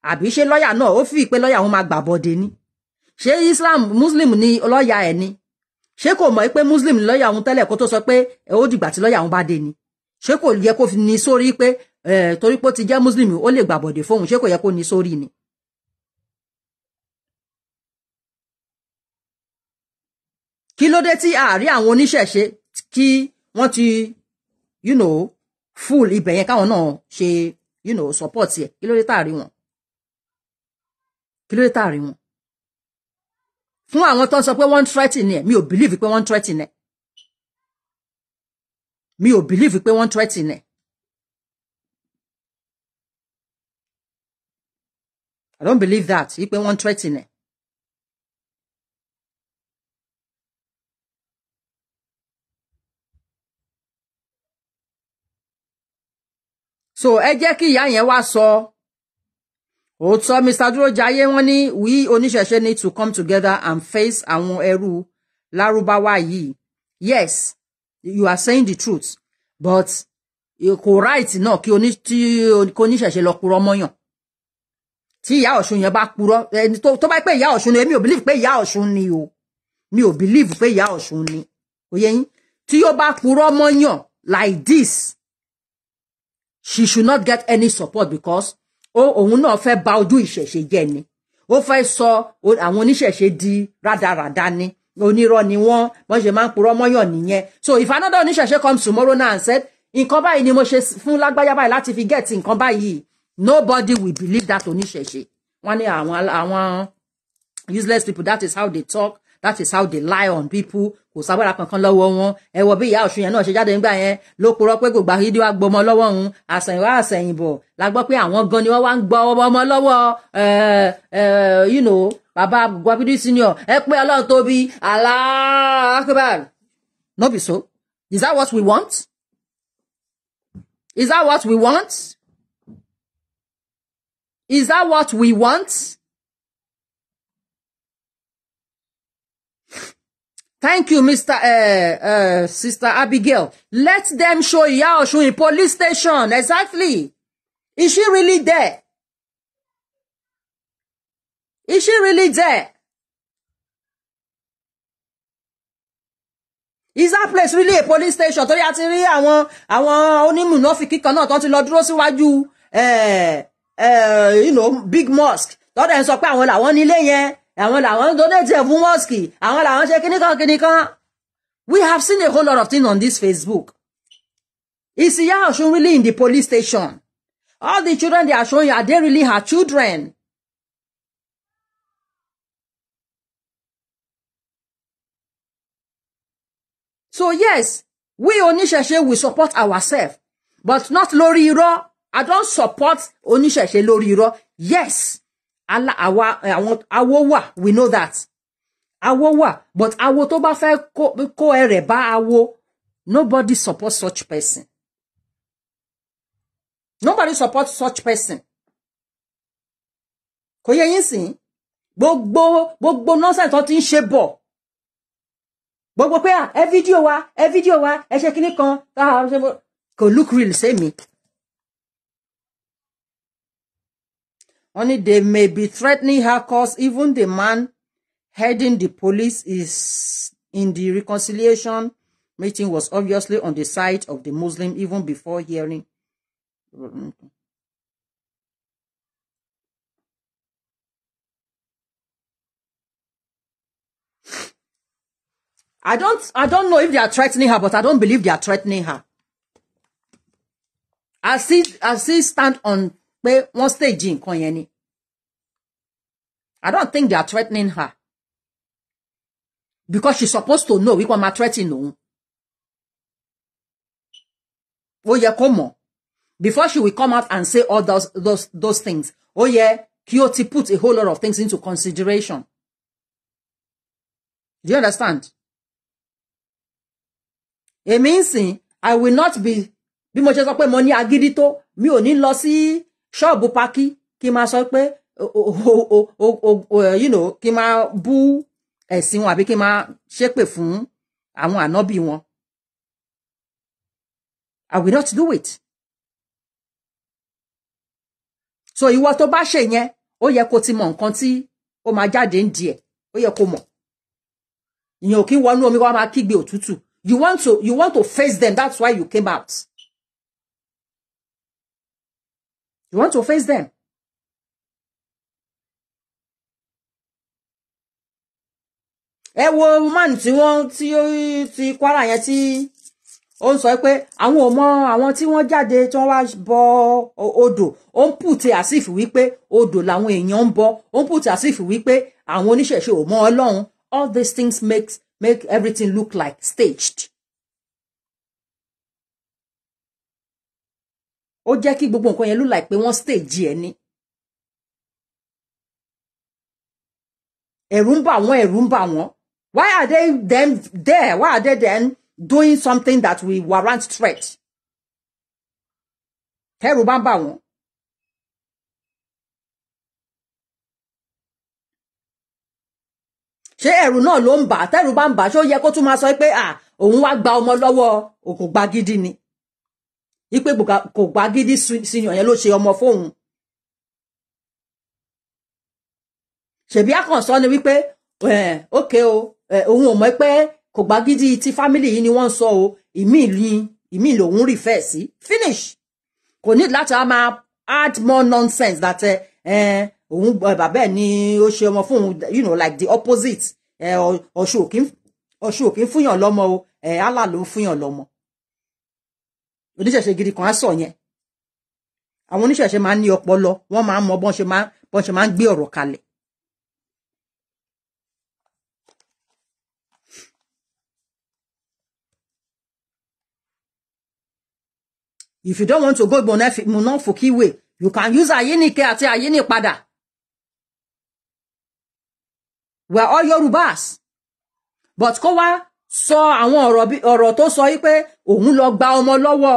àbí ṣé lọ́ọ̀yà náà ó fi ìpè lọ́ọ̀yà wọn máa gbàbọ̀dé ni ṣé Islam Muslim ni lọ́ọ̀yà ẹ̀ ni ṣé kò mọ̀ pé Muslim ni lọ́ọ̀yà òun tẹ́lẹ̀ kó tó sọ pé ẹ̀ ó dìgbà tí lọ́ọ̀yà òun bá dé ni ṣé kò yẹ kó ní sórí pé torí pé ó ti jẹ́ Muslim ó lè gbàbọ̀dé fóun ṣé kò yẹ kó ní sórí ni. kí ló dé tí àárí àwọn oníṣẹ̀ṣe kí wọ́n ti you know, full ibẹ̀ yẹn káwọn náà ṣe you know, support yẹ kí ló dé táàrí wọn kí ló dé táàrí wọn fún àwọn tó ń sọ pé wọ́n ń threaten ẹ̀ mi ò believe pé wọ́n ń threaten ẹ̀ mi ò believe pé wọ́n ń threaten ẹ̀. I don't believe that ipe wọ́n ń threaten ẹ̀. so ẹ jẹ́ kí ìyá yẹn wá sọ òótọ́ mr dúrójayé wọ́n ní we oníṣẹ̀ṣe need to come together and face àwọn ẹrú lárúbáwá yìí yes you are saying the truth but kò right náà kí oníṣẹ̀ṣe lọ purọ́ mọ́yàn tí ìyá ọ̀ṣun yẹn bá purọ́ ẹni tó bá pé ìyá ọ̀ṣun ni èmi ò believe pé ìyá ọ̀ṣun ni o mi ò believe pé ìyá ọ̀ṣun ni òye yín tí yóò bá purọ́ mọ́yàn like this she should not get any support because òun náà fẹ́ bà ojú ìṣẹ̀ṣe jẹ́ ni ó fẹ́ sọ àwọn oníṣẹ̀ṣe di rádaràda ni onírọ́ ni wọ́n wọ́n ṣe máa ń purọ́ mọ́yàn nìyẹn so if another oníṣẹ̀ṣe comes tomorrow now and said nǹkan báyìí ni mo ṣe fún lágbájá báyìí láti fi get nǹkan báyìí nobody will believe that oníṣẹ̀ṣe wọ́n ní àwọn àwọn useless people that is how they talk that is how they lie on people kò sábàrà kankan lọ́wọ́ wọn ẹ bí ìyá ọ̀ṣun yẹn náà ṣe jáde nígbà yẹn ló purọ́ pé gbogbo àhídí gbọmọ lọ́wọ́ òun àsẹ̀yìnwá àsẹ̀yìnbọ̀ la gbọ́ pé àwọn gan ni wọ́n wá ń gbọ́ ọmọ lọ́wọ́ you know bàbá Gwabidi senior ẹ pé ọlọ́run tóbi Allahu no be so is that what we want is that what we want is that what we want. Thank you, Mr. Uh, eh, uh, eh, Sister Abigail. Let them show Ìyá Ọ̀ṣun in police station. Exactly. Is she really there? Is she really there? Is that place really a police station? Torí a ti rí àwọn àwọn onímùnáfíkì kan náà tó ti lọ dúró síwájú eh, you know, big mosque. Lọ́dọ̀ ẹ̀ ń sọ pé àwọn làwọn nílé yẹn àwọn làwọn donate fún mosque àwọn làwọn ṣe kíníkan kíníkan we have seen a whole lot of things on this Facebook is Iya Osun really in the police station all the children they are showing you are they really her children. So yes, we Oníṣẹ̀ṣe we support ourselves, but not Lori irọ́. I don't support Oníṣẹ̀ṣe Lori irọ́. Yes, àwa eh, àwọn awo wà we know that awo wà but awo tó bá fẹ́ kó ẹrẹ̀ bá awo nobody support such person nobody support such person kò yẹ yín sìn gbogbo gbogbo nọ́ọ̀sẹ̀ tó ti ń ṣe bọ̀ gbogbo pé à ah, ẹ fídíò wa ẹ fídíò wa ẹ ṣe kinní kan kò look real sẹ́mi Only they may be threatening her cause even the man heading the police is in the reconciliation meeting was obviously on the side of the Muslim even before hearing. I don't I don't know if they are threatening her, but I don't believe they are threatening her. I see I see stand on pé wọ́n stage nǹkan yẹn ni I don't think they are threatening her because she's supposed to know wípé wọ́n máa threaten òun ó yẹ kó mọ̀ before she will come out and say all those those those things ó yẹ kí ó ti put a whole lot of things into consideration do you understand èmi ń sìn I will not be bí mo ṣe sọ pé mo ní agídí tó mi ò ní lọ sí ṣọ́ọ̀bù pákí kí n máa sọ pé kí n máa bú ẹ̀sìn wọn àbí kí máa ṣépè fún àwọn ànábì wọn. I will not do it. So ìwọ tó bá ṣe yẹn ó yẹ kó ti mọ nǹkan tí ó máa jáde ń di ẹ̀ ó yẹ kó mọ̀ ìyẹn ò kí wọnú omi wá máa kígbe òtútù you want to you want to face them that's why you came out. You want to face them. ẹ wo woman tí wọ́n tí ti Kwara yẹn tí ó ń sọ pé àwọn ò mọ àwọn tí wọ́n jáde tí wọ́n wá bọ odò ó ń pùtẹ àsìfì wípé odò làwọn èèyàn ń bọ ó ń pùtẹ àsìfì wípé àwọn oníṣẹ̀ṣe ò mọ Ọlọ́run all these things make make everything look like staged. ó jẹ́ kí gbogbo nǹkan yẹn ló láì pé wọ́n stage ẹ̀ ni. ẹ̀rù ń bà wọ́n ẹ̀rù ń bà wọ́n why are they them there why are they then doing something that we warrant threat tẹ́rù bá ń bà wọ́n. ṣé ẹ̀rù náà ló ń bà tẹ́rù bá ń bà ṣé ó yẹ kó tún máa sọ pé òun wá gba ọmọ lọ́wọ́ òkò gbagidi ni ipe kò gbá gidi senior yẹn ló ṣe ọmọ fóun ṣèbí àkànṣọ ni wípé ókè o òun ò mọ̀ pé kò gbá gidi ti family yìí ni wọ́n ń sọ o ìmíì ni ìmíì lòun sí finish kò ní láti wá máa add more nonsense that òun bàbá ẹ̀ ni ó ṣe ọmọ fóun you know like the opposite ọ̀ṣun òkín fúnyàn lọ́mọ o Allah ló ń fúnyàn lọ́mọ oníṣẹ̀ṣe gidi kan á sọ yẹn àwọn oníṣẹ̀ṣe máa ń ní ọpọlọ wọ́n máa ń mọ bọ́n ṣe máa ń gbé ọ̀rọ̀ kalẹ̀. if you don't want to go monafoki way you can use ayinike àti ayinipadà we are all yorubas but kó wá sọ àwọn ọ̀rọ̀ tó sọ yìí pé òun lọ gba ọmọ lọ́wọ́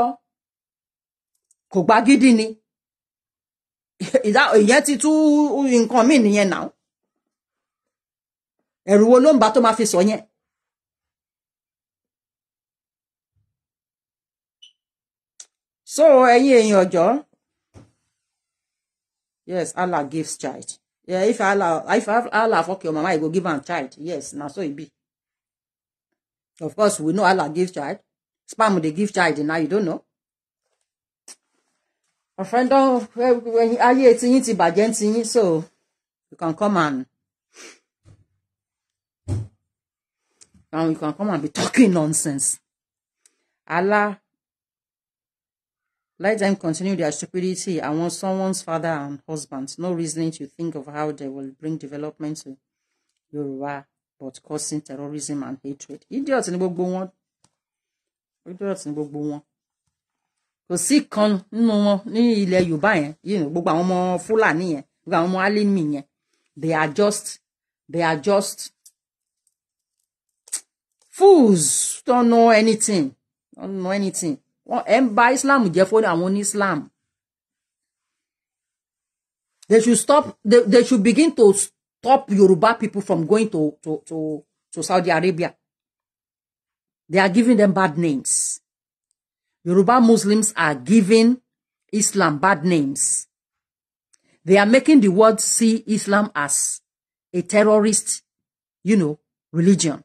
kò gba gidi ni ìyẹn ti tú nǹkan míì nìyẹn náà ẹ̀rù wo ló ń bá tó máa fi sọ yẹn. so ẹ̀yin èèyàn ọjọ́ yes Allah gives child yeah, if Allah if Allah fuck your mama he go give am child yes na so e be of course we know Allah gives child Spam they give child now you don't know. My friend don't eh, when I hear it's in so you can come and now you can come and be talking nonsense. Allah let them continue their stupidity. I want someone's father and husband. No reasoning to think of how they will bring development to Yoruba, but causing terrorism and hatred. Idiots in gbogbo wọn ojú ọ̀tún gbogbo wọn kò sí kan nínú wọn ní ilẹ̀ yorùbá yẹn yìí gbogbo àwọn ọmọ fúlàní yẹn gbogbo àwọn ọmọ alimi yẹn they are just they are just fools don't know anything don't know anything wọn ẹ ń ba islam jẹ fún àwọn ní islam they should stop they, they should begin to stop yoruba people from going to to to to saudi arabia They are giving them bad names. Yoruba Muslims are giving Islam bad names. They are making the world see Islam as a terrorist, you know, religion.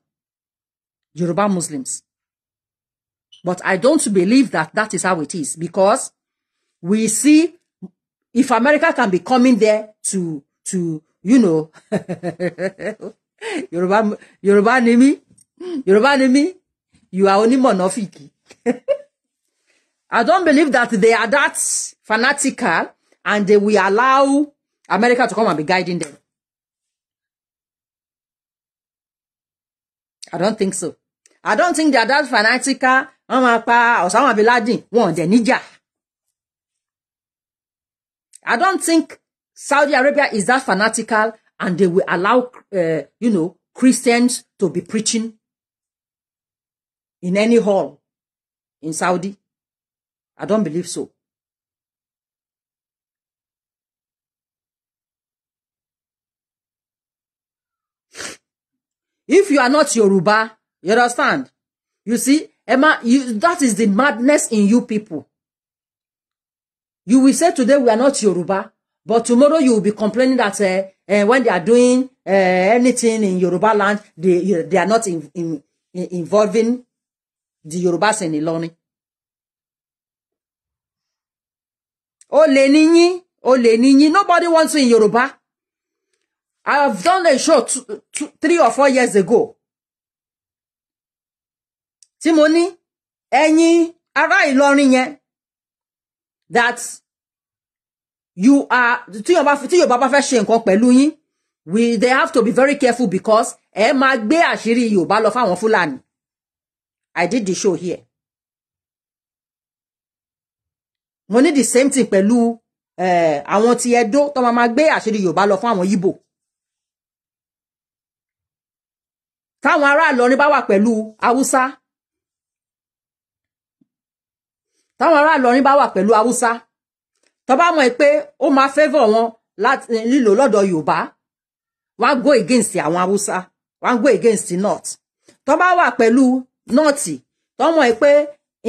Yoruba Muslims. But I don't believe that that is how it is because we see if America can be coming there to, to, you know, Yoruba, Yoruba Nimi, Yoruba Nimi, you are only monophic. I don't believe that they are that fanatical and they will allow America to come and be guiding them. I don't think so. I don't think they are that fanatical. I don't think Saudi Arabia is that fanatical and they will allow, uh, you know, Christians to be preaching in any hall in Saudi. I don't believe so. If you are not Yoruba, you understand? You see, Emma, you, that is the madness in you people. You will say today we are not Yoruba, but tomorrow you will be complaining that uh, uh, when they are doing uh, anything in Yoruba land, they, they are not in, in, in involving di yorùbá sì ní lọrin ó lè níyín ó lè níyín nobody wants you in yorùbá i have done a show two, two, three or four years ago tí mo ní ẹ̀yin ará ìlọrin yẹn that you are tí yorùbá tí yorùbá bá fẹ́ ṣe nǹkan pẹ̀lú yín we they have to be very careful because ẹ máa gbé àṣírí yorùbá lọ fáwọn fúlàní I did the show here. Mo ní the same thing pẹ̀lú eh, àwọn ti Ẹdó tó máa gbé àṣírí Yorùbá lọ fún àwọn Ìbò. Táwọn ará Ìlọrin bá wà pẹ̀lú Haúsá. Táwọn ará Ìlọrin bá wà pẹ̀lú Haúsá. Tó bá mọ̀ pé ó máa favour wọn lílò lọ́dọ̀ Yorùbá. Wọ́n á go against àwọn Haúsá. Wọ́n á go against the North. Tó bá wà pẹ̀lú nọ́ọ̀tì tọ́mọ̀ ẹ pé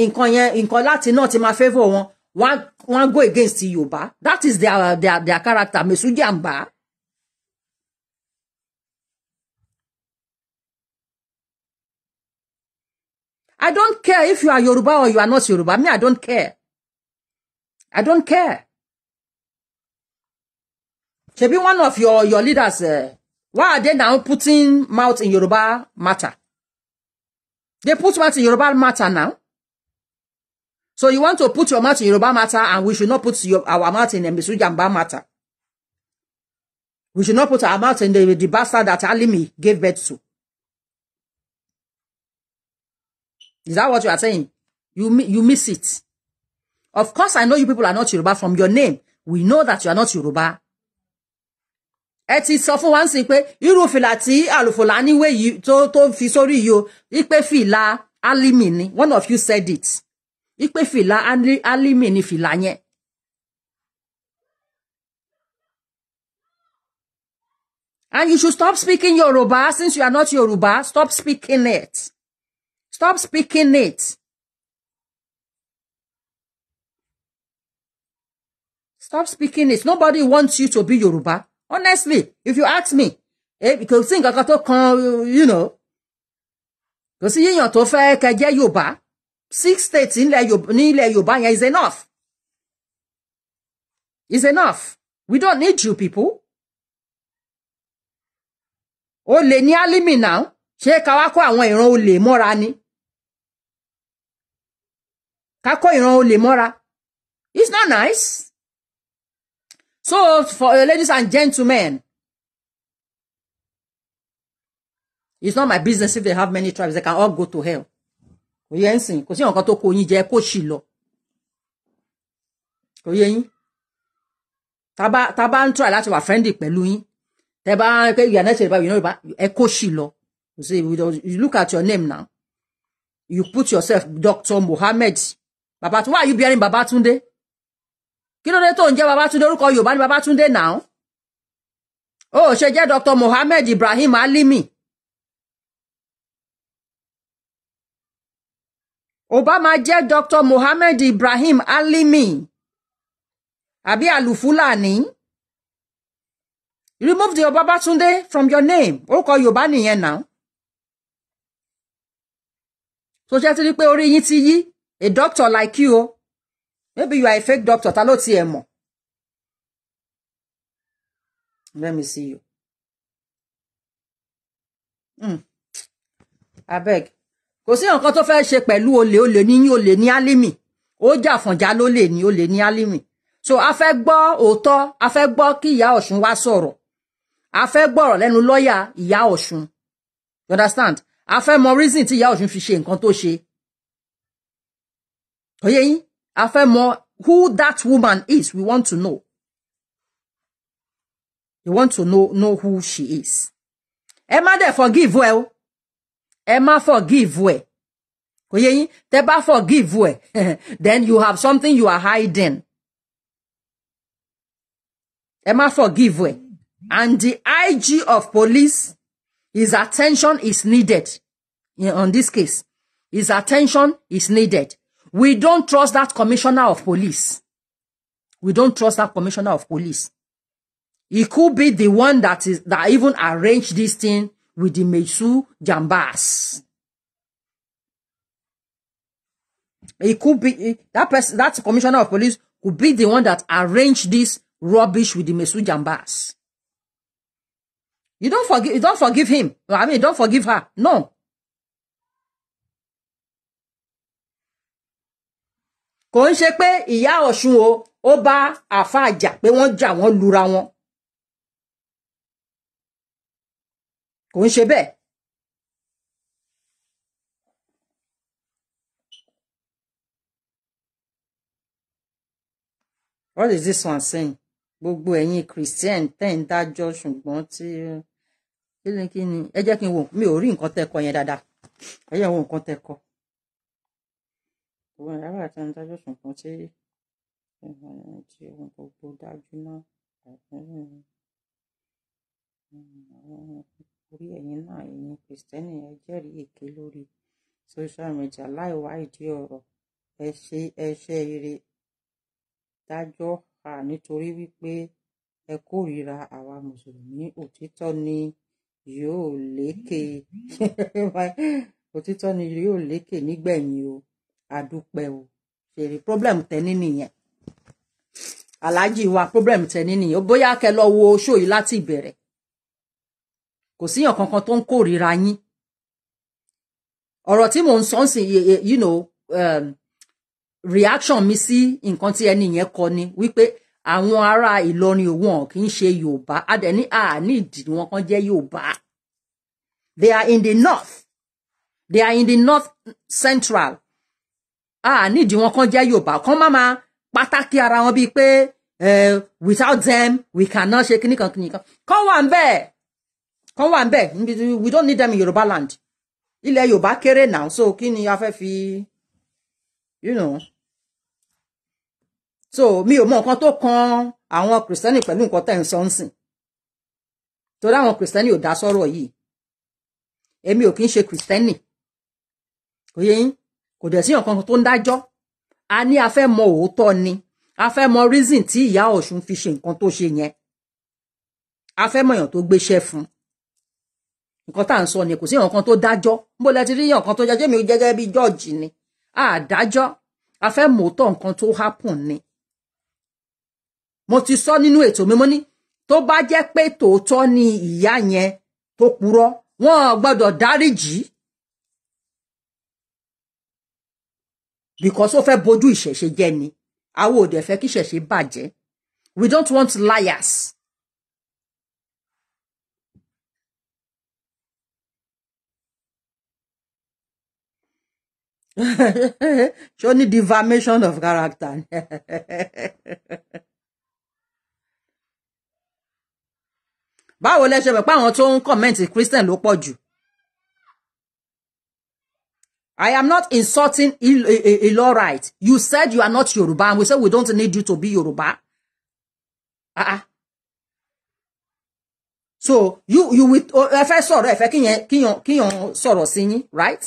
nǹkan yẹn nǹkan láti náà ti máa favour wọn wọ́n go against yorùbá that is their their their character mesujamba. I don't care if you are Yoruba or you are not Yoruba. Me, I don't care. I don't care. Shebi, one of your, your leaders, uh, why are they now putting mouth in Yoruba matter? They put mouth in Yoruba matter now. So you want to put your mouth in Yoruba matter and we should not put your, our mouth in Mbisu Jamba matter. We should not put our mouth in the, the bastard that Alimi gave birth to. Is that what you are saying? You, you miss it. Of course, I know you people are not Yoruba from your name. We know that you are not Yoruba ẹ ti sọ fún wa ń sìn pé irú fìlà tí àlùfòlà níwé yìí tó tó fi sórí yìí o wípé fìlà alimi ni one of you said it wípé fìlà alimi ni fìlà yẹn. And you should stop speaking Yoruba since you are not Yoruba. Stop speaking it. Stop speaking it. Stop speaking it. Nobody wants you to be Yoruba honestly if you ask me eh, kò sí nǹkan kan tó kan you know kò sí yíyàn tó fẹ́ kẹjẹ yorùbá six states nílẹ̀ yorùbá yẹn is enough is enough we don't need you people o lè ní alimi now ṣé ká wá kó àwọn ìran olè mọ́ra ni ká kó ìran olè mọ́ra it's not nice. So, for uh, ladies and gentlemen, it's not my business if they have many tribes. They can all go to hell. Kò yẹ ń sìn kò sí nǹkan tó kó yín jẹ kó sì lọ. Kò yẹ yín. Tá bá ń try láti wà friendly pẹ̀lú yín. Tẹ́ bá ń pé ìyànà ìṣẹ̀lẹ̀ báyìí Yorùbá ẹ kó sì lọ. You see, you look at your name now. You put yourself Dr. Mohammed Babatunde. Why are you bearing Babatunde? kí ló dé tó ń jẹ́ Babátúndé orúkọ Yorùbá ni Babátúndé náà ó ṣe jẹ́ Dr. Mohammed Ibrahim Alimi Obama bá máa jẹ́ Dr. Mohammed Ibrahim Alimi àbí àlùfúlàní remove the Babátúndé from your name orúkọ Yorùbá nìyẹn náà tó ṣe ti rí pé orí yín ti yí a doctor like you o maybe you are a fake doctor ta ló tiẹ̀ mọ̀ let me see you mm. abeg kò sí nǹkan tó fẹ́ ṣe pẹ̀lú olè olè ní olè ní álímì ó jà fọ̀njá ló lè ní olè ní álímì so a fẹ́ gbọ́ òótọ́ a fẹ́ gbọ́ kí ìyá ọ̀ṣun wá sọ̀rọ̀ a fẹ́ gbọ́rọ̀ lẹ́nu lọ́ọ̀yà ìyá ọ̀ṣun you understand a fẹ́ mọ reason tí ìyá ọ̀ṣun fi ṣe nǹkan tó ṣe ó yé more who that woman is, we want to know. You want to know, know who she is. Emma there forgive well. Emma forgive well. teba forgive well. then you have something you are hiding. Emma forgive well. And the IG of police, his attention is needed. In, on this case, his attention is needed. We don't trust that commissioner of police. We don't trust that commissioner of police. He could be the one that is that even arranged this thing with the Mesu Jambas. He could be that person, that commissioner of police could be the one that arranged this rubbish with the Mesu Jambas. You don't forgive, you don't forgive him. I mean, don't forgive her. No. kò ń ṣe pé ìyá ọ̀ṣun o ó bá àáfàá jà pé wọ́n jà wọ́n lura wọn kò ń ṣe bẹ́ẹ̀. What is this one saying? gbogbo ẹ̀yin Christian tẹ́ ń dájọ́ ṣùgbọ́n tí kí ni ẹ jẹ́ kí n wò mí ò rí nǹkan tẹ́ kọ yẹn dáadáa ẹ jẹ́ wò nǹkan tẹ́ kọ gbogbo àràbà àti adájọ́ ṣùgbọ́n tí tí ohun gbogbo dájú náà orí ẹ̀yin náà ẹ̀yin kìrìsìtẹ́nì ẹ jẹ́rìí èké lórí social media láì wá ìdí ọ̀rọ̀ ẹ ṣe ẹ ṣe eré dájọ́ a nítorí wípé ẹ kórìíra àwa mùsùlùmí òtítọ́ ni yóò lékè òtítọ́ ni yóò lékè nígbẹ̀yìn o àdúpẹ́ o ṣèrè problem tẹ́ni nìyẹn aláàjì wa problem tẹ́ni nìyẹn bóyá kẹ lọ wo ṣó yìí láti ìbẹ̀rẹ̀ kò síyàn kankan tó ń kórìíra yín ọ̀rọ̀ tí mò ń sọ ń sìn eh, eh, you know um, reaction mi sí nǹkan tí ẹni yẹn kọ ni wípé àwọn ará Ìlọrin òun kì í ṣe Yorùbá adẹni àní ìdí wọn kan jẹ́ Yorùbá they are in the north they are in the north central a nídìí wọn kàn jẹ́ yorùbá kàn má máa pátákì ara wọn bíi pé without them we cannot ṣe kíníkan kíníkan kàn wà ń bẹ́ẹ̀ kàn wà ń bẹ́ẹ̀ we don't need them in yorùbá land ilẹ̀ yorùbá kéré now, so kí ni a fẹ́ fi you know so mi ò mọ nǹkan tó kan àwọn kìrìsìtẹ́nì pẹ̀lú nǹkan tẹ̀ ń sọ ń sìn torí àwọn kìrìsìtẹ́nì ò dá sọ́rọ̀ yìí èmi ò kí ń ṣe kìrìsìtẹ́nì kò yín kò dẹ̀ sí ọ̀kan tó ń dájọ́ a ní a fẹ́ mọ òótọ́ ni a fẹ́ mọ reason tí ìyá Ọ̀ṣun fi ṣe nǹkan tó ṣe yẹn a fẹ́ mọ èèyàn tó gbéṣẹ́ fún nǹkan tá à ń sọ ni kò sí ọ̀kan tó dájọ́ mo lẹ ti rí ọ̀kan tó jẹjẹ́ mi gẹ́gẹ́ bí jọ́ọ̀jì ni a dájọ́ a fẹ́ mọ òótọ́ nǹkan tó happen ni mo ti sọ nínú ètò mi mo ní tó bá jẹ́ pé tòótọ́ ni ìyá yẹn tó purọ́ wọn gbọ́dọ̀ dáríjì because ó fẹ́ bojú ìṣẹ̀ṣe jẹ́ ni àwọn ò dẹ̀ fẹ́ kí ìṣẹ̀ṣe bàjẹ́ we don't want liars. ṣó ní defamation of character. báwo lẹ ṣe mọ̀ pé àwọn tó ń kọ̀mẹ́ǹtì Christian ló pọ̀ jù I am not insulting Ilo right. You said you are not Yoruba, and we said we don't need you to be Yoruba. Uh-uh. So you you with oh, ẹ fẹ́ sọ̀rọ̀ ẹ fẹ́ kíyàn kíyàn kíyàn sọ̀rọ̀ sí right?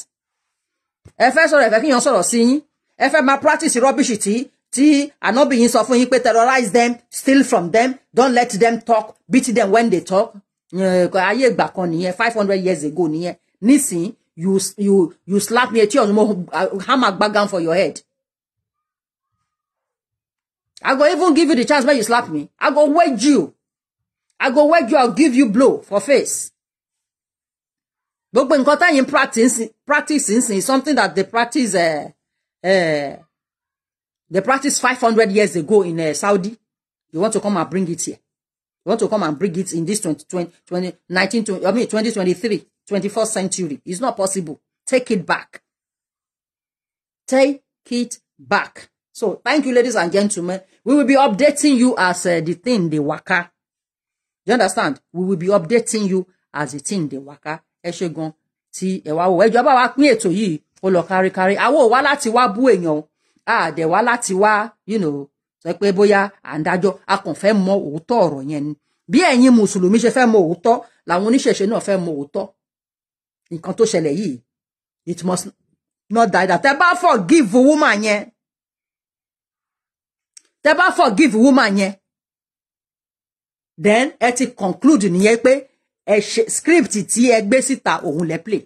Ẹ fẹ́ sọ̀rọ̀ ẹ fẹ́ kíyàn sọ̀rọ̀ sí yín. Ẹ fẹ́ practice rubbish tí tí ànábì yín sọ suffering. yín terrorize them, steal from them, don't let them talk, beat them when they talk. Ayé ìgbà kan nìyẹn five hundred years ago nìyẹn. Nísìnyí you you you slap me etí more hammer gbagam for your head. I go even give you the chance when you slap me. I go wedge you. I go wedge you. I'll give you blow for face. But when táyìn in practice nsìn is something that they practice uh, uh, they practice five hundred years ago in uh, Saudi. You want to come and bring it here. You want to come and bring it in this 20, 20, 19, 20, I mean 2023. 21st century. It's not possible. Take it back. Take it back. So thank you, ladies and gentlemen. We will be updating you as uh, the thing the waka. You understand? We will be updating you as the thing the waka. Ẹ ṣé gan tí ẹ wá wò. Ẹ jọ̀ọ́ bá wa pín ètò yìí ó lọ káríkárí. Àwọ̀ wá láti wá bú èèyàn. you know, sọ pé bóyá à A kàn fẹ́ mọ òótọ́ ọ̀rọ̀ yẹn ni. Bí ẹ̀yin Mùsùlùmí ṣe fẹ́ mọ òótọ́, làwọn oníṣẹ̀ṣe náà fẹ́ mọ òótọ́ nǹkan tó ṣẹlẹ̀ yìí it must not die that tẹ́ bá forgive woman yẹn tẹ́ bá forgive woman yẹn then ẹ ti conclude nìyẹn pé ẹ ṣe script tí ẹ gbé síta òun lẹ play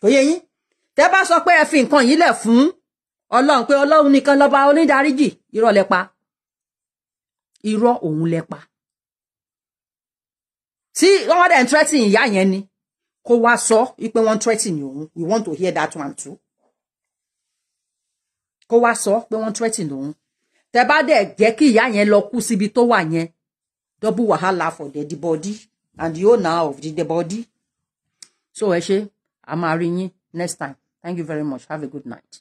kò yẹ yín tẹ́ bá sọ pé ẹ fi nǹkan yìí lẹ̀ fún Ọlọ́run pé Ọlọ́run nìkan lọ́ba onídáríjì irọ́ lẹ pa irọ́ òun lẹ pa tí wọ́n wá dẹ̀ ń tẹ́tì ìyá yẹn ni kó wá sọ wípé wọ́n ń òun we want to hear that one too kó wá sọ pé wọ́n ń tẹ́tì ní òun tẹ bá dẹ̀ jẹ́ kí ìyá yẹn lọ kú síbi tó wà yẹn double wahala for the, the body and the owner of the, the body so ẹ ṣe a máa rí yín next time thank you very much have a good night.